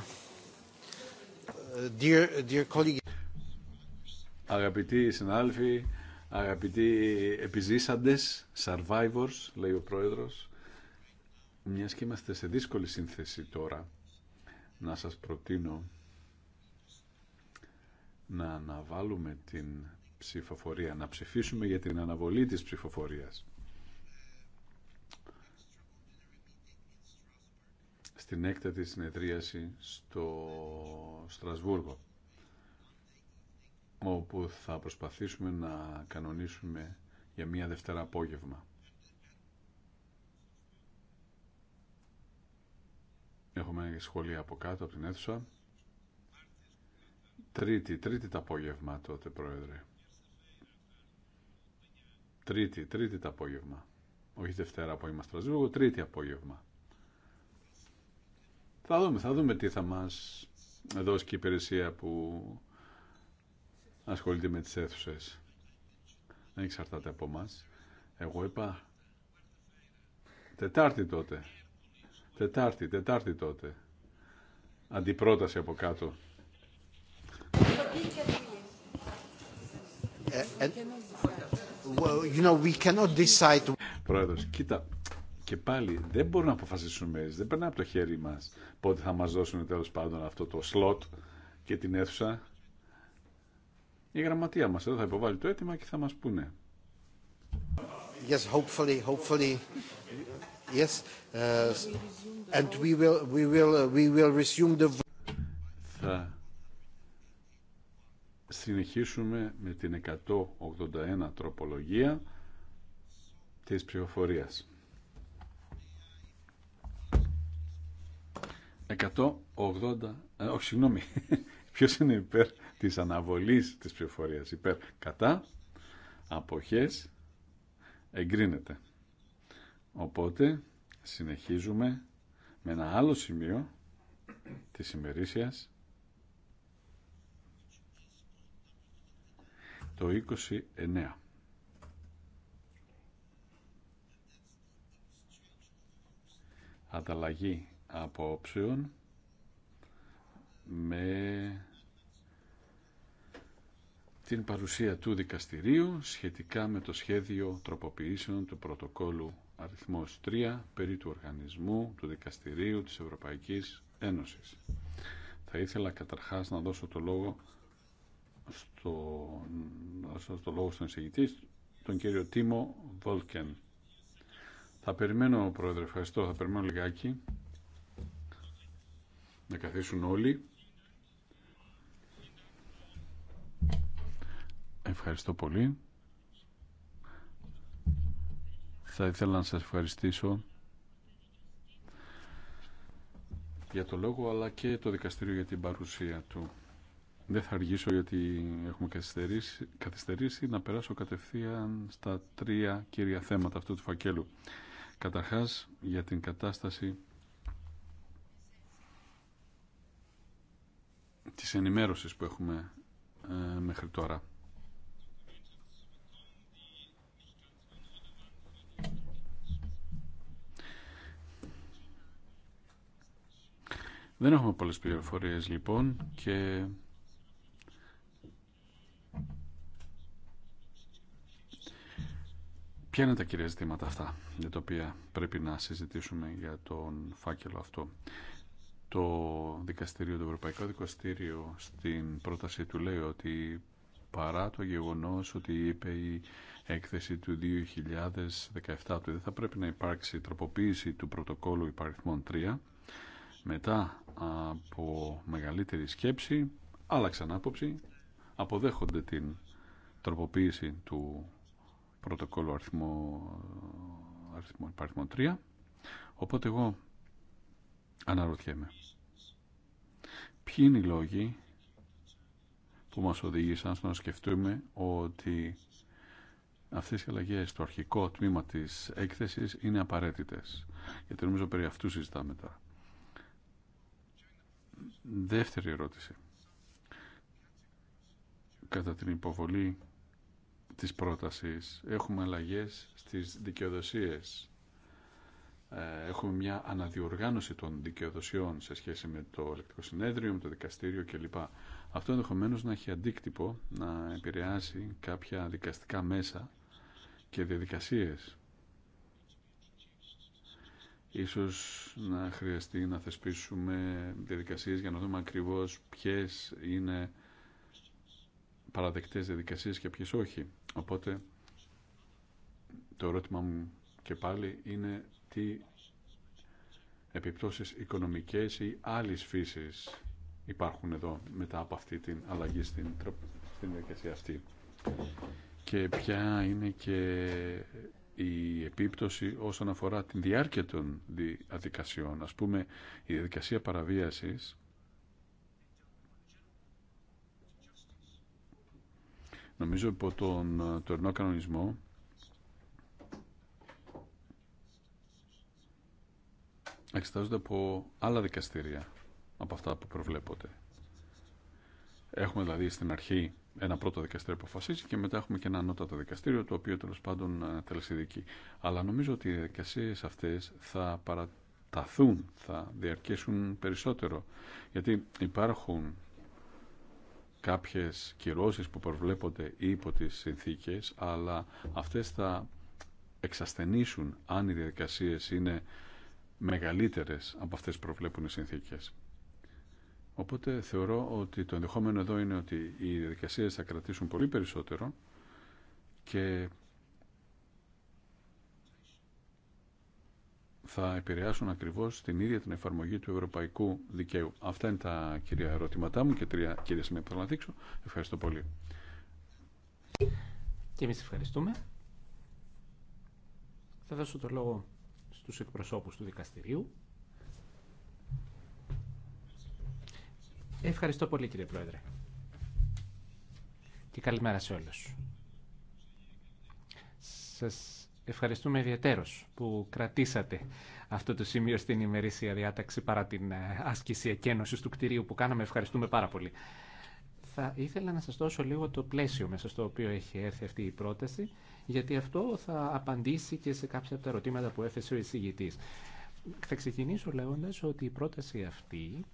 αγαπητοί συνάδελφοι, αγαπητοί επιζήσαντες, survivors, λέει ο πρόεδρος, μιας και είμαστε σε δύσκολη σύνθεση τώρα, να σας προτείνω να αναβάλουμε την ψηφοφορία, να ψηφίσουμε για την αναβολή της ψηφοφορίας. στην έκτατη συνεδρίαση στο Στρασβούργο όπου θα προσπαθήσουμε να κανονίσουμε για μία Δευτέρα απόγευμα. Έχουμε σχολεία από κάτω από την αίθουσα. Τρίτη, τρίτη το απόγευμα τότε, Πρόεδρε. Τρίτη, τρίτη τα απόγευμα. Όχι Δευτέρα απόγευμα Στρασβούργο, τρίτη απόγευμα. Θα δούμε, θα δούμε τι θα μας δώσει και η υπηρεσία που ασχολείται με τις αίθουσε. Δεν εξαρτάται από μας. Εγώ είπα Τετάρτη τότε. Τετάρτη, Τετάρτη τότε. Αντιπρόταση από κάτω. Ε, ε, Πρόεδρος, κοίτα, και πάλι δεν μπορούμε να αποφασίσουμε, δεν περνά από το χέρι μας πότε θα μας δώσουν τέλο πάντων αυτό το σλότ και την αίθουσα. Η γραμματεία μας εδώ θα υποβάλει το αίτημα και θα μας πούνε. Yes, hopefully, hopefully. Yes. Uh, and we will, we will, uh, we will resume the... Θα συνεχίσουμε με την 181 τροπολογία της πληροφορίας. 180, ε, όχι συγγνώμη, ποιος είναι υπέρ της αναβολής της πληροφορία. υπέρ κατά, αποχές, εγκρίνεται. Οπότε συνεχίζουμε με ένα άλλο σημείο της ημερήσιας, το 29. Ανταλλαγή απόψεων με την παρουσία του δικαστηρίου σχετικά με το σχέδιο τροποποιήσεων του πρωτοκόλου αριθμός 3 περί του οργανισμού του δικαστηρίου της Ευρωπαϊκής Ένωσης. Θα ήθελα καταρχάς να δώσω το λόγο στο, δώσω το λόγο στον εισηγητή, τον κύριο Τίμο Βόλκεν. Θα περιμένω, Πρόεδρε, ευχαριστώ, θα περιμένω λιγάκι να καθίσουν όλοι. Ευχαριστώ πολύ. Θα ήθελα να σας ευχαριστήσω για το λόγο αλλά και το δικαστήριο για την παρουσία του. Δεν θα αργήσω γιατί έχουμε καθυστερήσει, να περάσω κατευθείαν στα τρία κύρια θέματα αυτού του φακέλου. Καταρχάς για την κατάσταση της ενημέρωσης που έχουμε ε, μέχρι τώρα. Δεν έχουμε πολλές πληροφορίες λοιπόν και ποια είναι τα κυρία ζητήματα αυτά για τα οποία πρέπει να συζητήσουμε για τον φάκελο αυτό το δικαστήριο, το Ευρωπαϊκό Δικαστήριο στην πρόταση του λέει ότι παρά το γεγονός ότι είπε η έκθεση του 2017 ότι δεν θα πρέπει να υπάρξει τροποποίηση του πρωτοκόλου υπαριθμών 3 μετά από μεγαλύτερη σκέψη άλλαξαν άποψη αποδέχονται την τροποποίηση του πρωτοκόλου αριθμό, αριθμό, αριθμό 3 οπότε εγώ αναρωτιέμαι ποιοι είναι οι λόγοι που μας οδήγησαν στο να σκεφτούμε ότι αυτές οι αλλαγές στο αρχικό τμήμα της έκθεσης είναι απαραίτητες. Γιατί νομίζω περί αυτού συζητάμε τώρα. Δεύτερη ερώτηση. Κατά την υποβολή της πρότασης έχουμε αλλαγές στις δικαιοδοσίες ε, έχουμε μια αναδιοργάνωση των δικαιοδοσιών σε σχέση με το ελεκτικό συνέδριο, με το δικαστήριο κλπ. Αυτό ενδεχομένω να έχει αντίκτυπο να επηρεάσει κάποια δικαστικά μέσα και διαδικασίες. Ίσως να χρειαστεί να θεσπίσουμε διαδικασίες για να δούμε ακριβώς ποιες είναι παραδεκτές διαδικασίες και ποιες όχι. Οπότε το ερώτημα μου και πάλι είναι τι επιπτώσεις οικονομικές ή άλλης φύσης υπάρχουν εδώ μετά από αυτή την αλλαγή στην, στην διαδικασία αυτή και ποια είναι και η επίπτωση όσον αφορά την διάρκεια των διαδικασιών. Ας πούμε, η διαδικασία παραβίασης νομίζω υπό τον τωρινό κανονισμό εξετάζονται από άλλα δικαστήρια από αυτά που προβλέπονται. Έχουμε δηλαδή στην αρχή ένα πρώτο δικαστήριο που αποφασίζει και μετά έχουμε και ένα ανώτατο δικαστήριο το οποίο τέλο πάντων ε, τελεσίδικη. Αλλά νομίζω ότι οι διαδικασίε αυτέ θα παραταθούν, θα διαρκέσουν περισσότερο. Γιατί υπάρχουν κάποιες κυρώσεις που προβλέπονται υπό τις συνθήκες, αλλά αυτές θα εξασθενήσουν αν οι διαδικασίες είναι μεγαλύτερες από αυτές που προβλέπουν οι συνθήκες. Οπότε θεωρώ ότι το ενδεχόμενο εδώ είναι ότι οι διαδικασίες θα κρατήσουν πολύ περισσότερο και θα επηρεάσουν ακριβώς την ίδια την εφαρμογή του ευρωπαϊκού δικαίου. Αυτά είναι τα κυρία ερωτήματά μου και τρία κυρία σημεία που θα να δείξω. Ευχαριστώ πολύ. Και εμείς ευχαριστούμε. Θα δώσω το λόγο στους εκπροσώπους του δικαστηρίου. Ευχαριστώ πολύ κύριε Πρόεδρε. Και καλημέρα σε όλους. Σας ευχαριστούμε ιδιαίτερος που κρατήσατε αυτό το σημείο στην ημερήσια διάταξη παρά την ε, άσκηση εκένωσης του κτηρίου που κάναμε. Ευχαριστούμε πάρα πολύ. Θα ήθελα να σας δώσω λίγο το πλαίσιο μέσα στο οποίο έχει έρθει αυτή η πρόταση γιατί αυτό θα απαντήσει και σε κάποια από τα ερωτήματα που έθεσε ο εισηγητή. Θα ξεκινήσω λέγοντας ότι η πρόταση αυτή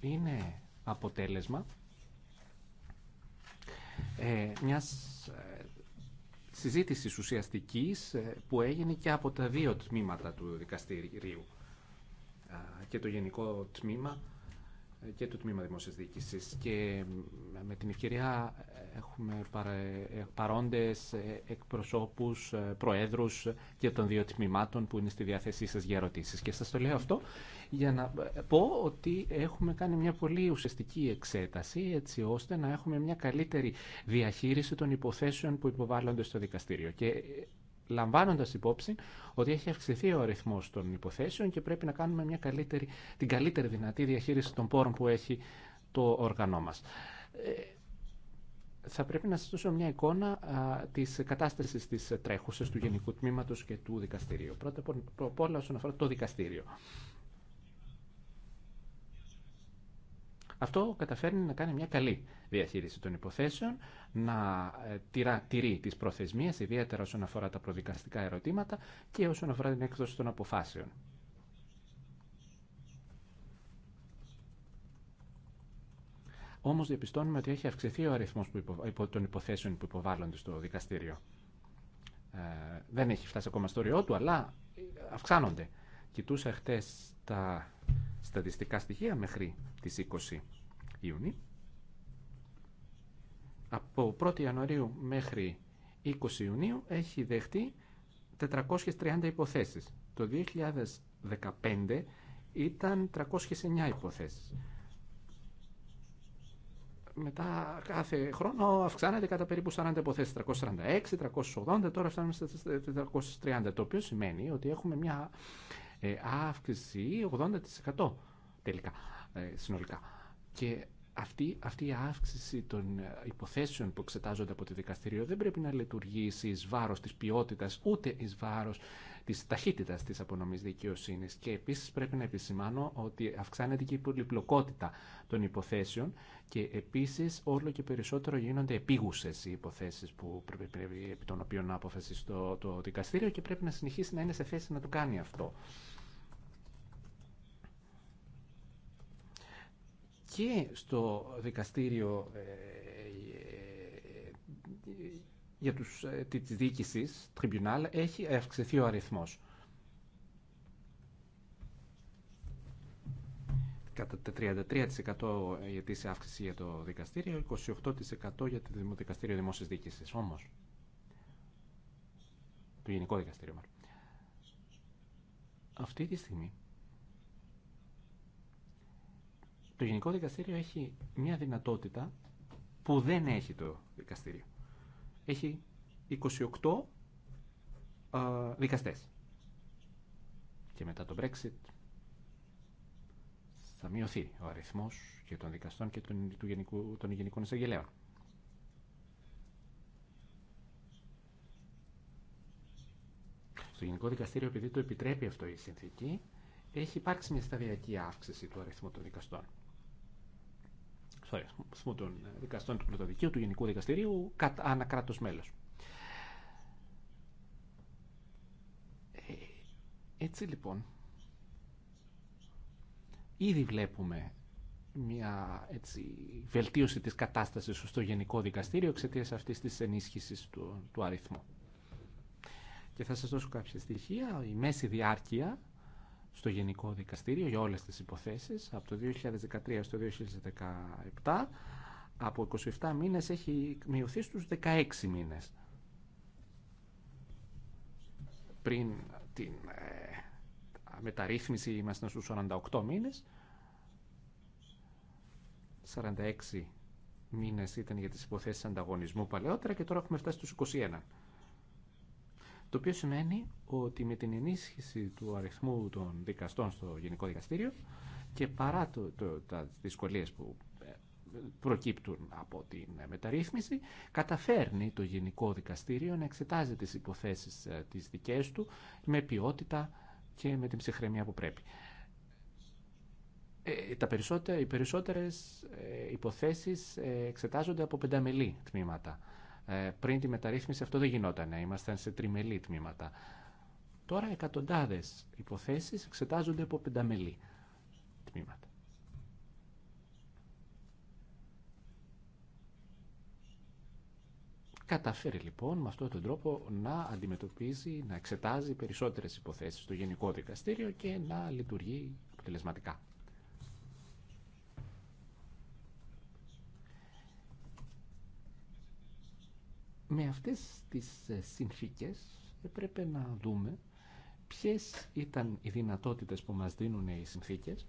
είναι αποτέλεσμα ε, μιας ε, συζήτησης ουσιαστικής ε, που έγινε και από τα δύο τμήματα του δικαστηρίου και το Γενικό Τμήμα και το Τμήμα Δημόσιας Διοίκησης και ε, με την ευκαιρία ε, έχουμε ε, παρόντες εκπροσώπους, προέδρους και των δύο τμήματων που είναι στη διάθεσή σας για Και σας το λέω αυτό για να πω ότι έχουμε κάνει μια πολύ ουσιαστική εξέταση έτσι ώστε να έχουμε μια καλύτερη διαχείριση των υποθέσεων που υποβάλλονται στο δικαστήριο. Και λαμβάνοντας υπόψη ότι έχει αυξηθεί ο αριθμός των υποθέσεων και πρέπει να κάνουμε μια την καλύτερη δυνατή διαχείριση των πόρων που έχει το όργανό μας. Ε, θα πρέπει να σας δώσω μια εικόνα α, της κατάστασης της τρέχουσας του Γενικού Τμήματος και του Δικαστηρίου. Πρώτα απ' όλα όσον αφορά το Δικαστήριο. Αυτό καταφέρνει να κάνει μια καλή διαχείριση των υποθέσεων, να ε, τυρά, τηρεί τις προθεσμίες, ιδιαίτερα όσον αφορά τα προδικαστικά ερωτήματα και όσον αφορά την έκδοση των αποφάσεων. Όμω διαπιστώνουμε ότι έχει αυξηθεί ο αριθμό των υποθέσεων που υποβάλλονται στο δικαστήριο. Ε, δεν έχει φτάσει ακόμα στο ριό του, αλλά αυξάνονται. Κοιτούσα χτε τα στατιστικά στοιχεία μέχρι τις 20 Ιουνίου. Από 1η Ιανουαρίου μέχρι 20 Ιουνίου έχει δεχτεί 430 υποθέσεις. Το 2015 ήταν 309 υποθέσεις. Μετά κάθε χρόνο αυξάνεται κατά περίπου 40 υποθέσεις, 346, 380, τώρα φτάνουμε στα 430, το οποίο σημαίνει ότι έχουμε μια ε, αύξηση 80% τελικά, ε, συνολικά. Και αυτή, αυτή η αύξηση των ε, υποθέσεων που εξετάζονται από το δικαστήριο δεν πρέπει να λειτουργήσει εις βάρος της ποιότητας ούτε εις βάρος της ταχύτητας της απονομής δικαιοσύνης. Και επίσης πρέπει να επισημάνω ότι αυξάνεται και η πολυπλοκότητα των υποθέσεων και επίσης όλο και περισσότερο γίνονται επίγουσες οι υποθέσεις που πρέπει, πρέπει, επί των οποίων να αποφασίσει το, το δικαστήριο και πρέπει να συνεχίσει να είναι σε θέση να το κάνει αυτό. και στο δικαστήριο ε, ε, για τους, ε, της διοίκησης, τριμπιουνάλ, έχει αυξηθεί ο αριθμός. Κατά 33% η αιτήσια αύξηση για το δικαστήριο, 28% για το δικαστήριο δημόσιας διοίκησης. Όμως, το Γενικό Δικαστήριο. Αυτή τη στιγμή Το Γενικό Δικαστήριο έχει μια δυνατότητα που δεν έχει το δικαστήριο. Έχει 28 α, δικαστές. Και μετά το Brexit θα μειωθεί ο αριθμός και των δικαστών και των, του γενικού, των γενικών εισαγγελέων. Στο Γενικό Δικαστήριο, επειδή το επιτρέπει αυτό η συνθήκη, έχει υπάρξει μια σταδιακή αύξηση του αριθμού των δικαστών των ε, δικαστών του Πρωτοδικείου, του Γενικού Δικαστηρίου, ανά μέλο. μέλος. Ε, έτσι λοιπόν, ήδη βλέπουμε μια έτσι, βελτίωση της κατάστασης στο Γενικό Δικαστήριο εξαιτίας αυτής της ενίσχυσης του, του αριθμού. Και θα σας δώσω κάποια στοιχεία. Η μέση διάρκεια στο Γενικό Δικαστήριο για όλες τις υποθέσεις από το 2013 στο 2017 από 27 μήνες έχει μειωθεί στους 16 μήνες πριν την ε, μεταρρύθμιση ήμασταν στους 48 μήνες 46 μήνες ήταν για τις υποθέσεις ανταγωνισμού παλαιότερα και τώρα έχουμε φτάσει στους 21 το οποίο σημαίνει ότι με την ενίσχυση του αριθμού των δικαστών στο Γενικό Δικαστήριο και παρά το, τα δυσκολίες που ε, προκύπτουν από την μεταρρύθμιση, καταφέρνει το Γενικό Δικαστήριο να εξετάζει τις υποθέσεις ε, τις δικές του με ποιότητα και με την ψυχραιμία που πρέπει. Ε, τα περισσότερα, οι περισσότερες υποθέσεις εξετάζονται από πενταμελή τμήματα ε, πριν τη μεταρρύθμιση αυτό δεν γινόταν, ήμασταν σε τριμελή τμήματα. Τώρα εκατοντάδε υποθέσει εξετάζονται από πενταμελή τμήματα. Καταφέρει λοιπόν με αυτόν τον τρόπο να αντιμετωπίζει, να εξετάζει περισσότερες υποθέσεις στο Γενικό Δικαστήριο και να λειτουργεί αποτελεσματικά. Με αυτές τις ε, συνθήκες έπρεπε να δούμε ποιες ήταν οι δυνατότητες που μας δίνουν οι συνθήκες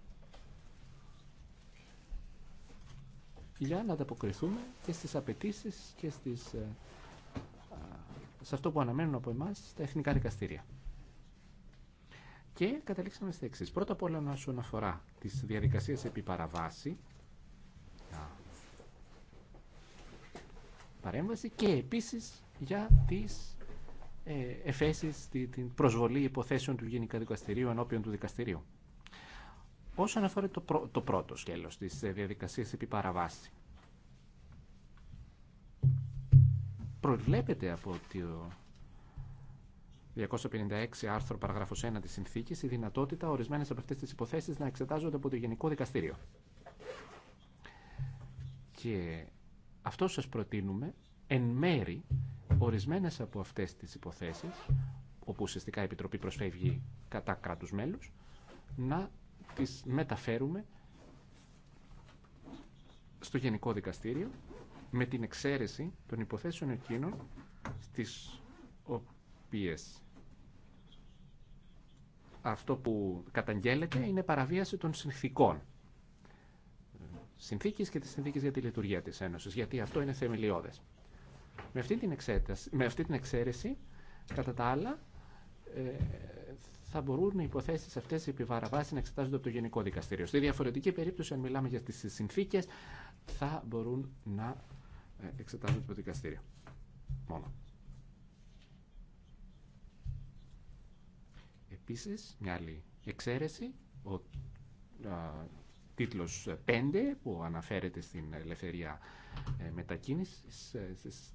για να ανταποκριθούμε και στις απαιτήσει και στις, ε, σε αυτό που αναμένουν από εμάς τα εθνικά δικαστήρια. Και καταλήξαμε στα εξή. Πρώτα απ' όλα όσον αφορά τι διαδικασίε επί παραβάση, παρέμβαση και επίσης για τις ε, εφέσεις, την προσβολή υποθέσεων του γενικού Δικαστηρίου ενώπιον του Δικαστηρίου. Όσον αφορά το πρώτο σκέλος της ε, διαδικασίας επί παραβάση, προβλέπεται από το 256 άρθρο παραγράφος 1 της συνθήκης η δυνατότητα ορισμένες από αυτές τις υποθέσεις να εξετάζονται από το Γενικό Δικαστήριο. Και αυτό σας προτείνουμε εν μέρη ορισμένες από αυτές τις υποθέσεις, όπου ουσιαστικά η Επιτροπή προσφεύγει κατά κράτους μέλους, να τις μεταφέρουμε στο Γενικό Δικαστήριο με την εξαίρεση των υποθέσεων εκείνων στις οποίες αυτό που καταγγέλλεται είναι παραβίαση των συνθήκων συνθήκη και τι συνθήκε για τη λειτουργία τη Ένωση, γιατί αυτό είναι θεμελιώδε. Με, αυτή την εξέταση, με αυτή την εξαίρεση, κατά τα άλλα, ε, θα μπορούν οι υποθέσει αυτέ επί να εξετάζονται από το Γενικό Δικαστήριο. Στη διαφορετική περίπτωση, αν μιλάμε για τι συνθήκε, θα μπορούν να ε, εξετάζονται από το Δικαστήριο. Μόνο. Επίσης, μια άλλη εξαίρεση, ο τίτλος 5 ε, που αναφέρεται στην ελευθερία ε, μετακίνησης, ε, στις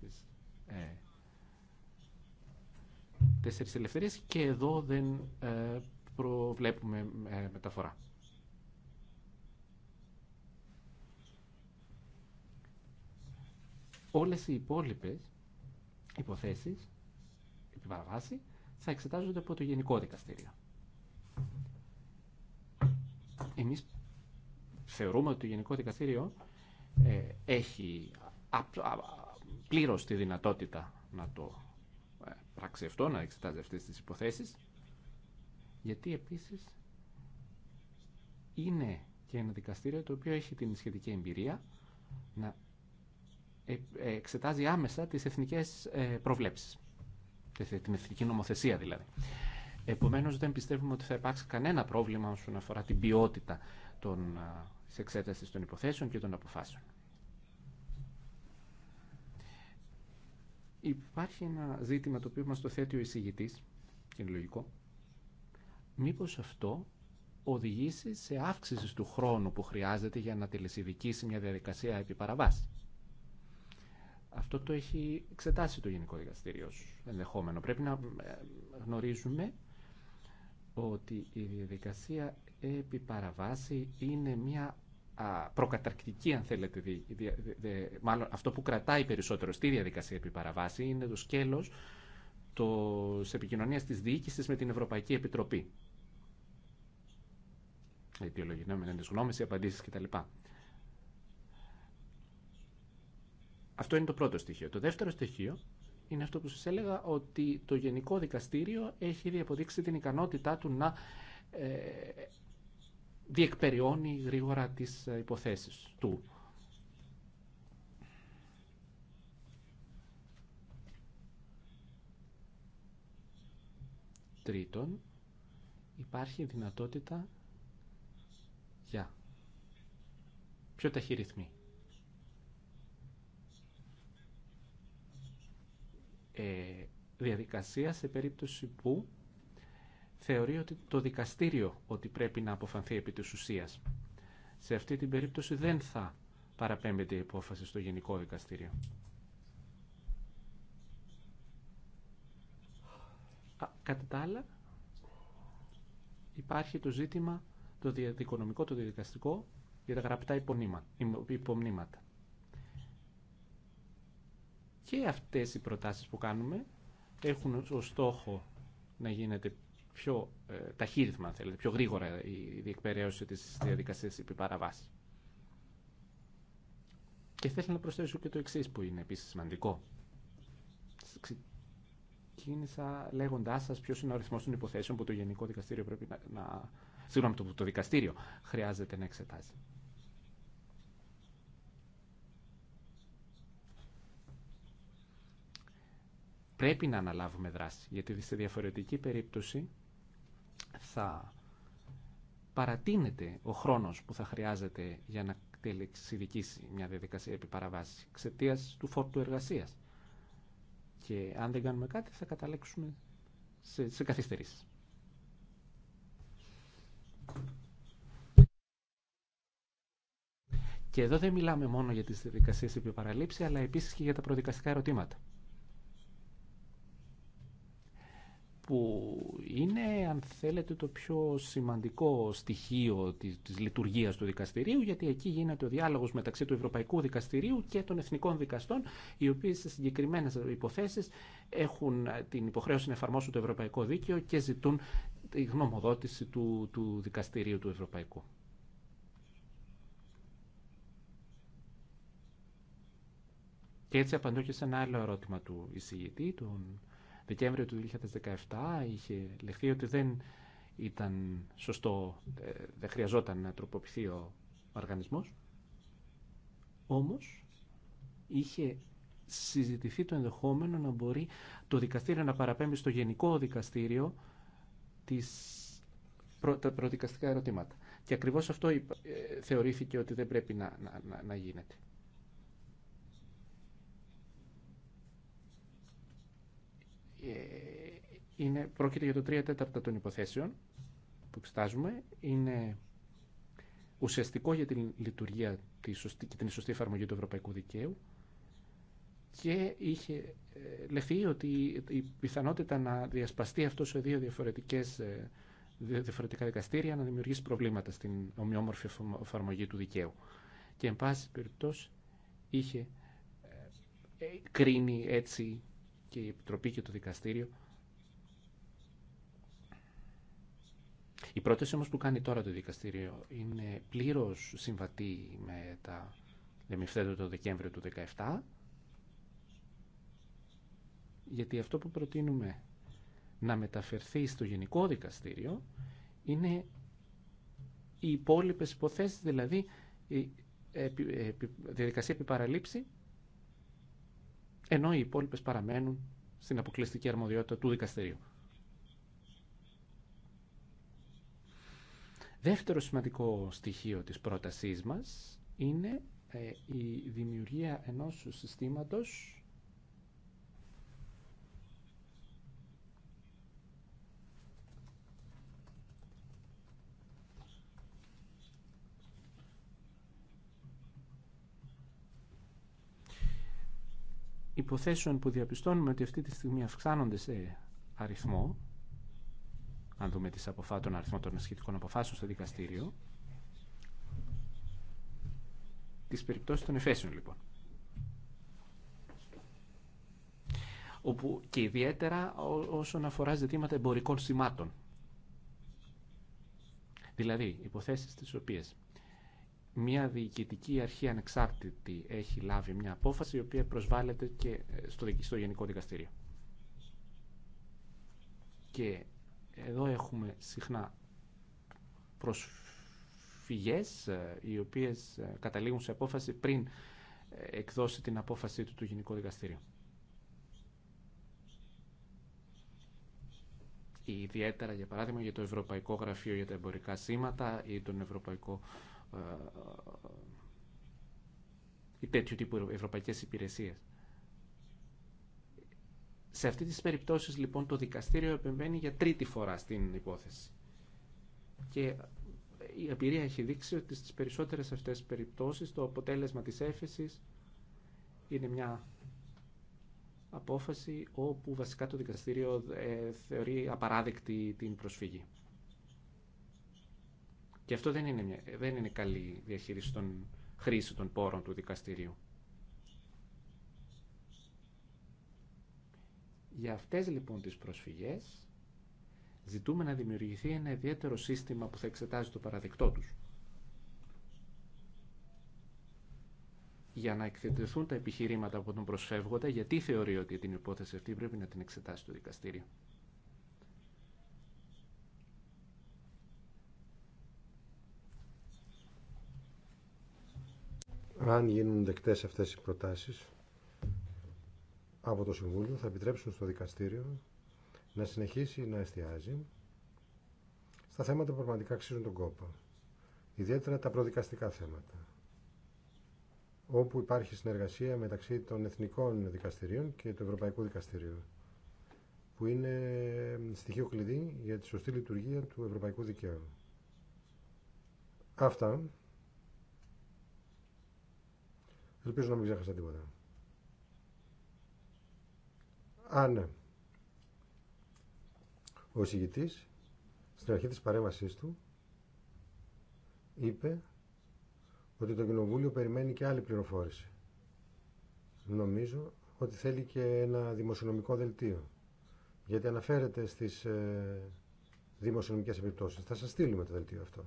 τέσσερις ελευθερίες και εδώ δεν προβλέπουμε μεταφορά. Όλες οι υπόλοιπες υποθέσεις επί θα εξετάζονται από το Γενικό Δικαστήριο. Εμείς θεωρούμε ότι το Γενικό Δικαστήριο ε, έχει πλήρως τη δυνατότητα να το ε, πράξει αυτό, να εξετάζει αυτές τις υποθέσεις, γιατί επίσης είναι και ένα δικαστήριο το οποίο έχει την σχετική εμπειρία να ε, εξετάζει άμεσα τις εθνικές προβλέψεις, την εθνική νομοθεσία δηλαδή. Επομένως δεν πιστεύουμε ότι θα υπάρξει κανένα πρόβλημα όσον αφορά την ποιότητα των της εξέτασης των υποθέσεων και των αποφάσεων. Υπάρχει ένα ζήτημα το οποίο μας το θέτει ο εισηγητής και είναι λογικό. Μήπως αυτό οδηγήσει σε αύξηση του χρόνου που χρειάζεται για να τελεσιδικήσει μια διαδικασία επί παραβάση. Αυτό το έχει εξετάσει το Γενικό Δικαστήριο ενδεχόμενο. Πρέπει να ε, γνωρίζουμε ότι η διαδικασία επί παραβάση είναι μια προκαταρκτική, αν θέλετε, μάλλον αυτό που κρατάει περισσότερο στη διαδικασία επί παραβάση είναι το σκέλος το επικοινωνία της διοίκησης με την Ευρωπαϊκή Επιτροπή. Αιτιολογημένες γνώμες, οι απαντήσεις κτλ. Αυτό είναι το πρώτο στοιχείο. Το δεύτερο στοιχείο είναι αυτό που σας έλεγα ότι το Γενικό Δικαστήριο έχει διαποδείξει την ικανότητά του να ε, διεκπεριώνει γρήγορα τις ε, υποθέσεις του. Τρίτον, υπάρχει δυνατότητα για πιο ταχύ ρυθμή. Ε, διαδικασία σε περίπτωση που θεωρεί ότι το δικαστήριο ότι πρέπει να αποφανθεί επί της ουσίας. Σε αυτή την περίπτωση δεν θα παραπέμπεται η υπόφαση στο Γενικό Δικαστήριο. Α, κατά τα άλλα, υπάρχει το ζήτημα το δικονομικό, το διαδικαστικό για τα γραπτά υπομνήματα. Και αυτές οι προτάσεις που κάνουμε έχουν ως στόχο να γίνεται πιο ε, ταχύρυθμα, αν θέλετε, πιο γρήγορα η διεκπαιρέωση της διαδικασίας επί παραβάση. Και θέλω να προσθέσω και το εξή που είναι επίσης σημαντικό. Ξεκίνησα λέγοντάς σας ποιος είναι ο αριθμός των υποθέσεων που το Γενικό Δικαστήριο πρέπει να... να συγγνώμη, το, το δικαστήριο χρειάζεται να εξετάζει. πρέπει να αναλάβουμε δράση, γιατί σε διαφορετική περίπτωση θα παρατείνεται ο χρόνος που θα χρειάζεται για να τελεξιδικήσει μια διαδικασία επί παραβάση του φόρτου εργασίας. Και αν δεν κάνουμε κάτι θα καταλέξουμε σε, σε καθυστερήσεις. Και εδώ δεν μιλάμε μόνο για τις διαδικασίες επί αλλά επίσης και για τα προδικαστικά ερωτήματα. που είναι αν θέλετε το πιο σημαντικό στοιχείο της, της λειτουργίας του δικαστηρίου γιατί εκεί γίνεται ο διάλογος μεταξύ του Ευρωπαϊκού Δικαστηρίου και των Εθνικών Δικαστών οι οποίοι σε συγκεκριμένες υποθέσεις έχουν την υποχρέωση να εφαρμόσουν το Ευρωπαϊκό Δίκαιο και ζητούν τη γνωμοδότηση του, του Δικαστηρίου του Ευρωπαϊκού. Και έτσι απαντώ και σε ένα άλλο ερώτημα του εισηγητή, τον Δεκέμβριο του 2017 είχε λεχθεί ότι δεν ήταν σωστό, ε, δεν χρειαζόταν να τροποποιηθεί ο οργανισμός. Όμως είχε συζητηθεί το ενδεχόμενο να μπορεί το δικαστήριο να παραπέμπει στο γενικό δικαστήριο τα προδικαστικά ερωτήματα. Και ακριβώς αυτό ε, θεωρήθηκε ότι δεν πρέπει να, να, να γίνεται. Ε, είναι, πρόκειται για το 3 τέταρτα των υποθέσεων που εξετάζουμε. Είναι ουσιαστικό για την λειτουργία τη σωστή, και την σωστή εφαρμογή του ευρωπαϊκού δικαίου και είχε ε, λεφθεί ότι η πιθανότητα να διασπαστεί αυτό σε δύο διαφορετικές, ε, διαφορετικά δικαστήρια να δημιουργήσει προβλήματα στην ομοιόμορφη εφαρμογή του δικαίου. Και εν πάση περιπτώσει είχε κρίνει έτσι και η Επιτροπή και το Δικαστήριο. Η πρόταση όμως που κάνει τώρα το Δικαστήριο είναι πλήρως συμβατή με τα λεμιφθέντα το Δεκέμβριο του 2017 γιατί αυτό που προτείνουμε να μεταφερθεί στο Γενικό Δικαστήριο είναι οι υπόλοιπε υποθέσεις, δηλαδή η διαδικασία επιπαραλήψη ενώ οι υπόλοιπε παραμένουν στην αποκλειστική αρμοδιότητα του δικαστηρίου. Δεύτερο σημαντικό στοιχείο της πρότασής μας είναι ε, η δημιουργία ενός συστήματος υποθέσεων που διαπιστώνουμε ότι αυτή τη στιγμή αυξάνονται σε αριθμό, αν δούμε τις αποφάσεις τον αριθμό των σχετικών αποφάσεων στο δικαστήριο, τις περιπτώσεις των εφέσεων λοιπόν. Όπου και ιδιαίτερα όσον αφορά ζητήματα εμπορικών σημάτων. Δηλαδή, υποθέσεις τις οποίες μια διοικητική αρχή ανεξάρτητη έχει λάβει μια απόφαση η οποία προσβάλλεται και ε, στο, στο Γενικό Δικαστήριο. Και εδώ έχουμε συχνά προσφυγές ε, οι οποίες ε, καταλήγουν σε απόφαση πριν εκδώσει την απόφαση του του Γενικού Δικαστήριου. Ιδιαίτερα, για παράδειγμα, για το Ευρωπαϊκό Γραφείο για τα Εμπορικά Σήματα ή τον Ευρωπαϊκό ε, ε, ε, τέτοιου τύπου ευρωπαϊκές υπηρεσίες. Σε αυτή τις περιπτώσεις λοιπόν το δικαστήριο επεμβαίνει για τρίτη φορά στην υπόθεση. Και η εμπειρία έχει δείξει ότι στις περισσότερες αυτές τις περιπτώσεις το αποτέλεσμα της έφεσης είναι μια απόφαση όπου βασικά το δικαστήριο θεωρεί απαράδεκτη την προσφυγή. Και αυτό δεν είναι, δεν είναι καλή διαχείριση των χρήση των πόρων του δικαστηρίου. Για αυτές λοιπόν τις προσφυγές ζητούμε να δημιουργηθεί ένα ιδιαίτερο σύστημα που θα εξετάζει το παραδεκτό τους. Για να εκθετηθούν τα επιχειρήματα από τον προσφεύγοντα, γιατί θεωρεί ότι την υπόθεση αυτή πρέπει να την εξετάσει το δικαστήριο. αν γίνουν δεκτές αυτές οι προτάσεις από το Συμβούλιο θα επιτρέψουν στο δικαστήριο να συνεχίσει να εστιάζει στα θέματα που πραγματικά αξίζουν τον κόπο. Ιδιαίτερα τα προδικαστικά θέματα όπου υπάρχει συνεργασία μεταξύ των εθνικών δικαστηρίων και του Ευρωπαϊκού Δικαστηρίου που είναι στοιχείο κλειδί για τη σωστή λειτουργία του ευρωπαϊκού δικαίου. Αυτά Ελπίζω να μην ξέχασα τίποτα. Α, ναι. Ο εισηγητή στην αρχή της παρέμβασής του είπε ότι το Κοινοβούλιο περιμένει και άλλη πληροφόρηση. Νομίζω ότι θέλει και ένα δημοσιονομικό δελτίο. Γιατί αναφέρεται στις ε, δημοσιονομικές επιπτώσεις. Θα σας στείλουμε το δελτίο αυτό.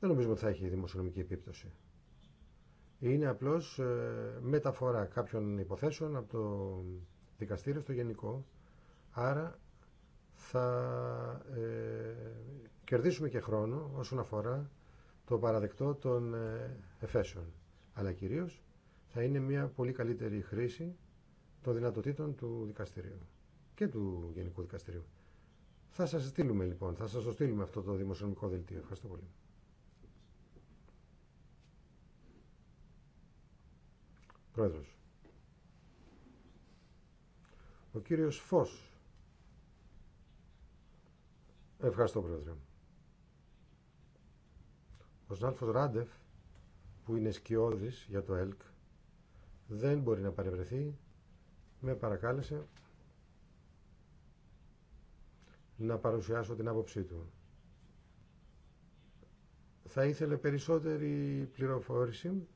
Δεν νομίζουμε ότι θα έχει δημοσιονομική επίπτωση είναι απλώς ε, μεταφορά κάποιων υποθέσεων από το δικαστήριο στο γενικό. Άρα θα ε, κερδίσουμε και χρόνο όσον αφορά το παραδεκτό των ε, εφέσεων. Αλλά κυρίως θα είναι μια πολύ καλύτερη χρήση των δυνατοτήτων του δικαστηρίου και του Γενικού Δικαστηρίου. Θα σας στείλουμε λοιπόν, θα σας στείλουμε αυτό το δημοσιονομικό δελτίο. Ευχαριστώ πολύ. Πρόεδρος. Ο κύριος Φως. Ευχαριστώ, Πρόεδρε. Ο Σνάλφος Ράντεφ, που είναι σκιώδης για το ΕΛΚ, δεν μπορεί να παρευρεθεί. Με παρακάλεσε να παρουσιάσω την άποψή του. Θα ήθελε περισσότερη πληροφόρηση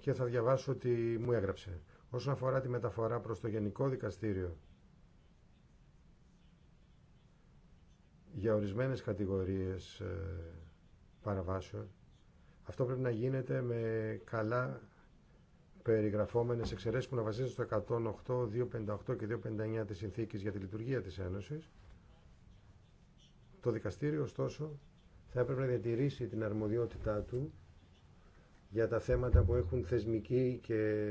και θα διαβάσω ότι μου έγραψε. Όσον αφορά τη μεταφορά προς το Γενικό Δικαστήριο για ορισμένες κατηγορίες ε, παραβάσεων, αυτό πρέπει να γίνεται με καλά περιγραφόμενες εξαιρέσεις που να βασίζονται στο 108, 258 και 259 της συνθήκης για τη λειτουργία της Ένωσης. Το δικαστήριο, ωστόσο, θα έπρεπε να διατηρήσει την αρμοδιότητά του για τα θέματα που έχουν θεσμική και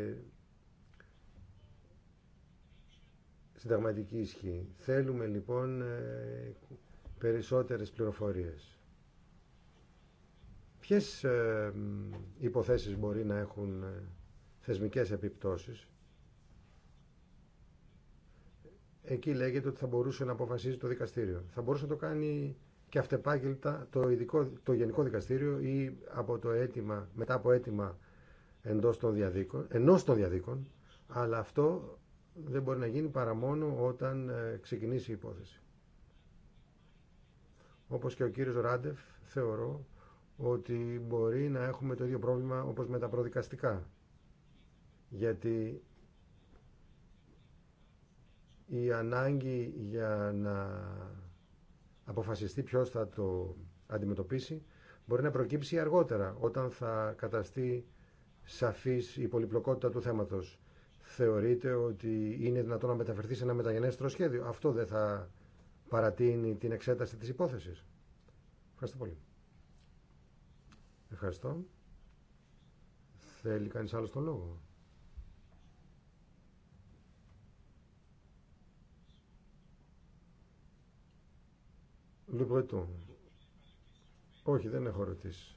συνταγματική ισχύ. Θέλουμε λοιπόν ε, περισσότερες πληροφορίες. Ποιες ε, υποθέσεις μπορεί να έχουν ε, θεσμικές επιπτώσεις. Εκεί λέγεται ότι θα μπορούσε να αποφασίζει το δικαστήριο. Θα μπορούσε να το κάνει και αυτεπάγγελτα το, ειδικό, το Γενικό Δικαστήριο ή από το αίτημα, μετά από αίτημα εντός των διαδίκων, ενός των διαδίκων, αλλά αυτό δεν μπορεί να γίνει παρά μόνο όταν ε, ξεκινήσει η υπόθεση. Όπως και ο κύριος Ράντεφ, θεωρώ ότι μπορεί να έχουμε το ίδιο πρόβλημα όπως με τα προδικαστικά. Γιατί η ανάγκη για να αποφασιστεί ποιο θα το αντιμετωπίσει μπορεί να προκύψει αργότερα όταν θα καταστεί σαφής η πολυπλοκότητα του θέματος. Θεωρείτε ότι είναι δυνατόν να μεταφερθεί σε ένα μεταγενέστερο σχέδιο. Αυτό δεν θα παρατείνει την εξέταση της υπόθεσης. Ευχαριστώ πολύ. Ευχαριστώ. Θέλει κανείς άλλο τον λόγο. Breton. Όχι, δεν έχω ρωτήσει.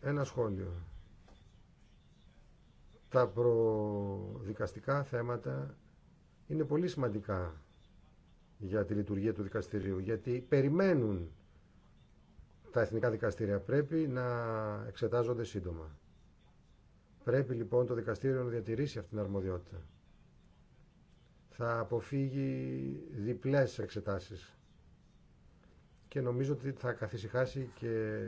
Ένα σχόλιο. Τα προδικαστικά θέματα είναι πολύ σημαντικά για τη λειτουργία του δικαστηρίου, γιατί περιμένουν τα εθνικά δικαστήρια. Πρέπει να εξετάζονται σύντομα. Πρέπει λοιπόν το δικαστήριο να διατηρήσει αυτήν την αρμοδιότητα. Θα αποφύγει διπλές εξετάσεις και νομίζω ότι θα καθησυχάσει και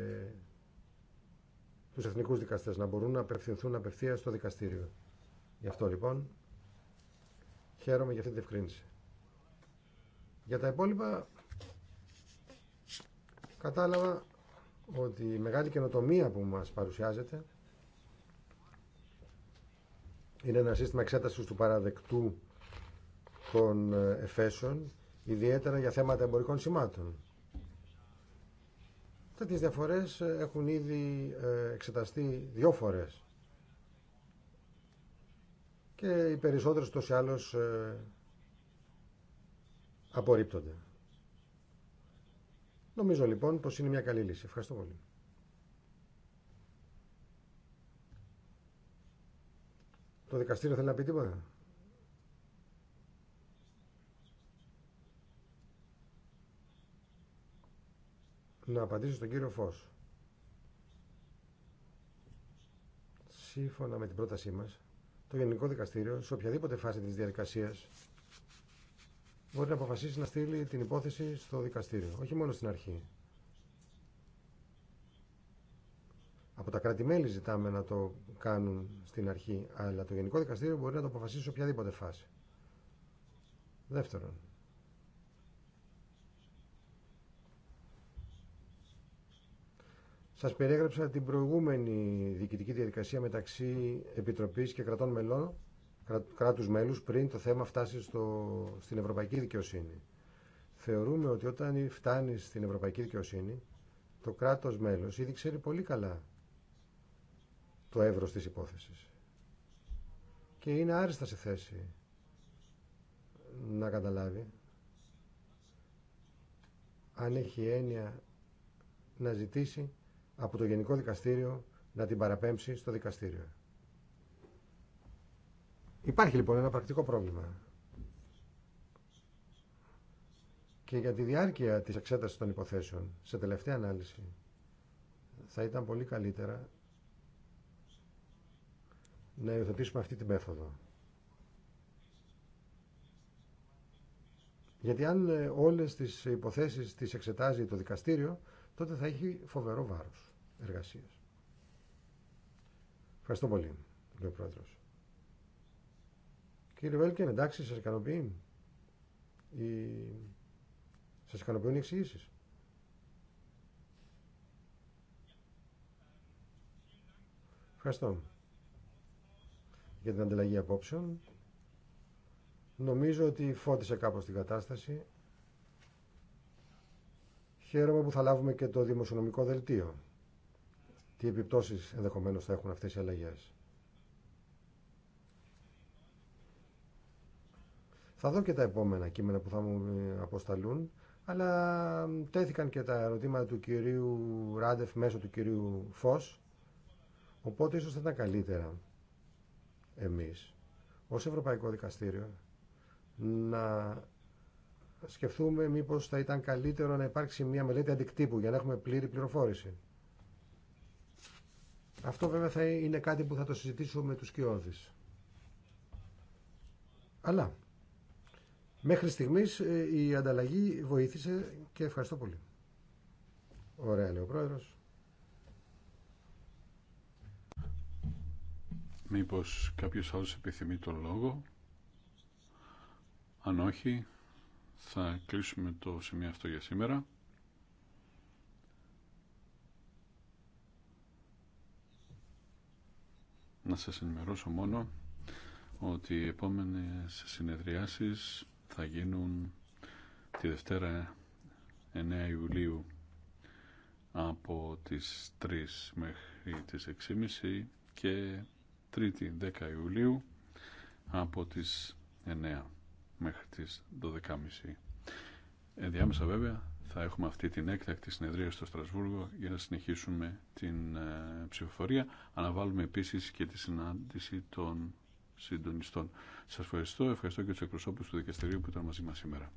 τους εθνικούς δικαστές να μπορούν να απευθυνθούν απευθεία στο δικαστήριο. Γι' αυτό λοιπόν χαίρομαι για αυτή την ευκρίνηση. Για τα υπόλοιπα κατάλαβα ότι η μεγάλη καινοτομία που μας παρουσιάζεται είναι ένα σύστημα εξέτασης του παραδεκτού των ε, εφέσεων, ιδιαίτερα για θέματα εμπορικών σημάτων. Τέτοιες διαφορές ε, έχουν ήδη ε, εξεταστεί δυο φορές και οι περισσότερες τόσοι άλλως ε, απορρίπτονται. Νομίζω λοιπόν πως είναι μια καλή λύση. Ευχαριστώ πολύ. Το δικαστήριο θέλει να πει τίποτα. να απαντήσω στον κύριο Φως. Σύμφωνα με την πρότασή μας, το Γενικό Δικαστήριο σε οποιαδήποτε φάση της διαδικασίας μπορεί να αποφασίσει να στείλει την υπόθεση στο δικαστήριο, όχι μόνο στην αρχή. Από τα κράτη-μέλη ζητάμε να το κάνουν στην αρχή, αλλά το Γενικό Δικαστήριο μπορεί να το αποφασίσει σε οποιαδήποτε φάση. Δεύτερον, Σα περιέγραψα την προηγούμενη διοικητική διαδικασία μεταξύ Επιτροπής και κρατών μελών, κράτου μέλου πριν το θέμα φτάσει στο, στην Ευρωπαϊκή Δικαιοσύνη. Θεωρούμε ότι όταν φτάνει στην Ευρωπαϊκή Δικαιοσύνη, το κράτος μέλος ήδη ξέρει πολύ καλά το εύρο τη υπόθεση. Και είναι άριστα σε θέση να καταλάβει αν έχει έννοια να ζητήσει από το Γενικό Δικαστήριο να την παραπέμψει στο δικαστήριο. Υπάρχει λοιπόν ένα πρακτικό πρόβλημα. Και για τη διάρκεια της εξέτασης των υποθέσεων, σε τελευταία ανάλυση, θα ήταν πολύ καλύτερα να υιοθετήσουμε αυτή την μέθοδο. Γιατί αν ε, όλες τις υποθέσεις τις εξετάζει το δικαστήριο, τότε θα έχει φοβερό βάρος εργασία. Ευχαριστώ πολύ, λέει ο Πρόεδρος. Κύριε Βέλκεν, εντάξει, σα ικανοποιεί. Η... Σας ικανοποιούν οι εξηγήσει. Ευχαριστώ για την ανταλλαγή απόψεων. Νομίζω ότι φώτισε κάπως την κατάσταση. Χαίρομαι που θα λάβουμε και το δημοσιονομικό δελτίο τι επιπτώσεις ενδεχομένως θα έχουν αυτές οι αλλαγές. Θα δω και τα επόμενα κείμενα που θα μου αποσταλούν, αλλά τέθηκαν και τα ερωτήματα του κυρίου Ράντεφ μέσω του κυρίου Φως, οπότε ίσως θα ήταν καλύτερα εμείς ως Ευρωπαϊκό Δικαστήριο να σκεφτούμε μήπως θα ήταν καλύτερο να υπάρξει μια μελέτη αντικτύπου για να έχουμε πλήρη πληροφόρηση. Αυτό βέβαια θα είναι κάτι που θα το συζητήσω με τους κοιόδης. Αλλά μέχρι στιγμής ε, η ανταλλαγή βοήθησε και ευχαριστώ πολύ. Ωραία λέει ο πρόεδρος. Μήπως κάποιος άλλος επιθυμεί τον λόγο. Αν όχι, θα κλείσουμε το σημείο αυτό για σήμερα. Να σας ενημερώσω μόνο ότι οι επόμενες συνεδριάσεις θα γίνουν τη Δευτέρα 9 Ιουλίου από τις 3 μέχρι τις 6.30 και Τρίτη 10 Ιουλίου από τις 9 μέχρι τις 12.30. Ενδιάμεσα βέβαια θα έχουμε αυτή την έκτακτη συνεδρία στο Στρασβούργο για να συνεχίσουμε την ε, ψηφοφορία. Αναβάλουμε επίσης και τη συνάντηση των συντονιστών. Σας ευχαριστώ. Ευχαριστώ και τους εκπροσώπους του δικαστηρίου που ήταν μαζί μας σήμερα.